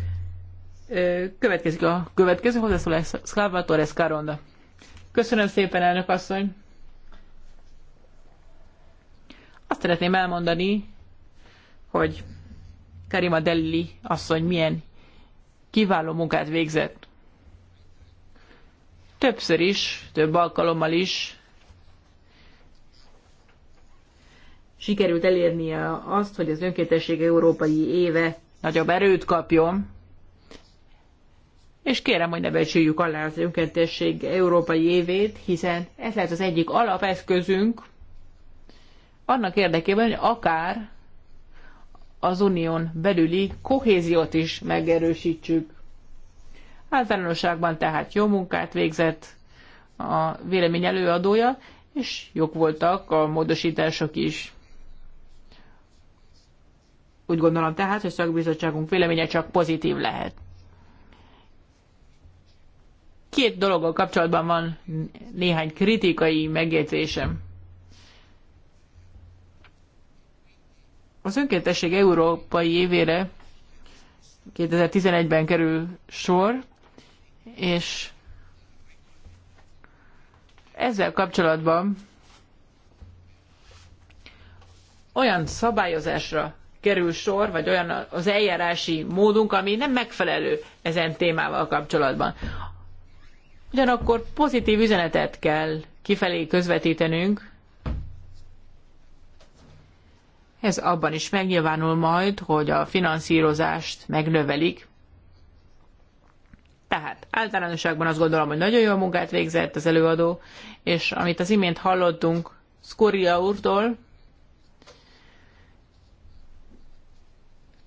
következik a következő hozzászólás, Torres Scaronda. Köszönöm szépen, elnök asszony! Azt szeretném elmondani, hogy Karima Delli asszony milyen kiváló munkát végzett többször is, több alkalommal is sikerült elérnie azt, hogy az önkéntesség európai éve nagyobb erőt kapjon, és kérem, hogy ne becsüljük alá az önkéntesség európai évét, hiszen ez lehet az egyik alapeszközünk annak érdekében, hogy akár az unión belüli kohéziót is megerősítsük. Általánosságban hát tehát jó munkát végzett a vélemény előadója, és jók voltak a módosítások is. Úgy gondolom tehát, hogy szakbizottságunk véleménye csak pozitív lehet. Két dologgal kapcsolatban van néhány kritikai megjegyzésem. Az önkéntesség európai évére 2011-ben kerül sor, és ezzel kapcsolatban olyan szabályozásra kerül sor, vagy olyan az eljárási módunk, ami nem megfelelő ezen témával kapcsolatban. Ugyanakkor pozitív üzenetet kell kifelé közvetítenünk. Ez abban is megnyilvánul majd, hogy a finanszírozást megnövelik. Tehát általánosságban azt gondolom, hogy nagyon jó munkát végzett az előadó, és amit az imént hallottunk Skoria úrtól,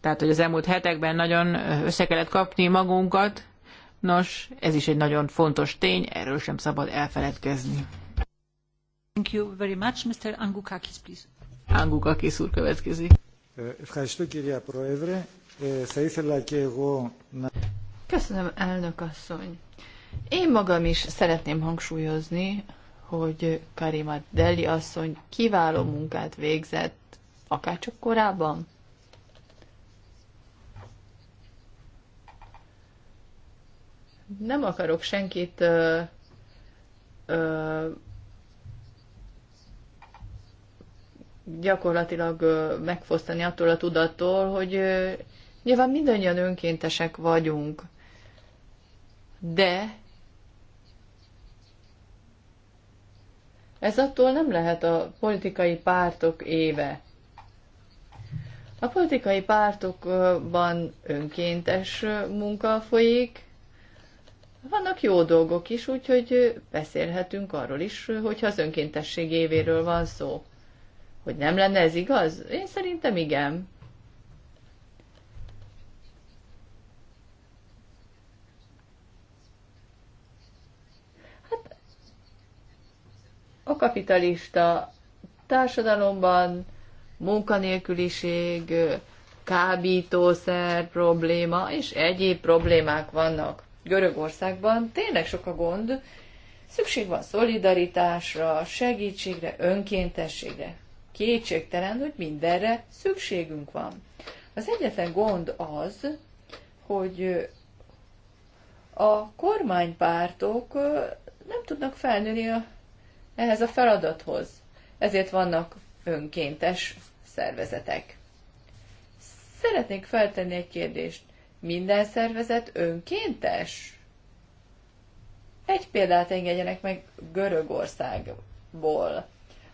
tehát hogy az elmúlt hetekben nagyon össze kellett kapni magunkat, nos, ez is egy nagyon fontos tény, erről sem szabad elfeledkezni. Thank you very much, Mr. Angukakis, please. Angukakis úr következik. Ευχαριστώ κυρία Πρόεδρε. Köszönöm, elnök asszony. Én magam is szeretném hangsúlyozni, hogy Karima Deli asszony kiváló munkát végzett, akárcsak korábban. Nem akarok senkit ö, ö, gyakorlatilag ö, megfosztani attól a tudattól, hogy ö, nyilván mindannyian önkéntesek vagyunk – de ez attól nem lehet a politikai pártok éve. A politikai pártokban önkéntes munka folyik, vannak jó dolgok is, úgyhogy beszélhetünk arról is, hogyha az önkéntesség évéről van szó. Hogy nem lenne ez igaz? Én szerintem igen. a kapitalista társadalomban munkanélküliség, kábítószer probléma és egyéb problémák vannak. Görögországban tényleg sok a gond, szükség van szolidaritásra, segítségre, önkéntességre. Kétségtelen, hogy mindenre szükségünk van. Az egyetlen gond az, hogy a kormánypártok nem tudnak felnőni a ehhez a feladathoz. Ezért vannak önkéntes szervezetek. Szeretnék feltenni egy kérdést. Minden szervezet önkéntes? Egy példát engedjenek meg Görögországból.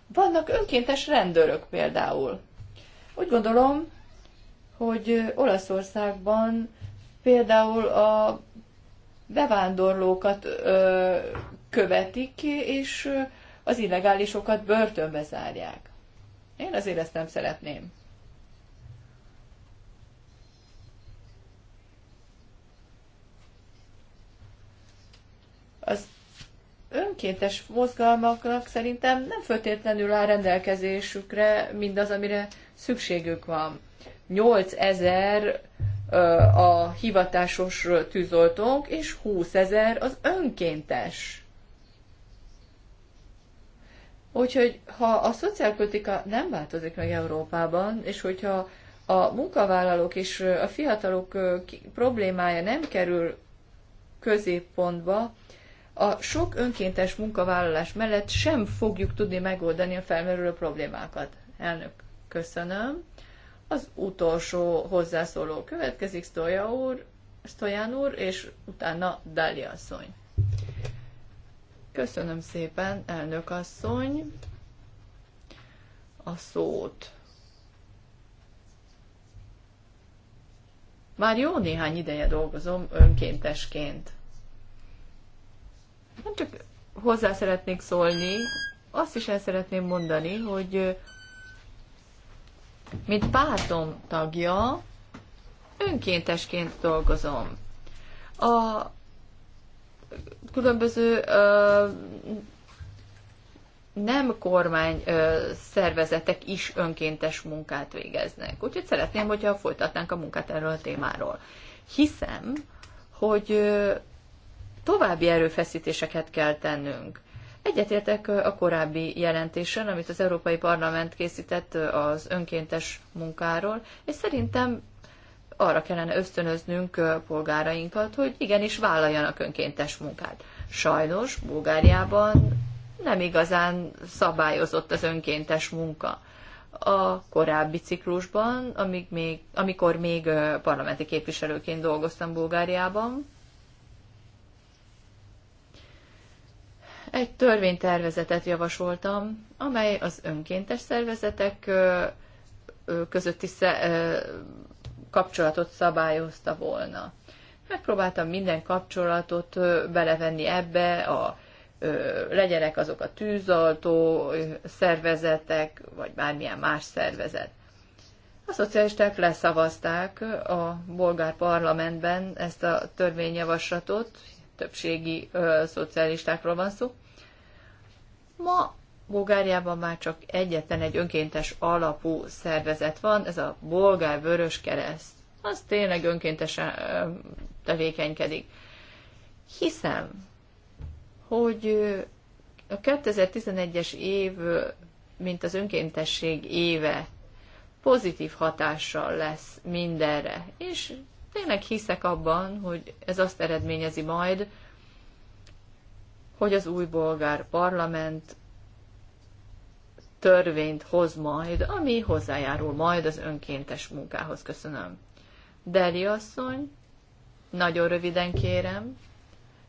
Vannak önkéntes rendőrök például. Úgy gondolom, hogy Olaszországban például a bevándorlókat ö, követik, és az illegálisokat börtönbe zárják. Én azért ezt nem szeretném. Az önkéntes mozgalmaknak szerintem nem föltétlenül áll rendelkezésükre mindaz, amire szükségük van. 8000 a hivatásos tűzoltónk, és 20 ezer az önkéntes. Úgyhogy ha a szociálpolitika nem változik meg Európában, és hogyha a munkavállalók és a fiatalok problémája nem kerül középpontba, a sok önkéntes munkavállalás mellett sem fogjuk tudni megoldani a felmerülő problémákat. Elnök, köszönöm. Az utolsó hozzászóló következik, Stoja úr, úr, és utána Dália asszony. Köszönöm szépen, elnök asszony, a szót. Már jó néhány ideje dolgozom önkéntesként. Nem csak hozzá szeretnék szólni, azt is el szeretném mondani, hogy mint pártom tagja, önkéntesként dolgozom. A különböző nem kormány szervezetek is önkéntes munkát végeznek. Úgyhogy szeretném, hogyha folytatnánk a munkát erről a témáról. Hiszem, hogy további erőfeszítéseket kell tennünk. Egyetértek a korábbi jelentésen, amit az Európai Parlament készített az önkéntes munkáról, és szerintem arra kellene ösztönöznünk polgárainkat, hogy igenis vállaljanak önkéntes munkát. Sajnos Bulgáriában nem igazán szabályozott az önkéntes munka. A korábbi ciklusban, amíg még, amikor még parlamenti képviselőként dolgoztam Bulgáriában, egy törvénytervezetet javasoltam, amely az önkéntes szervezetek közötti kapcsolatot szabályozta volna. Megpróbáltam minden kapcsolatot belevenni ebbe, a, ö, legyenek azok a tűzoltó szervezetek, vagy bármilyen más szervezet. A szocialisták leszavazták a bolgár parlamentben ezt a törvényjavaslatot, többségi ö, szocialistákról van szó. Ma Bulgáriában már csak egyetlen egy önkéntes alapú szervezet van, ez a Bolgár Vörös Kereszt. Az tényleg önkéntesen tevékenykedik. Hiszem, hogy a 2011-es év, mint az önkéntesség éve pozitív hatással lesz mindenre. És tényleg hiszek abban, hogy ez azt eredményezi majd, hogy az új bolgár parlament törvényt hoz majd, ami hozzájárul majd az önkéntes munkához. Köszönöm. Deli asszony, nagyon röviden kérem,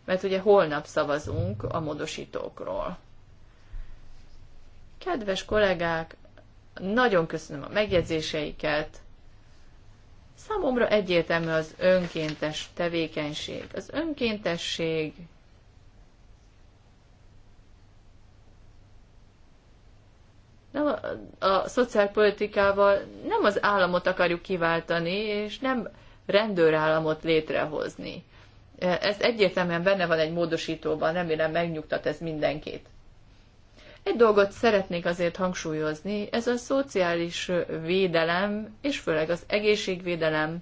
mert ugye holnap szavazunk a módosítókról. Kedves kollégák, nagyon köszönöm a megjegyzéseiket. Számomra egyértelmű az önkéntes tevékenység. Az önkéntesség nem a, a szociálpolitikával nem az államot akarjuk kiváltani, és nem rendőrállamot létrehozni. Ez egyértelműen benne van egy módosítóban, remélem megnyugtat ez mindenkit. Egy dolgot szeretnék azért hangsúlyozni, ez a szociális védelem, és főleg az egészségvédelem.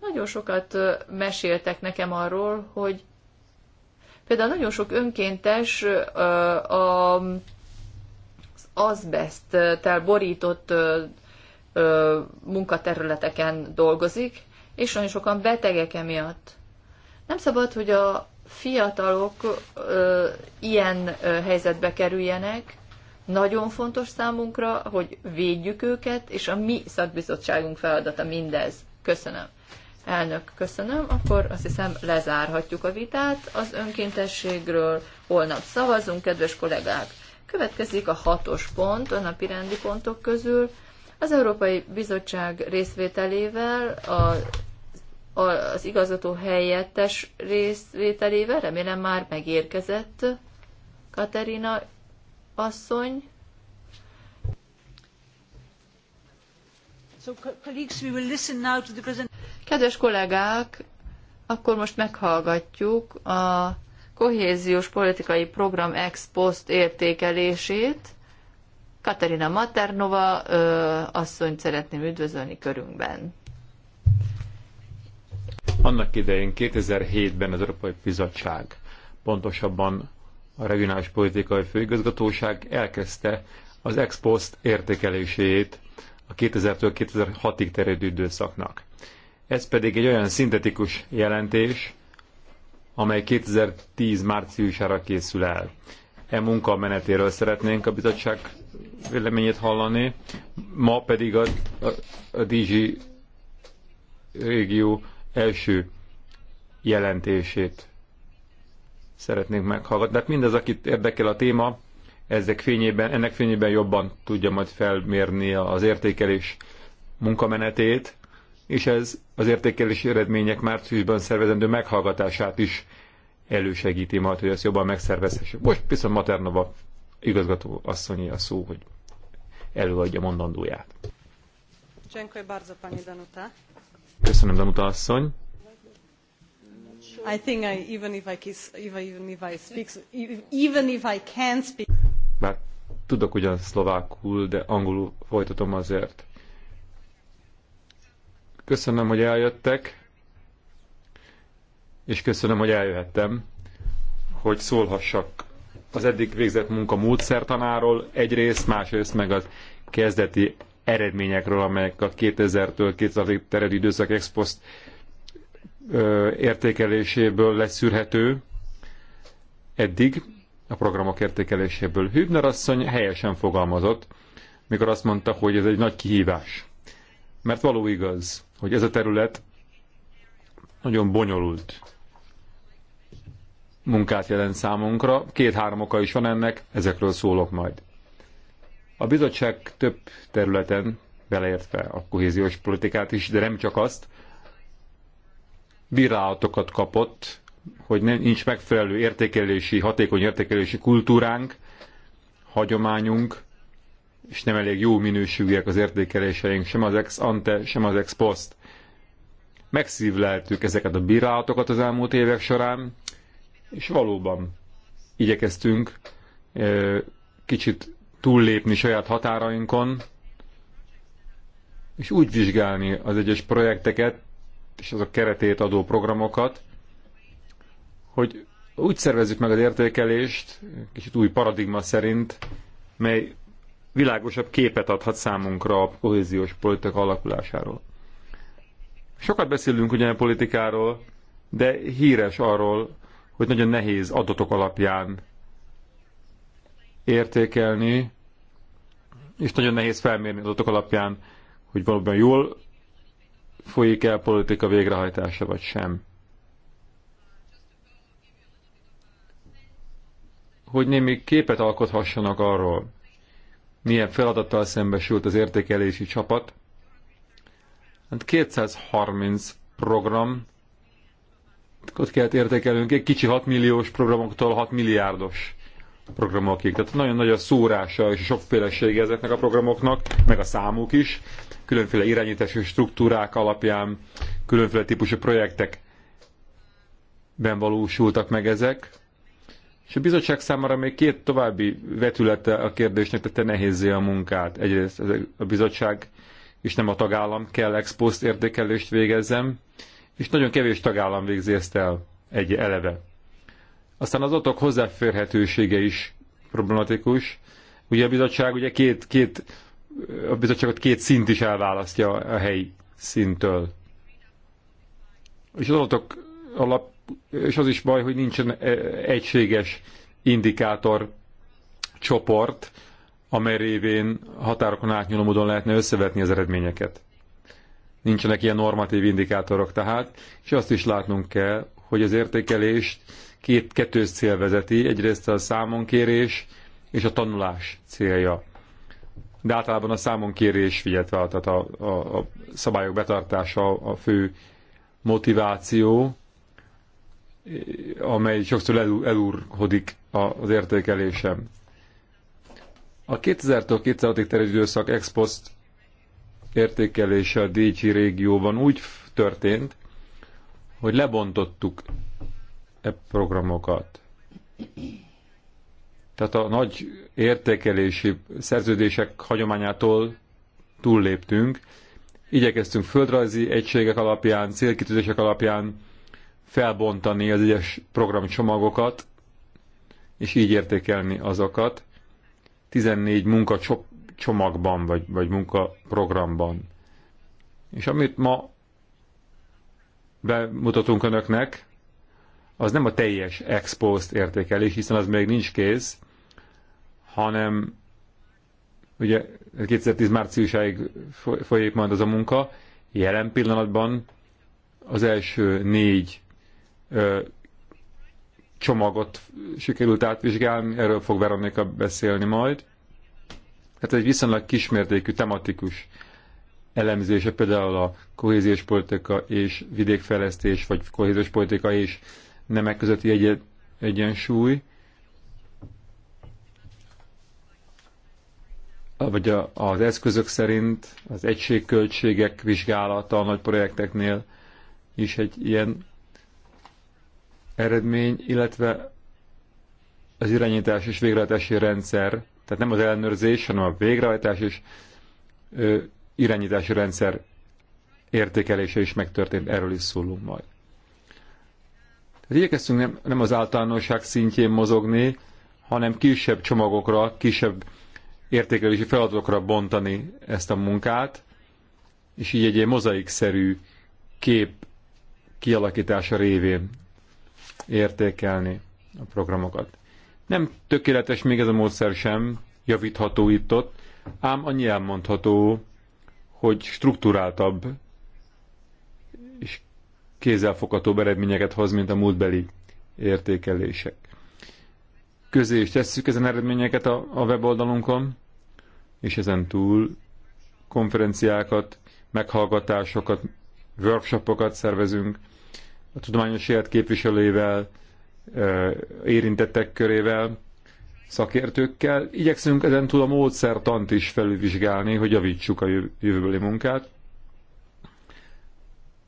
Nagyon sokat meséltek nekem arról, hogy Például nagyon sok önkéntes az azbeszttel borított munkaterületeken dolgozik, és nagyon sokan betegek emiatt. Nem szabad, hogy a fiatalok ilyen helyzetbe kerüljenek. Nagyon fontos számunkra, hogy védjük őket, és a mi szakbizottságunk feladata mindez. Köszönöm. Elnök, köszönöm. Akkor azt hiszem lezárhatjuk a vitát az önkéntességről. Holnap szavazunk, kedves kollégák. Következik a hatos pont a napi rendi pontok közül. Az Európai Bizottság részvételével, a, a, az igazgató helyettes részvételével, remélem már megérkezett Katerina asszony, Kedves kollégák, akkor most meghallgatjuk a kohéziós politikai program ex post értékelését. Katerina Maternova ö, asszonyt szeretném üdvözölni körünkben. Annak idején 2007-ben az Európai Bizottság, pontosabban a Regionális Politikai Főigazgatóság elkezdte az ex post értékelését a 2000-től 2006-ig terjedő időszaknak. Ez pedig egy olyan szintetikus jelentés, amely 2010 márciusára készül el. E munka menetéről szeretnénk a bizottság véleményét hallani, ma pedig a, a, a DG régió első jelentését szeretnénk meghallgatni. Tehát mindez, akit érdekel a téma, ezek fényében, ennek fényében jobban tudja majd felmérni az értékelés munkamenetét, és ez az értékelési eredmények márciusban szervezendő meghallgatását is elősegíti majd, hogy ezt jobban megszervezhessük. Most viszont Maternova igazgató asszonyi a szó, hogy előadja mondandóját. Köszönöm, Danuta asszony. I think I, even if I, kiss, even, if I speak, even if I can speak. Bár tudok ugyan szlovákul, de angolul folytatom azért. Köszönöm, hogy eljöttek, és köszönöm, hogy eljöhettem, hogy szólhassak az eddig végzett munka módszertanáról egyrészt, másrészt meg az kezdeti eredményekről, amelyek a 2000-től 2000-ig időszak exposzt értékeléséből leszűrhető eddig, a programok értékeléséből. Hübner asszony helyesen fogalmazott, mikor azt mondta, hogy ez egy nagy kihívás. Mert való igaz, hogy ez a terület nagyon bonyolult munkát jelent számunkra. Két-három oka is van ennek, ezekről szólok majd. A bizottság több területen, beleértve a kohéziós politikát is, de nem csak azt, bírálatokat kapott hogy nem, nincs megfelelő értékelési, hatékony értékelési kultúránk, hagyományunk, és nem elég jó minőségűek az értékeléseink, sem az ex ante, sem az ex post. Megszívleltük ezeket a bírálatokat az elmúlt évek során, és valóban igyekeztünk kicsit túllépni saját határainkon, és úgy vizsgálni az egyes projekteket és azok keretét adó programokat, hogy úgy szervezzük meg az értékelést, kicsit új paradigma szerint, mely világosabb képet adhat számunkra a kohéziós politika alakulásáról. Sokat beszélünk ugyan a politikáról, de híres arról, hogy nagyon nehéz adatok alapján értékelni, és nagyon nehéz felmérni adatok alapján, hogy valóban jól folyik el politika végrehajtása, vagy sem. hogy némi képet alkothassanak arról, milyen feladattal szembesült az értékelési csapat. Hát 230 program, ott kellett értékelünk, egy kicsi 6 milliós programoktól 6 milliárdos programokig. Tehát nagyon nagy a szórása és a sokfélesége ezeknek a programoknak, meg a számuk is, különféle irányítási struktúrák alapján, különféle típusú projektek ben valósultak meg ezek és a bizottság számára még két további vetülete a kérdésnek tette nehézé a munkát. Egyrészt a bizottság és nem a tagállam kell ex post értékelést végezzem, és nagyon kevés tagállam végzi ezt el egy eleve. Aztán az adatok hozzáférhetősége is problematikus. Ugye a bizottság ugye két, két, a bizottságot két szint is elválasztja a helyi szintől. És az adatok alap és az is baj, hogy nincsen e, egységes indikátor csoport, amely révén határokon átnyúló módon lehetne összevetni az eredményeket. Nincsenek ilyen normatív indikátorok tehát, és azt is látnunk kell, hogy az értékelést két kettős cél vezeti, egyrészt a számonkérés és a tanulás célja. De általában a számonkérés, figyelve, tehát a, a, a szabályok betartása a fő motiváció, amely sokszor elúr, elúrhodik az értékelésem. A 2000-től 2006-ig terjedő időszak ex értékelése a DG régióban úgy történt, hogy lebontottuk e programokat. Tehát a nagy értékelési szerződések hagyományától túlléptünk, igyekeztünk földrajzi egységek alapján, célkitűzések alapján felbontani az egyes programcsomagokat, és így értékelni azokat. 14 munkacsomagban, vagy, vagy munkaprogramban. És amit ma bemutatunk önöknek, az nem a teljes expost értékelés, hiszen az még nincs kész, hanem ugye 2010 márciusáig folyik majd az a munka, jelen pillanatban az első négy csomagot sikerült átvizsgálni, erről fog Veronika beszélni majd. Tehát egy viszonylag kismértékű tematikus elemzése, például a kohéziós politika és vidékfejlesztés, vagy kohéziós politika és nemek közötti egy egyensúly, vagy a, az eszközök szerint az egységköltségek vizsgálata a nagy projekteknél is egy ilyen eredmény, illetve az irányítás és végrehajtási rendszer, tehát nem az ellenőrzés, hanem a végrehajtás és ö, irányítási rendszer értékelése is megtörtént, erről is szólunk majd. Tehát igyekeztünk nem, nem az általánosság szintjén mozogni, hanem kisebb csomagokra, kisebb értékelési feladatokra bontani ezt a munkát, és így egy ilyen mozaikszerű kép kialakítása révén értékelni a programokat. Nem tökéletes még ez a módszer sem, javítható itt ott, ám annyi elmondható, hogy struktúráltabb és kézzelfoghatóbb eredményeket hoz, mint a múltbeli értékelések. Közé is tesszük ezen eredményeket a, a weboldalunkon, és ezen túl konferenciákat, meghallgatásokat, workshopokat szervezünk, a tudományos élet képviselőivel, érintettek körével, szakértőkkel. Igyekszünk ezen túl a módszertant is felülvizsgálni, hogy javítsuk a jövőbeli munkát.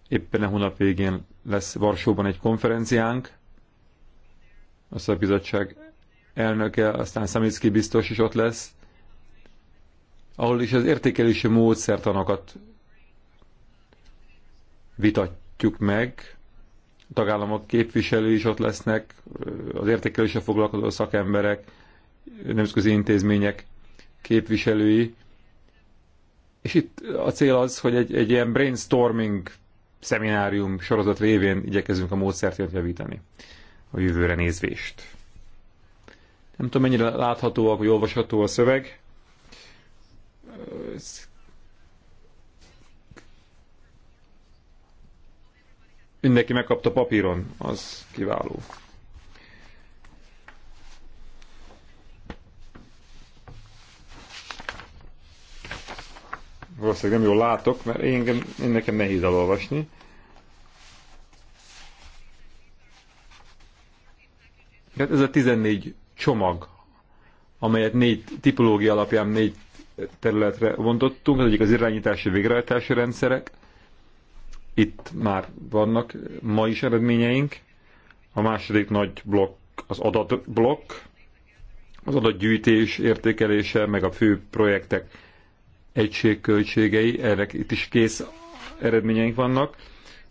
Éppen a hónap végén lesz Varsóban egy konferenciánk, a szakbizottság elnöke, aztán Szamicki biztos is ott lesz, ahol is az értékelési módszertanokat vitatjuk meg, tagállamok képviselői is ott lesznek, az értékelése foglalkozó szakemberek, nemzetközi intézmények képviselői. És itt a cél az, hogy egy, egy ilyen brainstorming szeminárium sorozat révén igyekezünk a módszert javítani a jövőre nézvést. Nem tudom, mennyire látható, vagy olvasható a szöveg. Mindenki megkapta papíron, az kiváló. Valószínűleg nem jól látok, mert én, én nekem nehéz elolvasni. Hát ez a 14 csomag, amelyet négy tipológia alapján négy területre vontottunk, az egyik az irányítási végrehajtási rendszerek, itt már vannak ma is eredményeink. A második nagy blokk az adatblokk, az adatgyűjtés értékelése, meg a fő projektek egységköltségei, erre itt is kész eredményeink vannak.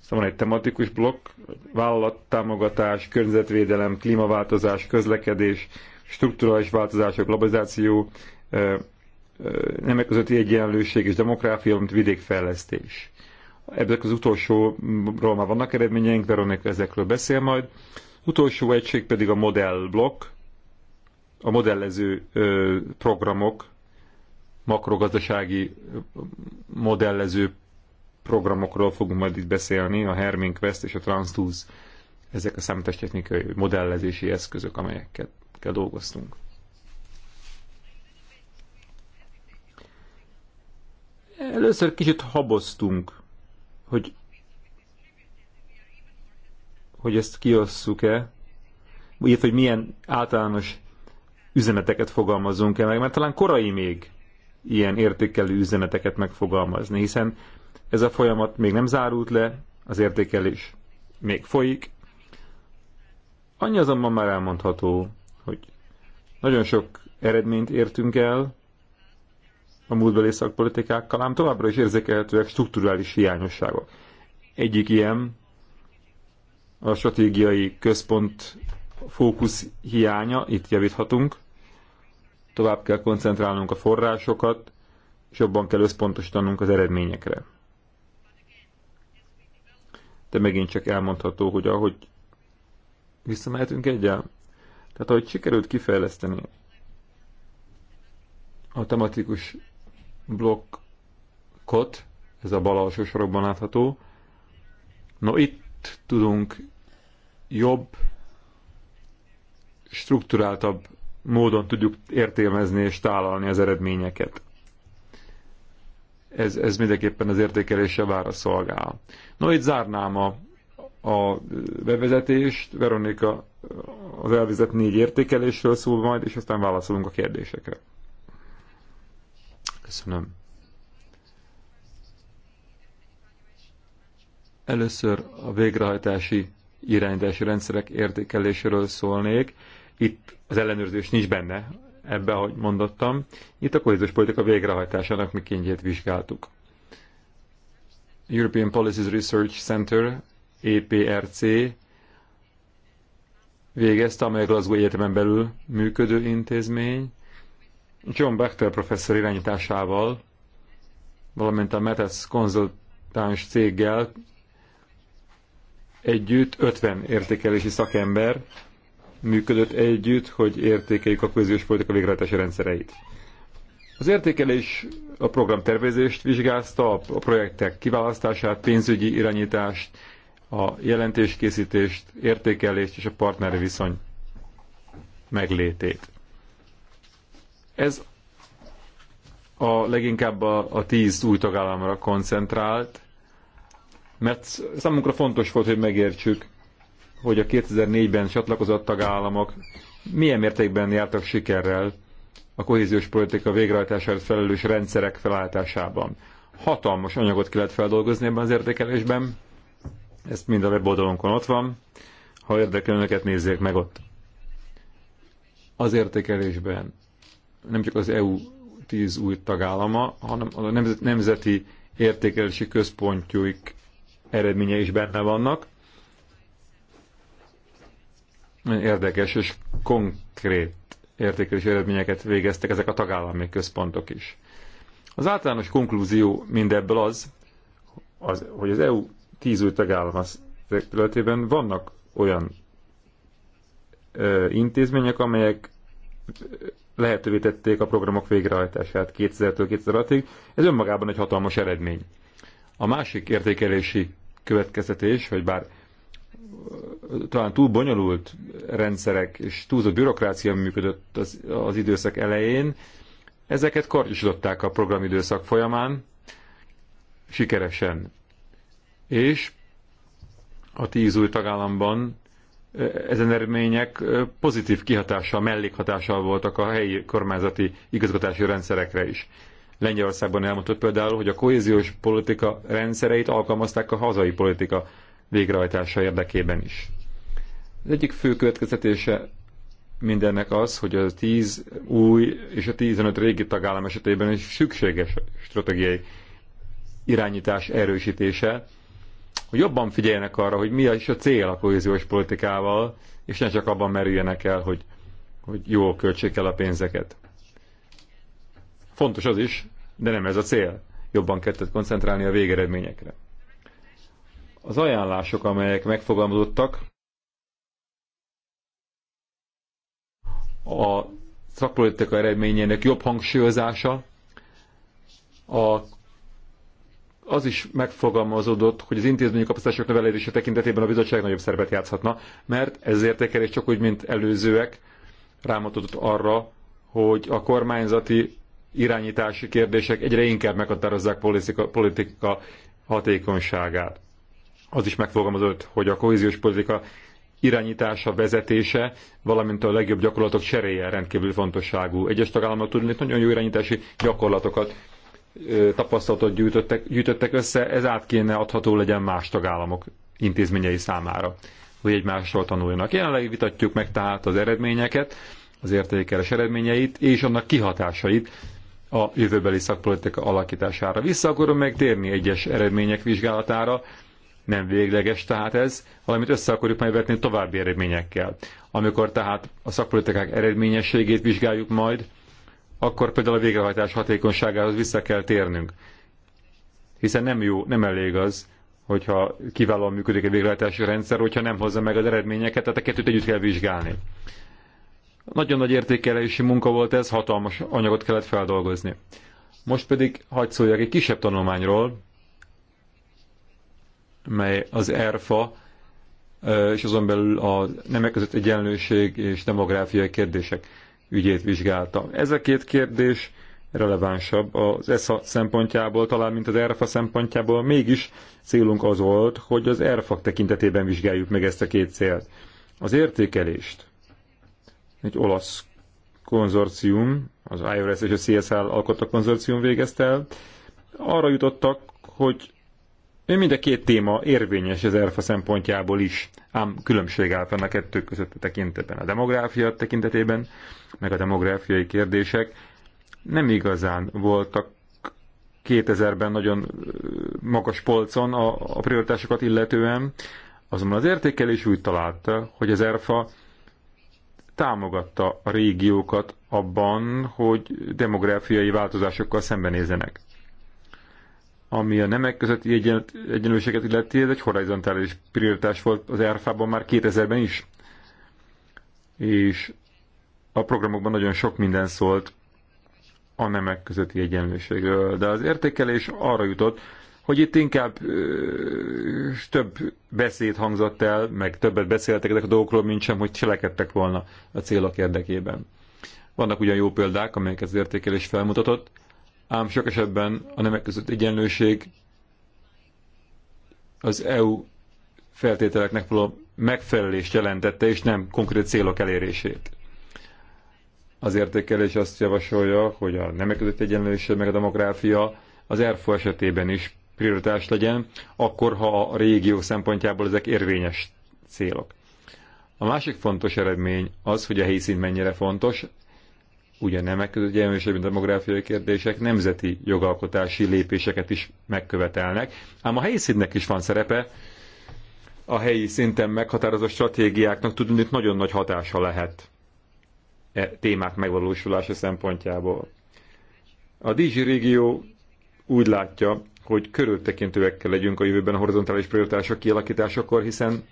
Aztán van egy tematikus blokk, vállalattámogatás, környezetvédelem, klímaváltozás, közlekedés, strukturális változások, globalizáció, nemek közötti egyenlőség és demográfia, mint vidékfejlesztés. Ezek az utolsóról már vannak eredményeink, Veronika ezekről beszél majd. Utolsó egység pedig a modellblokk, a modellező programok, makrogazdasági modellező programokról fogunk majd itt beszélni, a Herming Quest és a TransDuz, ezek a számítástechnikai modellezési eszközök, amelyekkel dolgoztunk. Először kicsit haboztunk hogy, hogy ezt kiosszuk-e, illetve hogy milyen általános üzeneteket fogalmazunk el, mert talán korai még ilyen értékelő üzeneteket megfogalmazni, hiszen ez a folyamat még nem zárult le, az értékelés még folyik. Annyi azonban már elmondható, hogy nagyon sok eredményt értünk el, a múltbeli szakpolitikákkal, ám továbbra is érzékelhetőek strukturális hiányosságok. Egyik ilyen a stratégiai központ fókusz hiánya, itt javíthatunk, tovább kell koncentrálnunk a forrásokat, és jobban kell összpontosítanunk az eredményekre. De megint csak elmondható, hogy ahogy visszamehetünk egyel, tehát ahogy sikerült kifejleszteni a tematikus blokkot, ez a bal alsó sorokban látható. No, itt tudunk jobb, struktúráltabb módon tudjuk értelmezni és tálalni az eredményeket. Ez, ez mindenképpen az értékelése vára szolgál. No, itt zárnám a, a bevezetést. Veronika az elvezet négy értékelésről szól majd, és aztán válaszolunk a kérdésekre. Köszönöm. Először a végrehajtási irányítási rendszerek értékeléséről szólnék. Itt az ellenőrzés nincs benne, ebbe, ahogy mondottam. Itt a kohéziós politika végrehajtásának kényét vizsgáltuk. European Policies Research Center, EPRC, végezte, amely a Glasgow Egyetemen belül működő intézmény, John Bechtel professzor irányításával, valamint a Metes konzultáns céggel együtt 50 értékelési szakember működött együtt, hogy értékeljük a közös politika végrehajtási rendszereit. Az értékelés a programtervezést vizsgázta, a projektek kiválasztását, pénzügyi irányítást, a jelentéskészítést, értékelést és a partneri viszony meglétét. Ez a leginkább a, a tíz új tagállamra koncentrált, mert számunkra fontos volt, hogy megértsük, hogy a 2004-ben csatlakozott tagállamok milyen mértékben jártak sikerrel a kohéziós politika végrehajtásáért felelős rendszerek felállításában. Hatalmas anyagot kellett feldolgozni ebben az értékelésben, ezt mind a weboldalunkon ott van, ha érdekel önöket nézzék meg ott. Az értékelésben nem csak az EU 10 új tagállama, hanem a nemzet, nemzeti értékelési központjuk eredménye is benne vannak. Érdekes és konkrét értékelési eredményeket végeztek ezek a tagállami központok is. Az általános konklúzió mindebből az, az hogy az EU 10 új tagállam területében vannak olyan ö, intézmények, amelyek lehetővé tették a programok végrehajtását 2000-től 2006-ig. Ez önmagában egy hatalmas eredmény. A másik értékelési következtetés, hogy bár talán túl bonyolult rendszerek és túlzott bürokrácia működött az, az időszak elején, ezeket karcsosították a programidőszak folyamán sikeresen. És a tíz új tagállamban ezen eredmények pozitív kihatása, mellékhatással voltak a helyi kormányzati igazgatási rendszerekre is. Lengyelországban elmondott például, hogy a kohéziós politika rendszereit alkalmazták a hazai politika végrehajtása érdekében is. Az egyik fő következtetése mindennek az, hogy a 10 új és a 15 régi tagállam esetében is szükséges stratégiai irányítás erősítése, hogy jobban figyeljenek arra, hogy mi is a cél a kohéziós politikával, és ne csak abban merüljenek el, hogy, hogy jól költsék el a pénzeket. Fontos az is, de nem ez a cél. Jobban kellett koncentrálni a végeredményekre. Az ajánlások, amelyek megfogalmazottak, a szakpolitika eredményének jobb hangsúlyozása, a az is megfogalmazódott, hogy az intézményi kapacitások növelése tekintetében a bizottság nagyobb szerepet játszhatna, mert ez értékelés csak úgy, mint előzőek rámutatott arra, hogy a kormányzati irányítási kérdések egyre inkább meghatározzák politika, politika hatékonyságát. Az is megfogalmazott, hogy a kohéziós politika irányítása, vezetése, valamint a legjobb gyakorlatok cseréje rendkívül fontosságú. Egyes tagállamok tudni nagyon jó irányítási gyakorlatokat tapasztalatot gyűjtöttek, gyűjtöttek össze, ez át kéne adható legyen más tagállamok intézményei számára, hogy egymásról tanuljanak. Jelenleg vitatjuk meg tehát az eredményeket, az értékeles eredményeit és annak kihatásait a jövőbeli szakpolitika alakítására. Vissza akarom még térni egyes eredmények vizsgálatára, nem végleges tehát ez, valamit össze akarjuk majd vetni további eredményekkel. Amikor tehát a szakpolitikák eredményességét vizsgáljuk majd, akkor például a végrehajtás hatékonyságához vissza kell térnünk. Hiszen nem jó, nem elég az, hogyha kiválóan működik a végrehajtási rendszer, hogyha nem hozza meg az eredményeket, tehát a kettőt együtt kell vizsgálni. Nagyon nagy értékelési munka volt ez, hatalmas anyagot kellett feldolgozni. Most pedig hagyd szóljak egy kisebb tanulmányról, mely az ERFA, és azon belül a nemek között egyenlőség és demográfiai kérdések ügyét vizsgálta. Ez a két kérdés relevánsabb az ESZA szempontjából, talán mint az ERFA szempontjából, mégis célunk az volt, hogy az ERFA tekintetében vizsgáljuk meg ezt a két célt. Az értékelést egy olasz konzorcium, az IRS és a CSL alkotta konzorcium végezte el, arra jutottak, hogy Mind a két téma érvényes az ERFA szempontjából is, ám különbség áll fenn a kettő között a tekintetben. A demográfia tekintetében, meg a demográfiai kérdések nem igazán voltak 2000-ben nagyon magas polcon a, a prioritásokat illetően, azonban az értékelés úgy találta, hogy az ERFA támogatta a régiókat abban, hogy demográfiai változásokkal szembenézenek. Ami a nemek közötti egyen, egyenlőséget illeti, ez egy horizontális prioritás volt az ERFA-ban már 2000-ben is. És a programokban nagyon sok minden szólt a nemek közötti egyenlőségről. De az értékelés arra jutott, hogy itt inkább ö, több beszéd hangzott el, meg többet beszéltek ezek a dolgokról, mint sem, hogy cselekedtek volna a célok érdekében. Vannak ugyan jó példák, amelyek az értékelés felmutatott, ám sok esetben a nemek között egyenlőség az EU feltételeknek való megfelelést jelentette, és nem konkrét célok elérését. Az értékelés azt javasolja, hogy a nemek között egyenlőség meg a demográfia az ERFO esetében is prioritás legyen, akkor ha a régió szempontjából ezek érvényes célok. A másik fontos eredmény az, hogy a helyszín mennyire fontos, ugyan nem között egyenlőségű demográfiai kérdések nemzeti jogalkotási lépéseket is megkövetelnek. Ám a helyi szintnek is van szerepe, a helyi szinten meghatározó stratégiáknak tudni, hogy nagyon nagy hatása lehet e témák megvalósulása szempontjából. A DG régió úgy látja, hogy körültekintőek kell legyünk a jövőben a horizontális prioritások kialakításakor, hiszen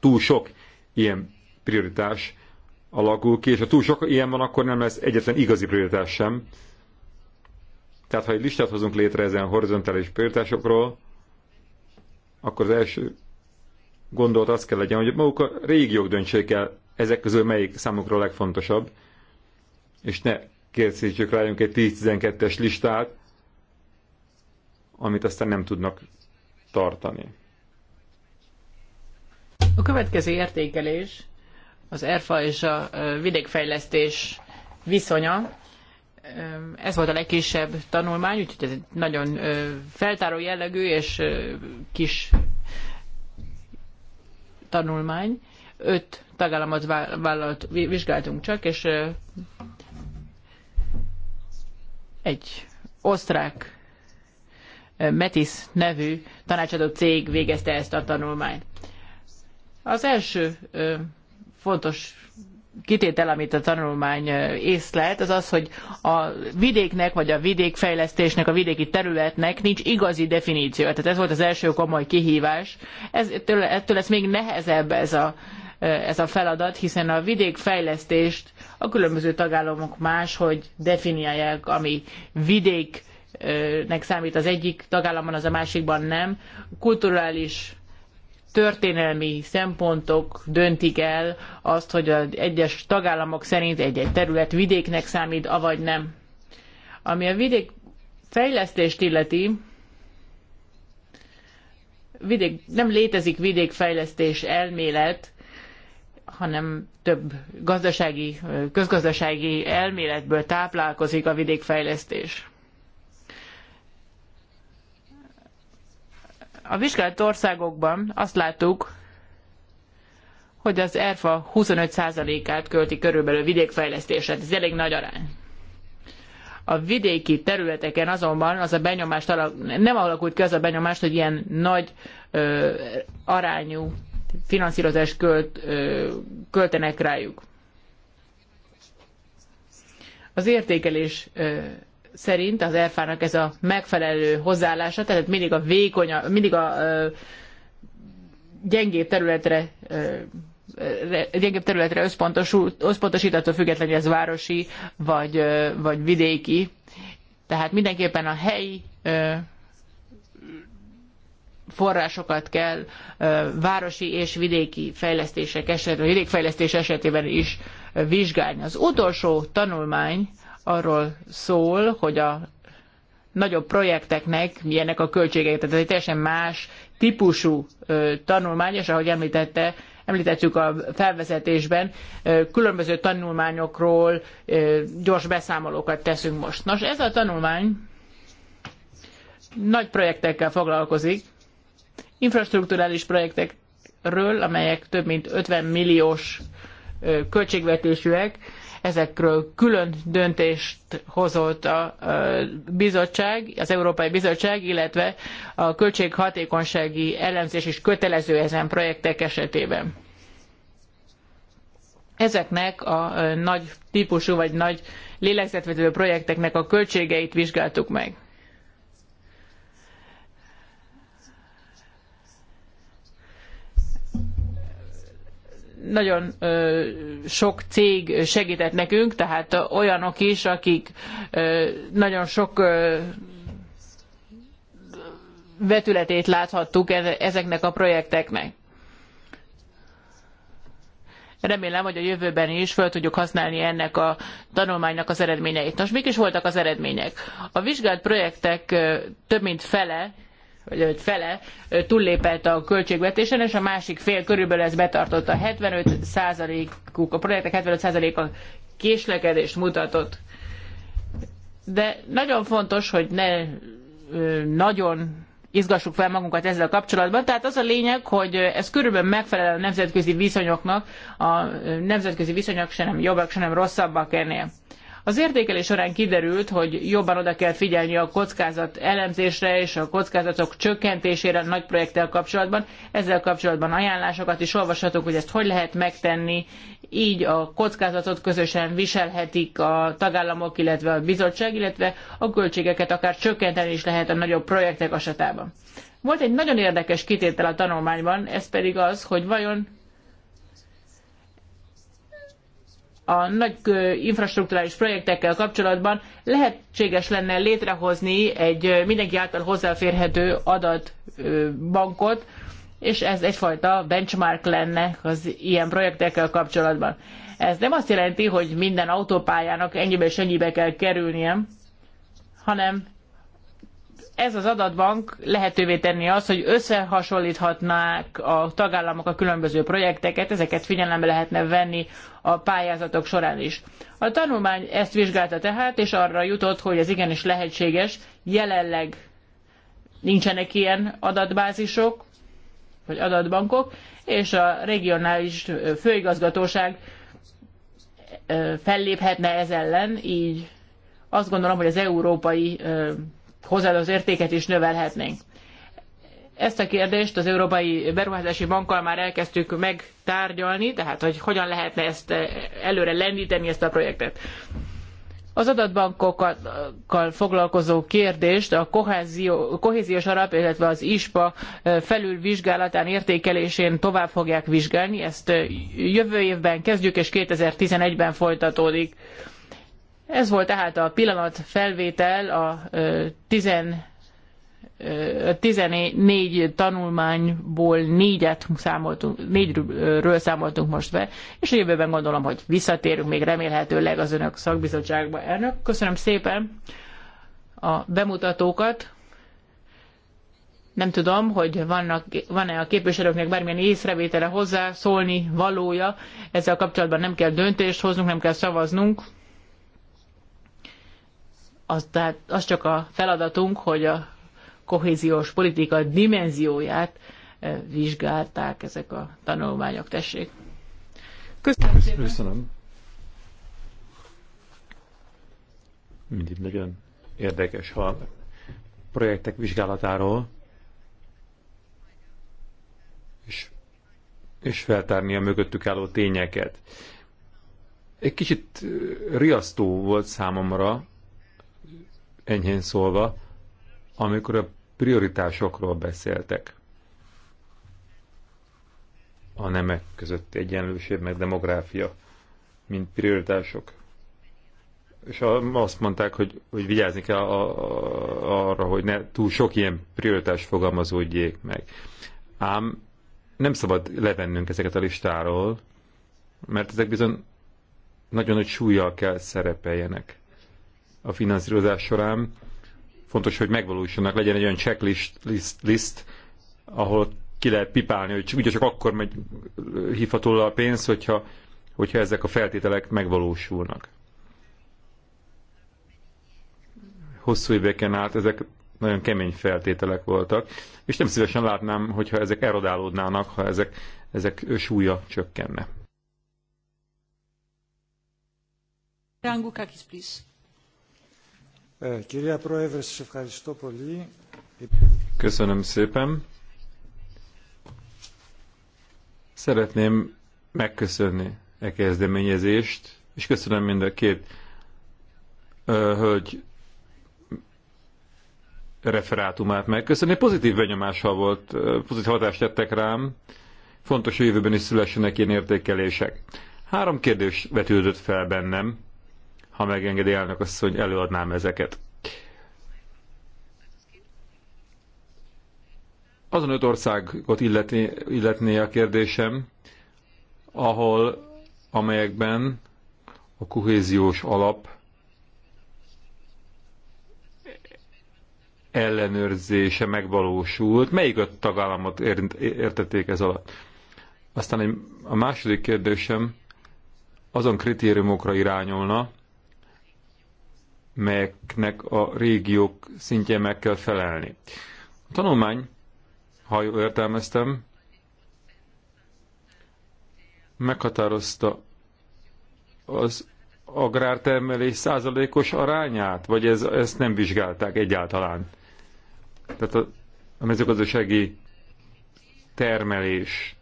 túl sok ilyen prioritás alakul ki, és ha túl sok ilyen van, akkor nem lesz egyetlen igazi prioritás sem. Tehát, ha egy listát hozunk létre ezen horizontális prioritásokról, akkor az első gondolat az kell legyen, hogy maguk a régiók döntsék el ezek közül melyik számukra a legfontosabb, és ne készítsük rájunk egy 10-12-es listát, amit aztán nem tudnak tartani. A következő értékelés az ERFA és a vidékfejlesztés viszonya. Ez volt a legkisebb tanulmány, úgyhogy ez egy nagyon feltáró jellegű és kis tanulmány. Öt tagállamot vállalt, vizsgáltunk csak, és egy osztrák Metis nevű tanácsadó cég végezte ezt a tanulmányt. Az első fontos kitétel, amit a tanulmány észlelt, az az, hogy a vidéknek, vagy a vidékfejlesztésnek, a vidéki területnek nincs igazi definíció. Tehát ez volt az első komoly kihívás. Ez, ettől, ettől lesz még nehezebb ez a, ez a feladat, hiszen a vidékfejlesztést a különböző tagállamok máshogy definiálják, ami vidéknek számít az egyik tagállamban, az a másikban nem. Kulturális történelmi szempontok döntik el azt, hogy az egyes tagállamok szerint egy-egy terület vidéknek számít, avagy nem. Ami a vidék fejlesztést illeti, vidék, nem létezik vidékfejlesztés elmélet, hanem több gazdasági, közgazdasági elméletből táplálkozik a vidékfejlesztés. A vizsgált országokban azt láttuk, hogy az ERFA 25%-át költi körülbelül vidékfejlesztésre. Ez elég nagy arány. A vidéki területeken azonban az a benyomás nem alakult ki az a benyomás, hogy ilyen nagy ö, arányú finanszírozást költ, ö, költenek rájuk. Az értékelés ö, szerint az erfának ez a megfelelő hozzáállása, tehát mindig a vékony, mindig a gyengébb területre gyengébb területre összpontosít, attól függetlenül ez városi vagy, vagy vidéki. Tehát mindenképpen a helyi forrásokat kell városi és vidéki fejlesztések esetében, vidékfejlesztés esetében is vizsgálni. Az utolsó tanulmány, arról szól, hogy a nagyobb projekteknek milyenek a költségei, tehát ez egy teljesen más típusú tanulmány, és ahogy említette, említettük a felvezetésben, különböző tanulmányokról gyors beszámolókat teszünk most. Nos, ez a tanulmány nagy projektekkel foglalkozik, infrastrukturális projektekről, amelyek több mint 50 milliós költségvetésűek, ezekről külön döntést hozott a bizottság, az Európai Bizottság, illetve a költséghatékonysági elemzés is kötelező ezen projektek esetében. Ezeknek a nagy típusú vagy nagy lélegzetvető projekteknek a költségeit vizsgáltuk meg. nagyon sok cég segített nekünk, tehát olyanok is, akik nagyon sok vetületét láthattuk e-, ezeknek a projekteknek. Remélem, hogy a jövőben is fel tudjuk használni ennek a tanulmánynak az eredményeit. Nos, mik is voltak az eredmények? A vizsgált projektek több mint fele vagy fele túllépett a költségvetésen, és a másik fél körülbelül ez betartotta. 75%-uk, a projektek 75%-a késlekedést mutatott. De nagyon fontos, hogy ne nagyon izgassuk fel magunkat ezzel kapcsolatban. Tehát az a lényeg, hogy ez körülbelül megfelel a nemzetközi viszonyoknak, a nemzetközi viszonyok se nem jobbak, se nem rosszabbak ennél. Az értékelés során kiderült, hogy jobban oda kell figyelni a kockázat elemzésre és a kockázatok csökkentésére a nagy projekttel kapcsolatban. Ezzel kapcsolatban ajánlásokat is olvashatok, hogy ezt hogy lehet megtenni, így a kockázatot közösen viselhetik a tagállamok, illetve a bizottság, illetve a költségeket akár csökkenteni is lehet a nagyobb projektek esetében. Volt egy nagyon érdekes kitétel a tanulmányban, ez pedig az, hogy vajon a nagy infrastruktúrális projektekkel kapcsolatban lehetséges lenne létrehozni egy mindenki által hozzáférhető adatbankot, és ez egyfajta benchmark lenne az ilyen projektekkel kapcsolatban. Ez nem azt jelenti, hogy minden autópályának ennyibe és ennyibe kell kerülnie, hanem ez az adatbank lehetővé tenni azt, hogy összehasonlíthatnák a tagállamok a különböző projekteket, ezeket figyelembe lehetne venni a pályázatok során is. A tanulmány ezt vizsgálta tehát, és arra jutott, hogy ez igenis lehetséges, jelenleg nincsenek ilyen adatbázisok, vagy adatbankok, és a regionális főigazgatóság felléphetne ez ellen, így azt gondolom, hogy az európai hozzáadott értéket is növelhetnénk. Ezt a kérdést az Európai Beruházási Bankkal már elkezdtük megtárgyalni, tehát hogy hogyan lehetne ezt eh, előre lendíteni ezt a projektet. Az adatbankokkal foglalkozó kérdést a kohézió, kohéziós alap, illetve az ISPA eh, felülvizsgálatán értékelésén tovább fogják vizsgálni. Ezt eh, jövő évben kezdjük, és 2011-ben folytatódik. Ez volt tehát a pillanat felvétel a 10 14 tanulmányból négyet számoltunk, négyről számoltunk most be, és jövőben gondolom, hogy visszatérünk még remélhetőleg az önök szakbizottságba. Elnök, köszönöm szépen a bemutatókat. Nem tudom, hogy vannak, van-e a képviselőknek bármilyen észrevétele hozzá szólni valója. Ezzel kapcsolatban nem kell döntést hoznunk, nem kell szavaznunk az, tehát az csak a feladatunk, hogy a kohéziós politika dimenzióját eh, vizsgálták ezek a tanulmányok. Tessék. Köszönöm szépen. Köszönöm. Mindig nagyon érdekes, ha projektek vizsgálatáról és, és feltárni a mögöttük álló tényeket. Egy kicsit eh, riasztó volt számomra enyhén szólva, amikor a prioritásokról beszéltek. A nemek közötti egyenlőség, meg demográfia, mint prioritások. És azt mondták, hogy, hogy vigyázni kell a, a, arra, hogy ne túl sok ilyen prioritás fogalmazódjék meg. Ám nem szabad levennünk ezeket a listáról, mert ezek bizony nagyon nagy súlyjal kell szerepeljenek a finanszírozás során. Fontos, hogy megvalósulnak, legyen egy olyan checklist, list, list ahol ki lehet pipálni, hogy ugye csak akkor megy, hívható a pénz, hogyha, hogyha ezek a feltételek megvalósulnak. Hosszú éveken át ezek nagyon kemény feltételek voltak, és nem szívesen látnám, hogyha ezek erodálódnának, ha ezek, ezek súlya csökkenne. kakis, please. Köszönöm szépen. Szeretném megköszönni e kezdeményezést, és köszönöm mind a két ö, hölgy referátumát megköszönni. Pozitív benyomással volt, pozitív hatást tettek rám. Fontos, hogy jövőben is szülessenek ilyen értékelések. Három kérdés vetődött fel bennem ha megengedi elnök azt, hogy előadnám ezeket. Azon öt országot illetné, illetné a kérdésem, ahol, amelyekben a kohéziós alap ellenőrzése megvalósult. Melyik öt tagállamot értették ez alatt? Aztán egy, a második kérdésem azon kritériumokra irányulna, melyeknek a régiók szintje meg kell felelni. A tanulmány, ha jól értelmeztem, meghatározta az agrártermelés százalékos arányát, vagy ez, ezt nem vizsgálták egyáltalán? Tehát a, a mezőgazdasági termelés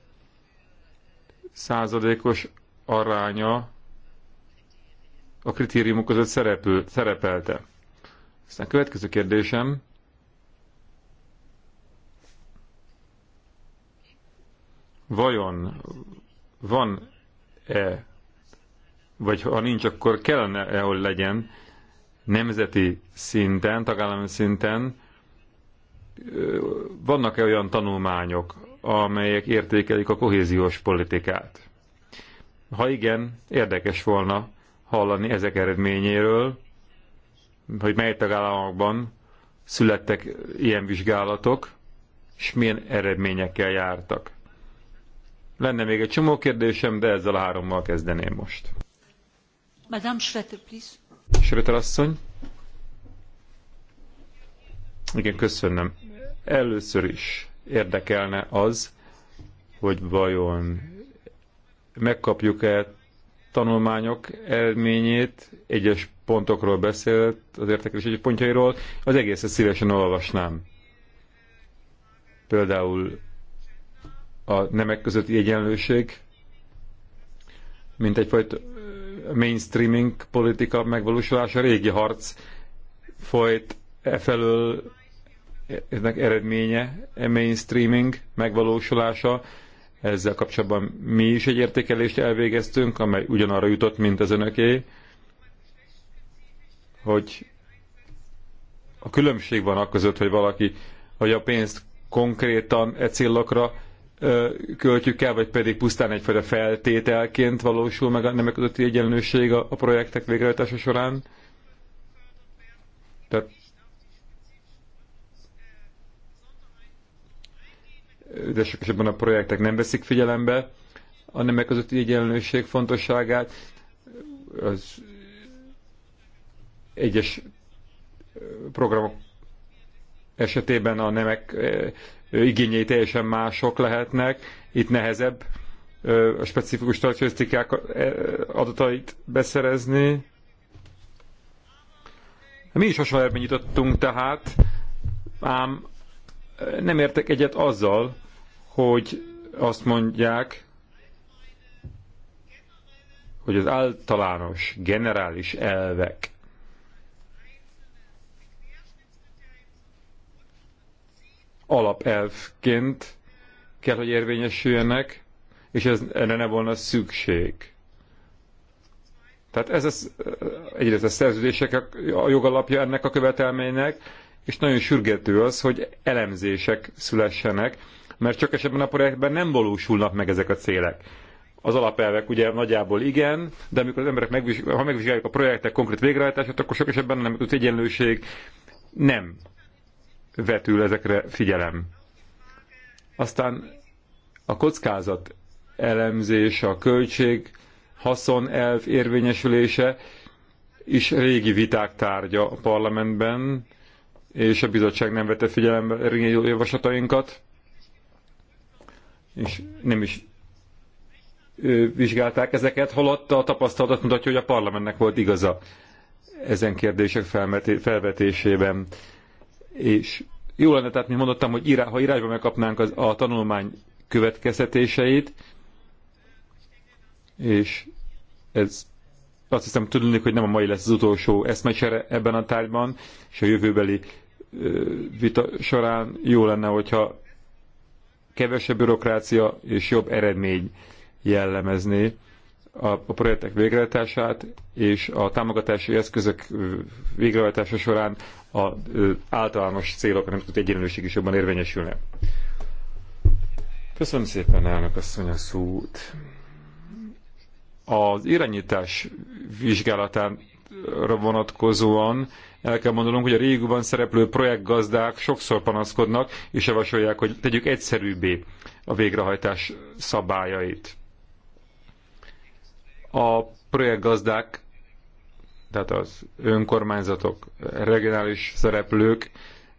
százalékos aránya a kritériumok között szerepül, szerepelte. Aztán a következő kérdésem. Vajon van-e, vagy ha nincs, akkor kellene-e, hogy legyen nemzeti szinten, tagállami szinten, vannak-e olyan tanulmányok, amelyek értékelik a kohéziós politikát? Ha igen, érdekes volna hallani ezek eredményéről, hogy mely tagállamokban születtek ilyen vizsgálatok, és milyen eredményekkel jártak. Lenne még egy csomó kérdésem, de ezzel a hárommal kezdeném most. Madame Schröter, please. Schröter asszony. Igen, köszönöm. Először is érdekelne az, hogy vajon megkapjuk-e tanulmányok elményét, egyes pontokról beszélt, az értékelés egyes pontjairól, az egészet szívesen olvasnám. Például a nemek közötti egyenlőség, mint egyfajta mainstreaming politika megvalósulása, régi harc folyt e felől ennek eredménye, e mainstreaming megvalósulása, ezzel kapcsolatban mi is egy értékelést elvégeztünk, amely ugyanarra jutott, mint az önöké, hogy a különbség van között, hogy valaki, hogy a pénzt konkrétan e célokra költjük el, vagy pedig pusztán egyfajta feltételként valósul meg a nemek közötti egyenlőség a, a projektek végrehajtása során. sok esetben a projektek nem veszik figyelembe a nemek közötti egyenlőség fontosságát. Az egyes programok esetében a nemek igényei teljesen mások lehetnek. Itt nehezebb a specifikus statisztikák adatait beszerezni. Mi is hasonló eredményt tehát, ám nem értek egyet azzal, hogy azt mondják, hogy az általános, generális elvek alapelvként kell, hogy érvényesüljenek, és ez, erre ne volna szükség. Tehát ez az, egyrészt a szerződések a jogalapja ennek a követelménynek, és nagyon sürgető az, hogy elemzések szülessenek, mert csak esetben a projektben nem valósulnak meg ezek a célek. Az alapelvek ugye nagyjából igen, de amikor az emberek megvizsgálják, ha megvizsgáljuk a projektek konkrét végrehajtását, akkor sok esetben nem az egyenlőség nem vetül ezekre figyelem. Aztán a kockázat elemzés, a költség, haszon elv érvényesülése is régi viták tárgya a parlamentben, és a bizottság nem vette figyelembe a javaslatainkat és nem is vizsgálták ezeket, holott a tapasztalat mutatja, hogy a parlamentnek volt igaza ezen kérdések felvetésében. És jó lenne, tehát mint mondottam, hogy irá, ha írásban megkapnánk az, a tanulmány következtetéseit, és ez azt hiszem tudni, hogy nem a mai lesz az utolsó eszmecsere ebben a tárgyban, és a jövőbeli ö, vita során jó lenne, hogyha kevesebb bürokrácia és jobb eredmény jellemezné a, a projektek végrehajtását, és a támogatási eszközök végrehajtása során az általános célok, a nemzetközi egyenlőség is jobban érvényesülne. Köszönöm szépen, elnök asszony, a szót. Az irányítás vizsgálatán vonatkozóan el kell mondanunk, hogy a régióban szereplő projektgazdák sokszor panaszkodnak, és javasolják, hogy tegyük egyszerűbbé a végrehajtás szabályait. A projektgazdák, tehát az önkormányzatok, regionális szereplők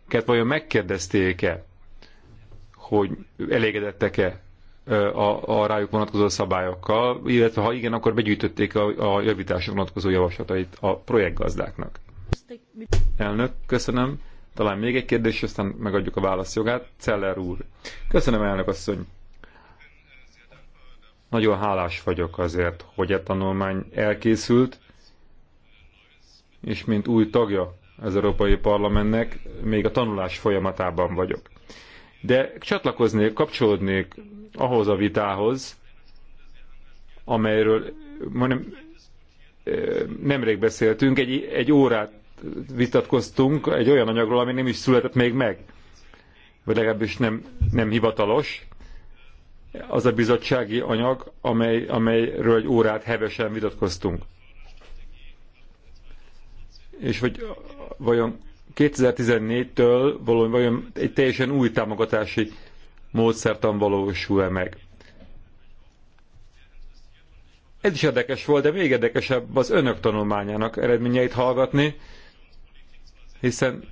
Ket vajon megkérdezték-e, hogy elégedettek-e a, a rájuk vonatkozó szabályokkal, illetve ha igen, akkor begyűjtötték a, a javítások vonatkozó javaslatait a projektgazdáknak. Elnök, köszönöm. Talán még egy kérdés, aztán megadjuk a válaszjogát. Celler úr. Köszönöm, elnök asszony. Nagyon hálás vagyok azért, hogy a e tanulmány elkészült, és mint új tagja az Európai Parlamentnek, még a tanulás folyamatában vagyok. De csatlakoznék, kapcsolódnék ahhoz a vitához, amelyről majdnem nemrég beszéltünk, egy, egy órát vitatkoztunk egy olyan anyagról, ami nem is született még meg, vagy legalábbis nem, nem hivatalos. Az a bizottsági anyag, amely, amelyről egy órát hevesen vitatkoztunk. És hogy vajon 2014-től valami, vajon egy teljesen új támogatási módszertan valósul-e meg. Ez is érdekes volt, de még érdekesebb az önök tanulmányának eredményeit hallgatni, hiszen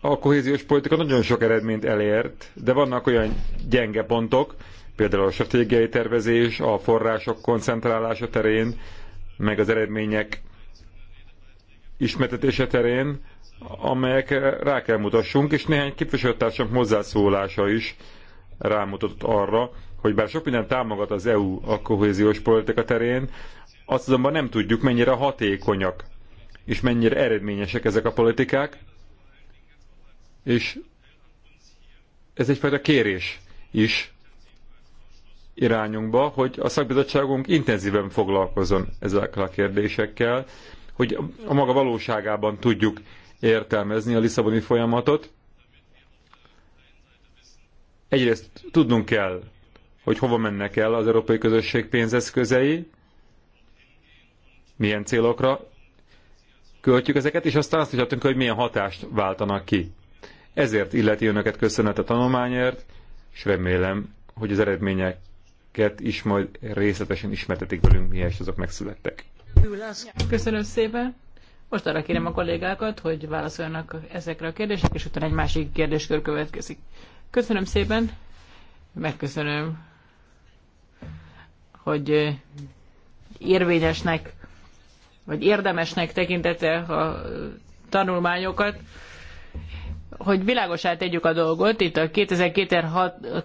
a kohéziós politika nagyon sok eredményt elért, de vannak olyan gyenge pontok, például a stratégiai tervezés, a források koncentrálása terén, meg az eredmények ismertetése terén, amelyekre rá kell mutassunk, és néhány képviselőtársam hozzászólása is rámutatott arra, hogy bár sok minden támogat az EU a kohéziós politika terén, azt azonban nem tudjuk, mennyire hatékonyak és mennyire eredményesek ezek a politikák, és ez egyfajta kérés is irányunkba, hogy a szakbizottságunk intenzíven foglalkozon ezekkel a kérdésekkel, hogy a maga valóságában tudjuk értelmezni a Lisszaboni folyamatot. Egyrészt tudnunk kell, hogy hova mennek el az európai közösség pénzeszközei, milyen célokra költjük ezeket, és aztán azt is adtunk, hogy milyen hatást váltanak ki. Ezért illeti önöket köszönet a tanulmányért, és remélem, hogy az eredményeket is majd részletesen ismertetik velünk, mihez azok megszülettek. Köszönöm szépen! Most arra kérem a kollégákat, hogy válaszoljanak ezekre a kérdésekre, és utána egy másik kérdéskör következik. Köszönöm szépen, megköszönöm, hogy eh, érvényesnek vagy érdemesnek tekintette a tanulmányokat, hogy világosá tegyük a dolgot, itt a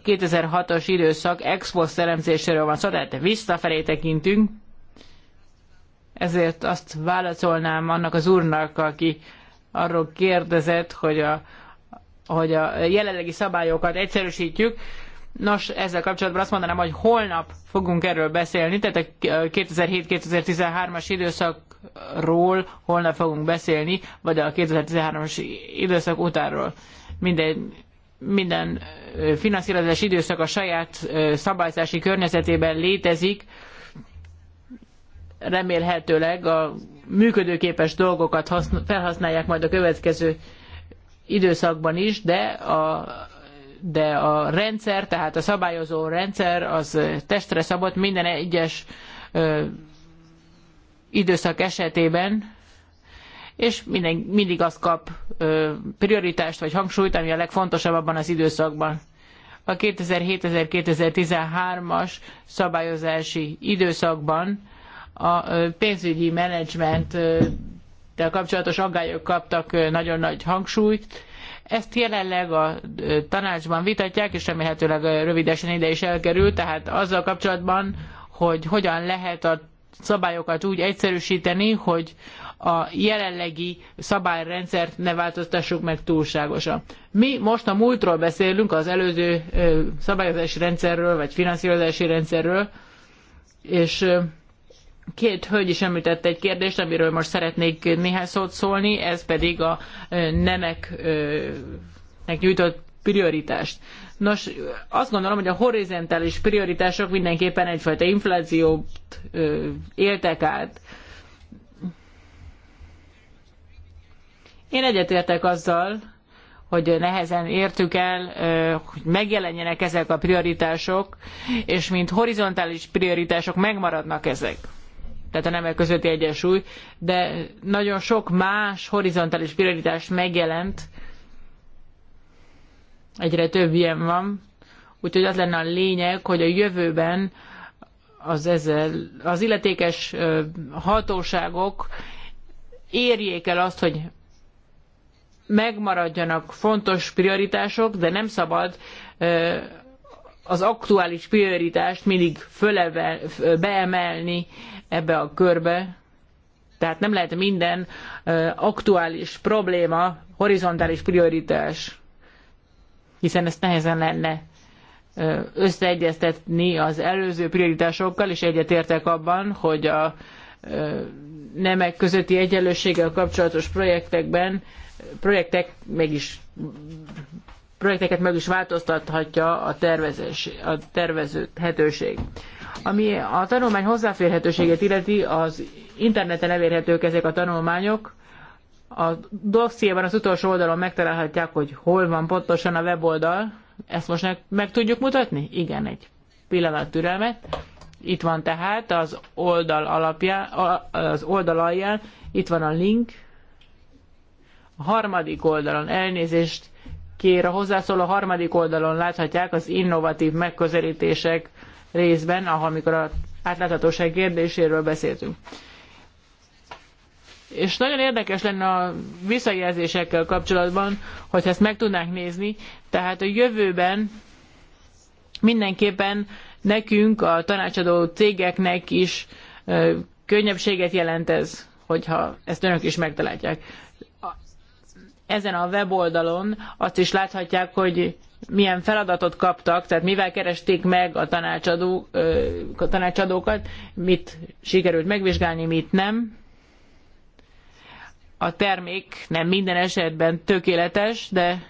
2006, os időszak expo szeremzéséről van szó, tehát visszafelé tekintünk, ezért azt válaszolnám annak az úrnak, aki arról kérdezett, hogy a, hogy a jelenlegi szabályokat egyszerűsítjük. Nos, ezzel kapcsolatban azt mondanám, hogy holnap fogunk erről beszélni, tehát a 2007-2013-as időszak időszakról holnap fogunk beszélni, vagy a 2013-as időszak utánról. Minden, minden finanszírozás időszak a saját szabályzási környezetében létezik, remélhetőleg a működőképes dolgokat felhasználják majd a következő időszakban is, de a, de a rendszer, tehát a szabályozó rendszer az testre szabott minden egyes időszak esetében, és minden, mindig az kap ö, prioritást vagy hangsúlyt, ami a legfontosabb abban az időszakban. A 2007-2013-as szabályozási időszakban a pénzügyi menedzsment kapcsolatos aggályok kaptak nagyon nagy hangsúlyt. Ezt jelenleg a tanácsban vitatják, és remélhetőleg rövidesen ide is elkerül, tehát azzal kapcsolatban, hogy hogyan lehet a szabályokat úgy egyszerűsíteni, hogy a jelenlegi szabályrendszert ne változtassuk meg túlságosan. Mi most a múltról beszélünk, az előző szabályozási rendszerről, vagy finanszírozási rendszerről, és két hölgy is említett egy kérdést, amiről most szeretnék néhány szót szólni, ez pedig a nemeknek nyújtott prioritást. Nos, azt gondolom, hogy a horizontális prioritások mindenképpen egyfajta inflációt ö, éltek át. Én egyetértek azzal, hogy nehezen értük el, hogy megjelenjenek ezek a prioritások, és mint horizontális prioritások megmaradnak ezek. Tehát a nemek közötti egyensúly, de nagyon sok más horizontális prioritás megjelent, Egyre több ilyen van. Úgyhogy az lenne a lényeg, hogy a jövőben az, ezzel, az illetékes hatóságok érjék el azt, hogy megmaradjanak fontos prioritások, de nem szabad az aktuális prioritást mindig fölevel, beemelni ebbe a körbe. Tehát nem lehet minden aktuális probléma horizontális prioritás hiszen ezt nehezen lenne összeegyeztetni az előző prioritásokkal, és egyetértek abban, hogy a nemek közötti egyenlőséggel kapcsolatos projektekben projektek meg is projekteket meg is változtathatja a, tervezés, a tervezhetőség. Ami a tanulmány hozzáférhetőséget illeti, az interneten elérhetők ezek a tanulmányok, a dossziéban az utolsó oldalon megtalálhatják, hogy hol van pontosan a weboldal. Ezt most meg, meg tudjuk mutatni? Igen, egy pillanat türelmet. Itt van tehát az oldal alapján, az oldal alján, itt van a link. A harmadik oldalon, elnézést kér a hozzászóló, a harmadik oldalon láthatják az innovatív megközelítések részben, ahol amikor a átláthatóság kérdéséről beszéltünk és nagyon érdekes lenne a visszajelzésekkel kapcsolatban, hogy ezt meg tudnánk nézni, tehát a jövőben mindenképpen nekünk, a tanácsadó cégeknek is könnyebbséget jelent ez, hogyha ezt önök is megtalálják. Ezen a weboldalon azt is láthatják, hogy milyen feladatot kaptak, tehát mivel keresték meg a, tanácsadó, a tanácsadókat, mit sikerült megvizsgálni, mit nem a termék nem minden esetben tökéletes, de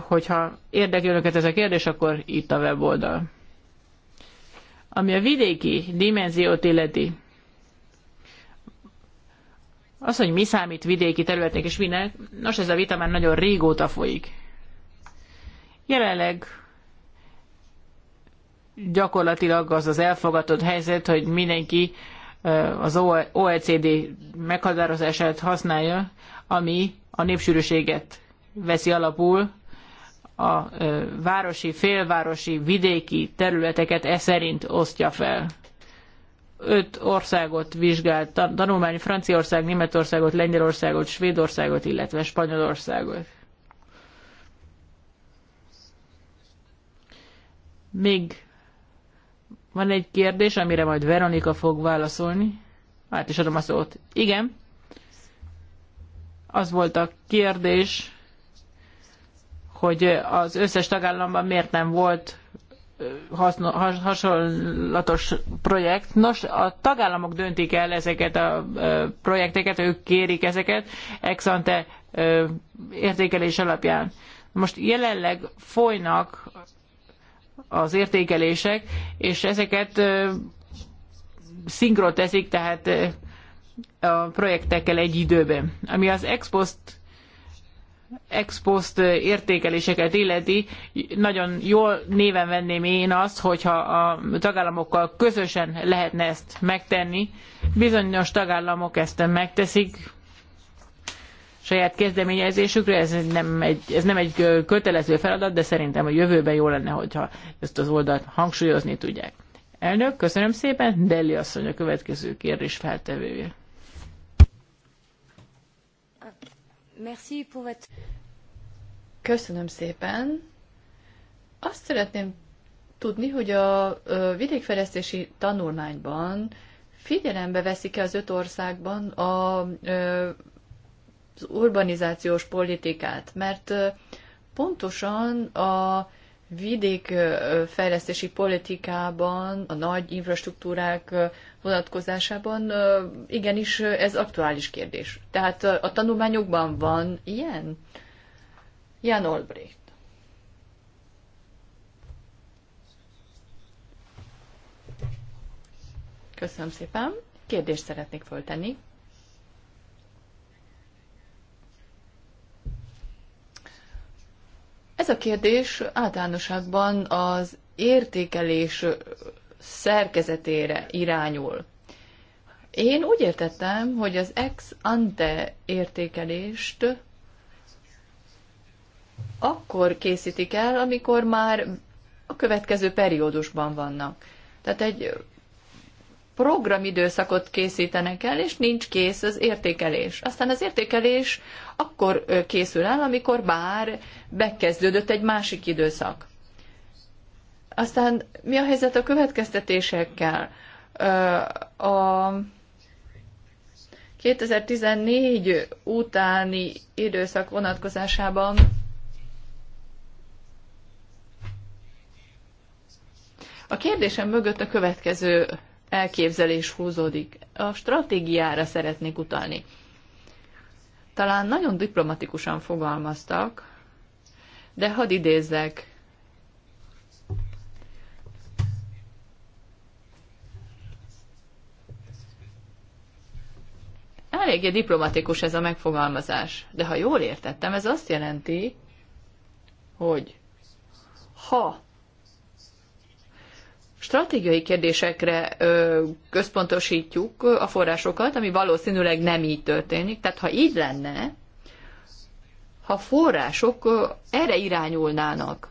hogyha érdekli önöket ez a kérdés, akkor itt a weboldal. Ami a vidéki dimenziót illeti, az, hogy mi számít vidéki területnek és minek, nos ez a vita már nagyon régóta folyik. Jelenleg gyakorlatilag az az elfogadott helyzet, hogy mindenki az OECD meghatározását használja, ami a népsűrűséget veszi alapul, a városi, félvárosi, vidéki területeket e szerint osztja fel. Öt országot vizsgált tanulmány, Franciaország, Németországot, Lengyelországot, Svédországot, illetve Spanyolországot. Még van egy kérdés, amire majd Veronika fog válaszolni. Hát is adom a szót. Igen. Az volt a kérdés, hogy az összes tagállamban miért nem volt haszno, has, hasonlatos projekt. Nos, a tagállamok döntik el ezeket a projekteket, ők kérik ezeket exante értékelés alapján. Most jelenleg folynak az értékelések, és ezeket szinkron teszik, tehát a projektekkel egy időben. Ami az expost expost ex post értékeléseket illeti, nagyon jól néven venném én azt, hogyha a tagállamokkal közösen lehetne ezt megtenni. Bizonyos tagállamok ezt megteszik, saját kezdeményezésükre, ez nem egy, ez nem egy kötelező feladat, de szerintem a jövőben jó lenne, hogyha ezt az oldalt hangsúlyozni tudják. Elnök, köszönöm szépen, Deli asszony a következő kérdés feltevője. Köszönöm szépen. Azt szeretném tudni, hogy a vidékfejlesztési tanulmányban figyelembe veszik-e az öt országban a az urbanizációs politikát, mert pontosan a vidék fejlesztési politikában, a nagy infrastruktúrák vonatkozásában igenis ez aktuális kérdés. Tehát a tanulmányokban van ilyen? Jan Olbricht. Köszönöm szépen. Kérdést szeretnék föltenni. Ez a kérdés általánosságban az értékelés szerkezetére irányul. Én úgy értettem, hogy az ex ante értékelést akkor készítik el, amikor már a következő periódusban vannak. Tehát egy programidőszakot készítenek el, és nincs kész az értékelés. Aztán az értékelés akkor készül el, amikor bár bekezdődött egy másik időszak. Aztán mi a helyzet a következtetésekkel? A 2014 utáni időszak vonatkozásában a kérdésem mögött a következő elképzelés húzódik. A stratégiára szeretnék utalni. Talán nagyon diplomatikusan fogalmaztak, de hadd idézzek. Eléggé diplomatikus ez a megfogalmazás, de ha jól értettem, ez azt jelenti, hogy ha stratégiai kérdésekre ö, központosítjuk a forrásokat, ami valószínűleg nem így történik. Tehát ha így lenne, ha források ö, erre irányulnának,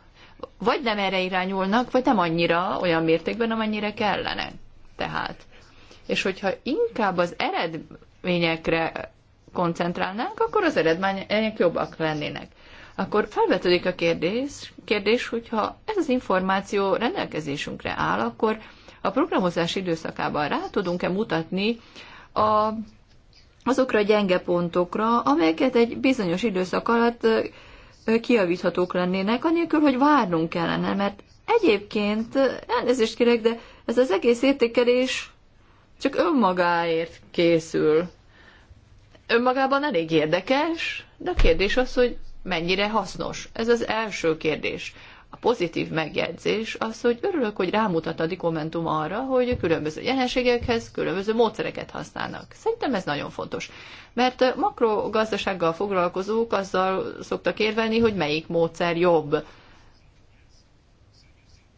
vagy nem erre irányulnak, vagy nem annyira olyan mértékben, amennyire kellene. Tehát. És hogyha inkább az eredményekre koncentrálnánk, akkor az eredmények jobbak lennének akkor felvetődik a kérdés, kérdés, hogyha ez az információ rendelkezésünkre áll, akkor a programozás időszakában rá tudunk-e mutatni a, azokra a gyenge pontokra, amelyeket egy bizonyos időszak alatt kiavíthatók lennének, anélkül, hogy várnunk kellene, mert egyébként, elnézést kérek, de ez az egész értékelés csak önmagáért készül. Önmagában elég érdekes, de a kérdés az, hogy mennyire hasznos? Ez az első kérdés. A pozitív megjegyzés az, hogy örülök, hogy rámutat a dokumentum arra, hogy különböző jelenségekhez különböző módszereket használnak. Szerintem ez nagyon fontos. Mert makrogazdasággal foglalkozók azzal szoktak érvelni, hogy melyik módszer jobb.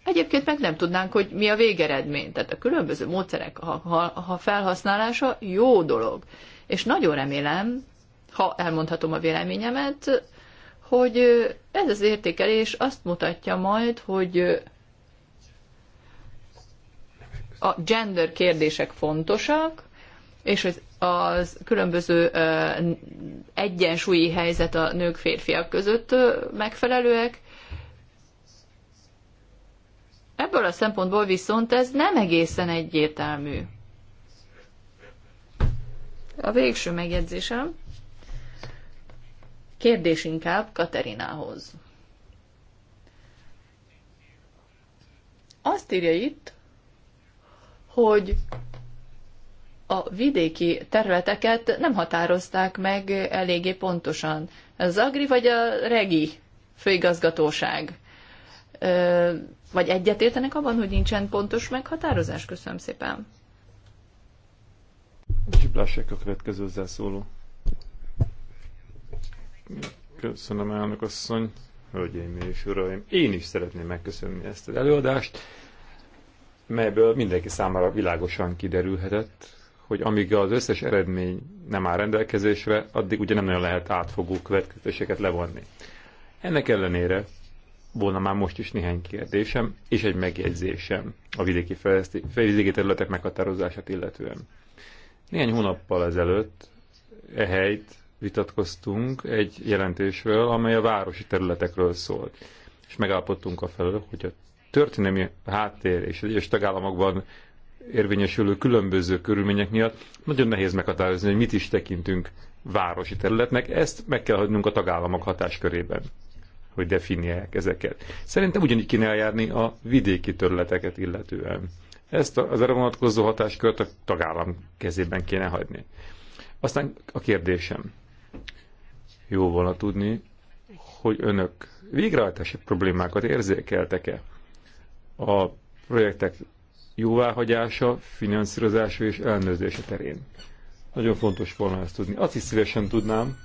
Egyébként meg nem tudnánk, hogy mi a végeredmény. Tehát a különböző módszerek ha, ha, ha felhasználása jó dolog. És nagyon remélem, ha elmondhatom a véleményemet, hogy ez az értékelés azt mutatja majd, hogy a gender kérdések fontosak, és az, az különböző egyensúlyi helyzet a nők férfiak között megfelelőek. Ebből a szempontból viszont ez nem egészen egyértelmű. A végső megjegyzésem Kérdés inkább Katerinához. Azt írja itt, hogy a vidéki területeket nem határozták meg eléggé pontosan. Az Agri vagy a Regi főigazgatóság? vagy egyetértenek abban, hogy nincsen pontos meghatározás? Köszönöm szépen. Zsiblásek a következő szóló. Köszönöm, elnök asszony, hölgyeim és uraim. Én is szeretném megköszönni ezt az előadást, melyből mindenki számára világosan kiderülhetett, hogy amíg az összes eredmény nem áll rendelkezésre, addig ugye nem nagyon lehet átfogó következéseket levonni. Ennek ellenére volna már most is néhány kérdésem és egy megjegyzésem a vidéki, fejleszti, vidéki területek meghatározását illetően. Néhány hónappal ezelőtt ehelyt vitatkoztunk egy jelentésről, amely a városi területekről szólt. És megállapodtunk a felől, hogy a történelmi háttér és az egyes tagállamokban érvényesülő különböző körülmények miatt nagyon nehéz meghatározni, hogy mit is tekintünk városi területnek. Ezt meg kell hagynunk a tagállamok hatáskörében, hogy definiálják ezeket. Szerintem ugyanígy kéne eljárni a vidéki területeket illetően. Ezt az erre vonatkozó hatáskört a tagállam kezében kéne hagyni. Aztán a kérdésem. Jó volna tudni, hogy önök végrehajtási problémákat érzékeltek-e a projektek jóváhagyása, finanszírozása és ellenőrzése terén. Nagyon fontos volna ezt tudni. Azt is szívesen tudnám,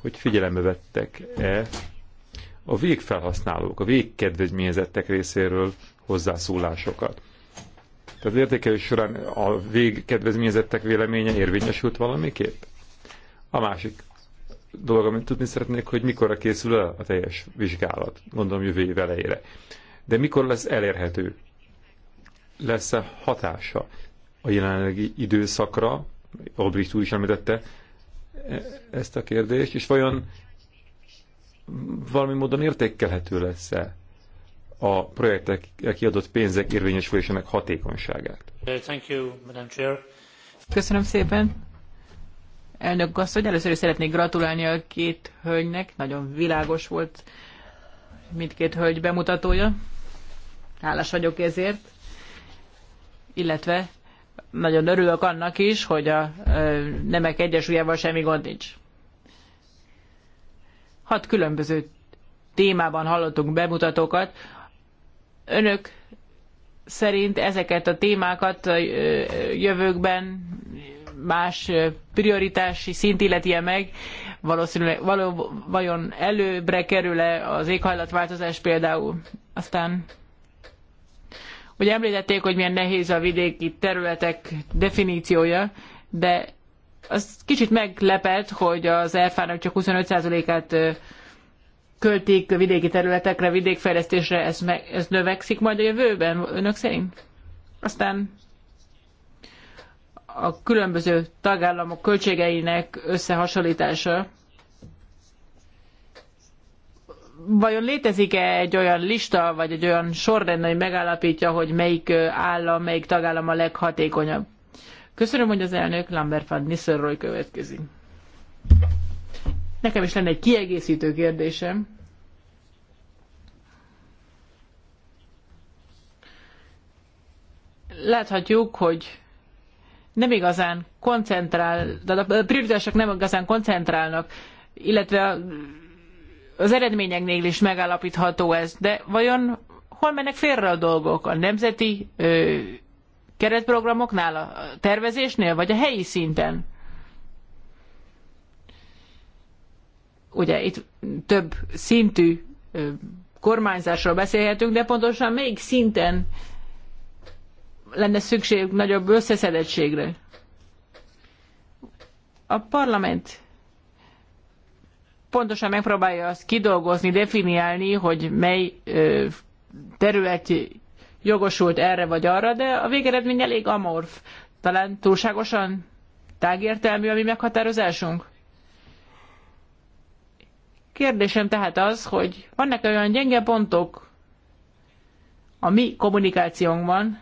hogy figyelembe vettek-e a végfelhasználók, a végkedvezményezettek részéről hozzászólásokat. Tehát értékelés során a végkedvezményezettek véleménye érvényesült valamiképp? A másik dolog, amit tudni szeretnék, hogy mikorra készül el a teljes vizsgálat, gondolom jövő év elejére. De mikor lesz elérhető? Lesz-e hatása a jelenlegi időszakra? Albrecht úr is említette ezt a kérdést, és vajon valami módon értékelhető lesz-e a projektek kiadott pénzek érvényesülésének hatékonyságát? Köszönöm szépen. Elnök asszony, először is szeretnék gratulálni a két hölgynek, nagyon világos volt mindkét hölgy bemutatója. Hálás vagyok ezért, illetve nagyon örülök annak is, hogy a nemek egyesújával semmi gond nincs. Hat különböző témában hallottunk bemutatókat. Önök szerint ezeket a témákat jövőkben más prioritási szint illetje meg, valószínűleg való, vajon előbbre kerül-e az éghajlatváltozás például. Aztán ugye említették, hogy milyen nehéz a vidéki területek definíciója, de az kicsit meglepett, hogy az ERFA-nak csak 25%-át költik vidéki területekre, vidékfejlesztésre, ez, me ez növekszik majd a jövőben, önök szerint? Aztán a különböző tagállamok költségeinek összehasonlítása. Vajon létezik-e egy olyan lista, vagy egy olyan sorrend, ami megállapítja, hogy melyik állam, melyik tagállam a leghatékonyabb? Köszönöm, hogy az elnök Lambert van Nisselroy következik. Nekem is lenne egy kiegészítő kérdésem. Láthatjuk, hogy nem igazán koncentrál, de a prioritások nem igazán koncentrálnak, illetve az eredményeknél is megállapítható ez, de vajon hol mennek félre a dolgok? A nemzeti ö, keretprogramoknál, a tervezésnél, vagy a helyi szinten? Ugye itt több szintű ö, kormányzásról beszélhetünk, de pontosan melyik szinten lenne szükség nagyobb összeszedettségre. A parlament pontosan megpróbálja azt kidolgozni, definiálni, hogy mely terület jogosult erre vagy arra, de a végeredmény elég amorf. Talán túlságosan tágértelmű a mi meghatározásunk? Kérdésem tehát az, hogy vannak -e olyan gyenge pontok a mi kommunikációnkban,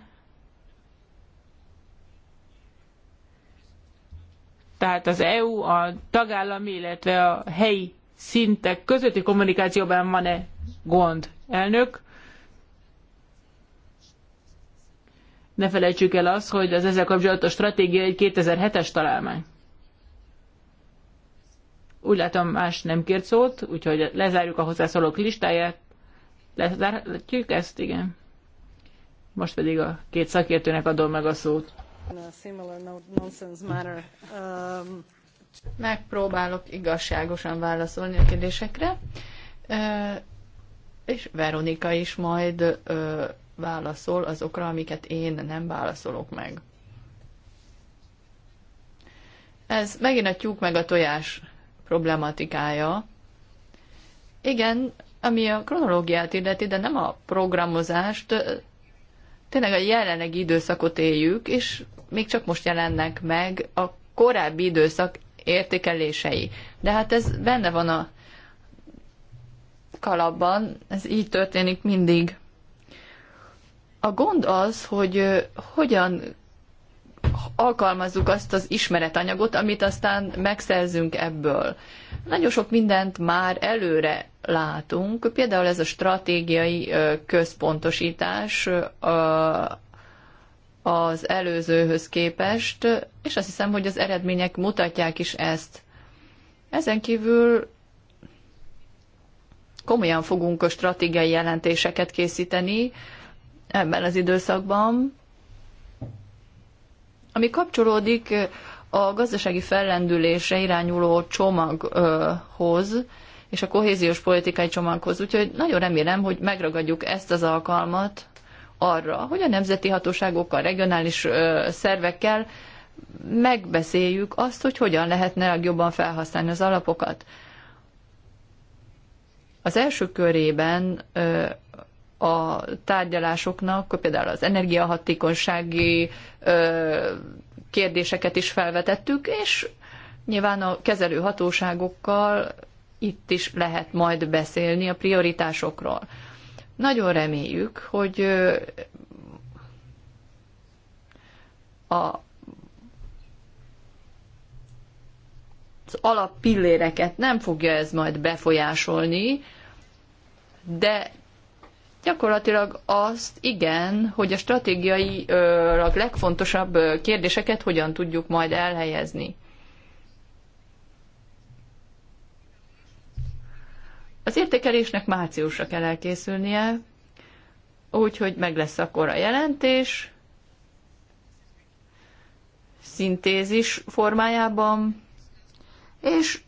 tehát az EU, a tagállami, illetve a helyi szintek közötti kommunikációban van-e gond, elnök? Ne felejtsük el azt, hogy az ezzel kapcsolatos stratégia egy 2007-es találmány. Úgy látom, más nem kért szót, úgyhogy lezárjuk a hozzászólók listáját. Lezárhatjuk ezt, igen. Most pedig a két szakértőnek adom meg a szót. Um, Megpróbálok igazságosan válaszolni a kérdésekre, és Veronika is majd válaszol azokra, amiket én nem válaszolok meg. Ez megint a tyúk meg a tojás problematikája. Igen, ami a kronológiát illeti, de nem a programozást, tényleg a jelenlegi időszakot éljük, és még csak most jelennek meg a korábbi időszak értékelései. De hát ez benne van a kalapban, ez így történik mindig. A gond az, hogy hogyan alkalmazzuk azt az ismeretanyagot, amit aztán megszerzünk ebből. Nagyon sok mindent már előre látunk, például ez a stratégiai központosítás, az előzőhöz képest, és azt hiszem, hogy az eredmények mutatják is ezt. Ezen kívül komolyan fogunk a stratégiai jelentéseket készíteni ebben az időszakban, ami kapcsolódik a gazdasági fellendülésre irányuló csomaghoz és a kohéziós politikai csomaghoz. Úgyhogy nagyon remélem, hogy megragadjuk ezt az alkalmat, arra, hogy a nemzeti hatóságokkal, regionális szervekkel megbeszéljük azt, hogy hogyan lehetne legjobban felhasználni az alapokat. Az első körében a tárgyalásoknak, például az energiahatékonysági kérdéseket is felvetettük, és nyilván a kezelő hatóságokkal itt is lehet majd beszélni a prioritásokról. Nagyon reméljük, hogy a az alappilléreket nem fogja ez majd befolyásolni, de gyakorlatilag azt igen, hogy a stratégiai legfontosabb kérdéseket hogyan tudjuk majd elhelyezni. Az értékelésnek márciusra kell elkészülnie, úgyhogy meg lesz akkor a jelentés, szintézis formájában, és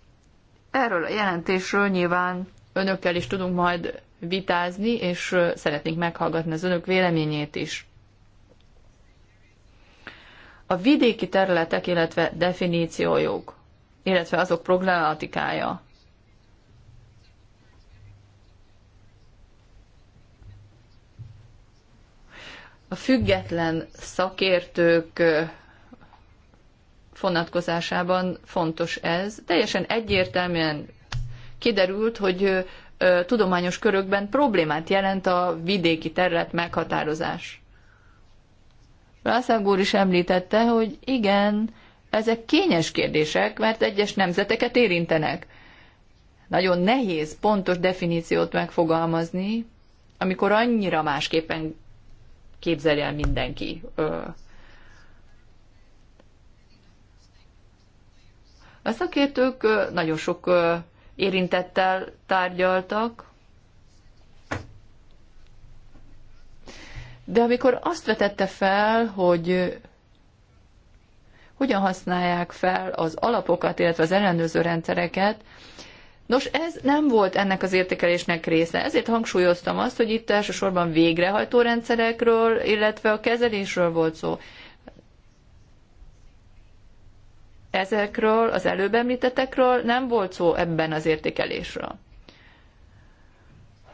erről a jelentésről nyilván önökkel is tudunk majd vitázni, és szeretnénk meghallgatni az önök véleményét is. A vidéki területek, illetve definíciójuk, illetve azok problematikája. a független szakértők vonatkozásában fontos ez. Teljesen egyértelműen kiderült, hogy tudományos körökben problémát jelent a vidéki terület meghatározás. Rászág úr is említette, hogy igen, ezek kényes kérdések, mert egyes nemzeteket érintenek. Nagyon nehéz pontos definíciót megfogalmazni, amikor annyira másképpen képzelje el mindenki. A szakértők nagyon sok érintettel tárgyaltak, de amikor azt vetette fel, hogy hogyan használják fel az alapokat, illetve az ellenőrző rendszereket, Nos, ez nem volt ennek az értékelésnek része. Ezért hangsúlyoztam azt, hogy itt elsősorban végrehajtó rendszerekről, illetve a kezelésről volt szó. Ezekről, az előbb említettekről nem volt szó ebben az értékelésről.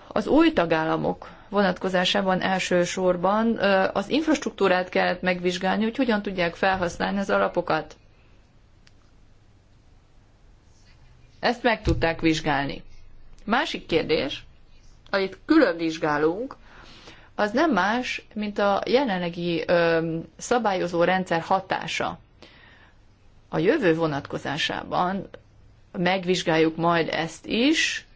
Az új tagállamok vonatkozásában elsősorban az infrastruktúrát kellett megvizsgálni, hogy hogyan tudják felhasználni az alapokat. Ezt meg tudták vizsgálni. Másik kérdés, amit külön vizsgálunk, az nem más, mint a jelenlegi ö, szabályozó rendszer hatása. A jövő vonatkozásában megvizsgáljuk majd ezt is,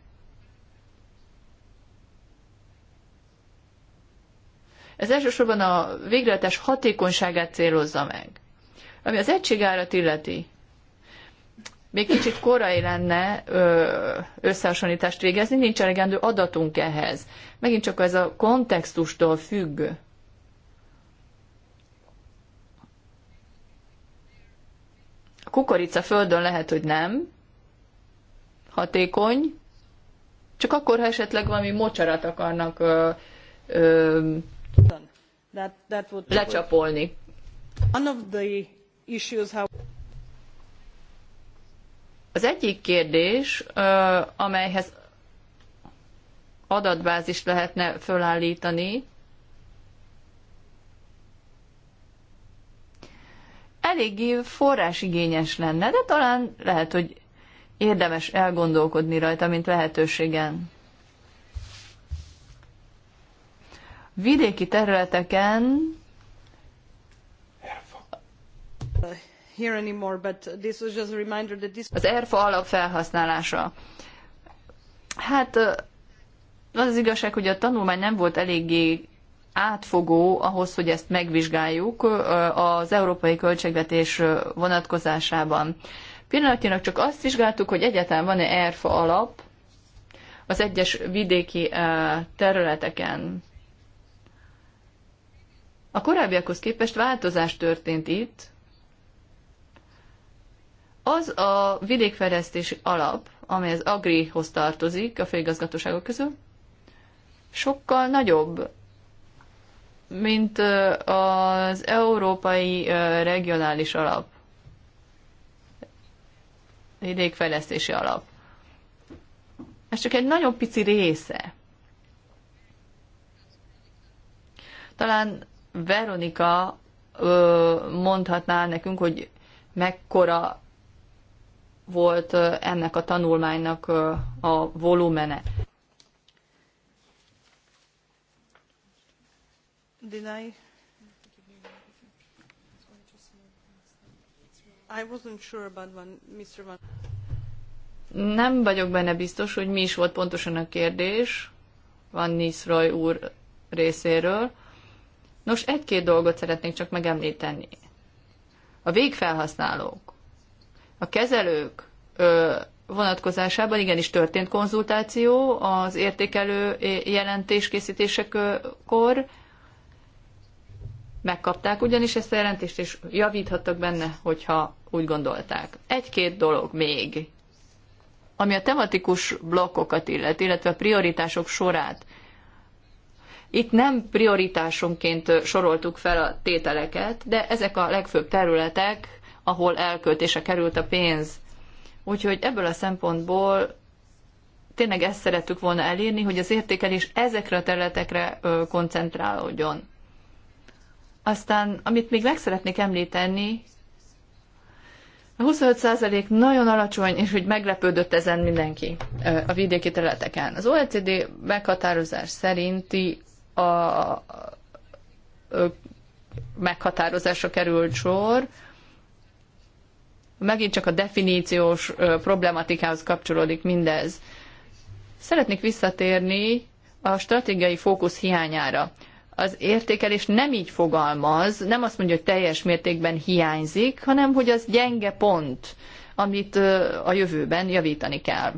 Ez elsősorban a végrehajtás hatékonyságát célozza meg. Ami az egységárat illeti, még kicsit korai lenne összehasonlítást végezni, nincs elegendő adatunk ehhez. Megint csak ez a kontextustól függ. A kukorica földön lehet, hogy nem hatékony, csak akkor, ha esetleg valami mocsarat akarnak ö, ö, lecsapolni. Az egyik kérdés, amelyhez adatbázist lehetne fölállítani, eléggé forrásigényes lenne, de talán lehet, hogy érdemes elgondolkodni rajta, mint lehetőségen. Vidéki területeken Az ERFA alap felhasználása. Hát az az igazság, hogy a tanulmány nem volt eléggé átfogó ahhoz, hogy ezt megvizsgáljuk az európai költségvetés vonatkozásában. Pillanatnyilag csak azt vizsgáltuk, hogy egyáltalán van-e ERFA alap az egyes vidéki területeken. A korábbiakhoz képest változás történt itt, az a vidékfejlesztési alap, amely az Agrihoz tartozik a főigazgatóságok közül, sokkal nagyobb, mint az Európai Regionális Alap, vidékfejlesztési alap. Ez csak egy nagyon pici része. Talán Veronika mondhatná nekünk, hogy mekkora volt ennek a tanulmánynak a volumene. Did I? I wasn't sure about one, Mr. Van. Nem vagyok benne biztos, hogy mi is volt pontosan a kérdés Van Nisroy úr részéről. Nos, egy-két dolgot szeretnék csak megemlíteni. A végfelhasználók a kezelők vonatkozásában igenis történt konzultáció az értékelő jelentés készítésekor. Megkapták ugyanis ezt a jelentést, és javíthattak benne, hogyha úgy gondolták. Egy-két dolog még, ami a tematikus blokkokat illet, illetve a prioritások sorát. Itt nem prioritásonként soroltuk fel a tételeket, de ezek a legfőbb területek, ahol elköltése került a pénz. Úgyhogy ebből a szempontból tényleg ezt szerettük volna elérni, hogy az értékelés ezekre a területekre koncentrálódjon. Aztán, amit még meg szeretnék említeni, a 25% nagyon alacsony, és hogy meglepődött ezen mindenki a vidéki területeken. Az OECD meghatározás szerinti a meghatározásra került sor, Megint csak a definíciós problematikához kapcsolódik mindez. Szeretnék visszatérni a stratégiai fókusz hiányára. Az értékelés nem így fogalmaz, nem azt mondja, hogy teljes mértékben hiányzik, hanem hogy az gyenge pont, amit a jövőben javítani kell.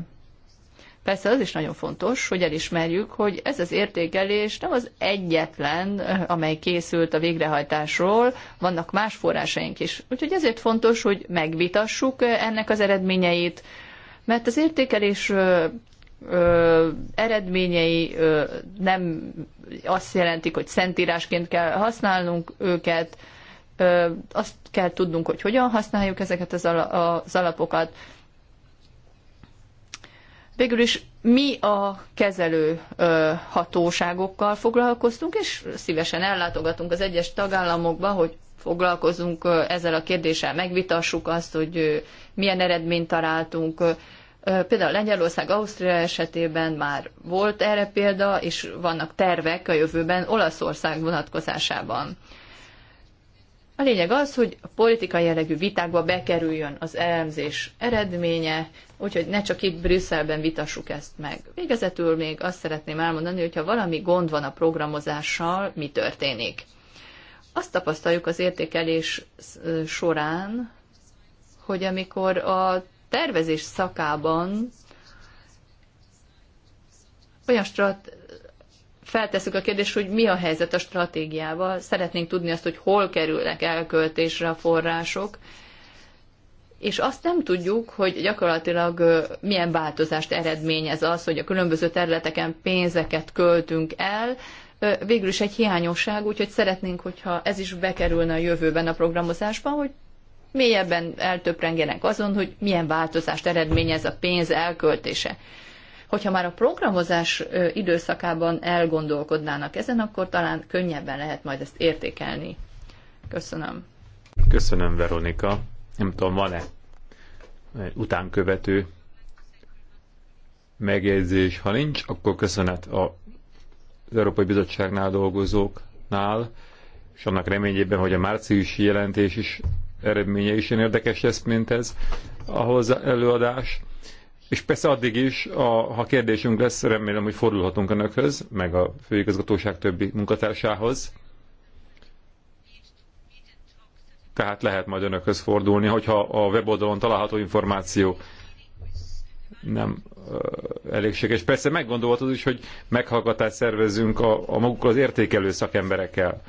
Persze az is nagyon fontos, hogy elismerjük, hogy ez az értékelés nem az egyetlen, amely készült a végrehajtásról, vannak más forrásaink is. Úgyhogy ezért fontos, hogy megvitassuk ennek az eredményeit, mert az értékelés ö, eredményei ö, nem azt jelentik, hogy szentírásként kell használnunk őket, ö, azt kell tudnunk, hogy hogyan használjuk ezeket az, ala, az alapokat, végül is mi a kezelő hatóságokkal foglalkoztunk, és szívesen ellátogatunk az egyes tagállamokba, hogy foglalkozunk ezzel a kérdéssel, megvitassuk azt, hogy milyen eredményt találtunk. Például Lengyelország, Ausztria esetében már volt erre példa, és vannak tervek a jövőben Olaszország vonatkozásában. A lényeg az, hogy a politikai jellegű vitákba bekerüljön az elemzés eredménye, úgyhogy ne csak itt Brüsszelben vitassuk ezt meg. Végezetül még azt szeretném elmondani, hogyha valami gond van a programozással, mi történik. Azt tapasztaljuk az értékelés során, hogy amikor a tervezés szakában olyan strat- feltesszük a kérdést, hogy mi a helyzet a stratégiával. Szeretnénk tudni azt, hogy hol kerülnek elköltésre a források, és azt nem tudjuk, hogy gyakorlatilag milyen változást eredményez az, hogy a különböző területeken pénzeket költünk el, végül is egy hiányosság, úgyhogy szeretnénk, hogyha ez is bekerülne a jövőben a programozásban, hogy mélyebben eltöprengenek azon, hogy milyen változást eredményez a pénz elköltése. Hogyha már a programozás időszakában elgondolkodnának ezen, akkor talán könnyebben lehet majd ezt értékelni. Köszönöm. Köszönöm, Veronika. Nem tudom, van-e utánkövető megjegyzés. Ha nincs, akkor köszönet a, az Európai Bizottságnál dolgozóknál, és annak reményében, hogy a márciusi jelentés is eredménye is ilyen érdekes lesz, mint ez a előadás. És persze addig is, a, ha kérdésünk lesz, remélem, hogy fordulhatunk önökhöz, meg a főigazgatóság többi munkatársához. Tehát lehet majd önökhöz fordulni, hogyha a weboldalon található információ nem elégséges. Persze meggondolhatod is, hogy meghallgatást szervezünk a, a magukkal az értékelő szakemberekkel,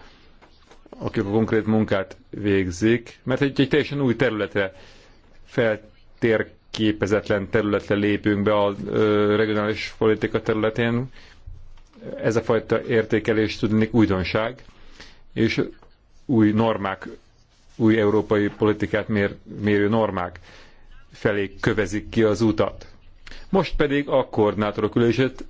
akik a konkrét munkát végzik, mert egy, egy teljesen új területre feltérkezik képezetlen területre lépünk be a regionális politika területén. Ez a fajta értékelés tudnék újdonság, és új normák, új európai politikát mér, mérő normák felé kövezik ki az utat. Most pedig a koordinátorok ülését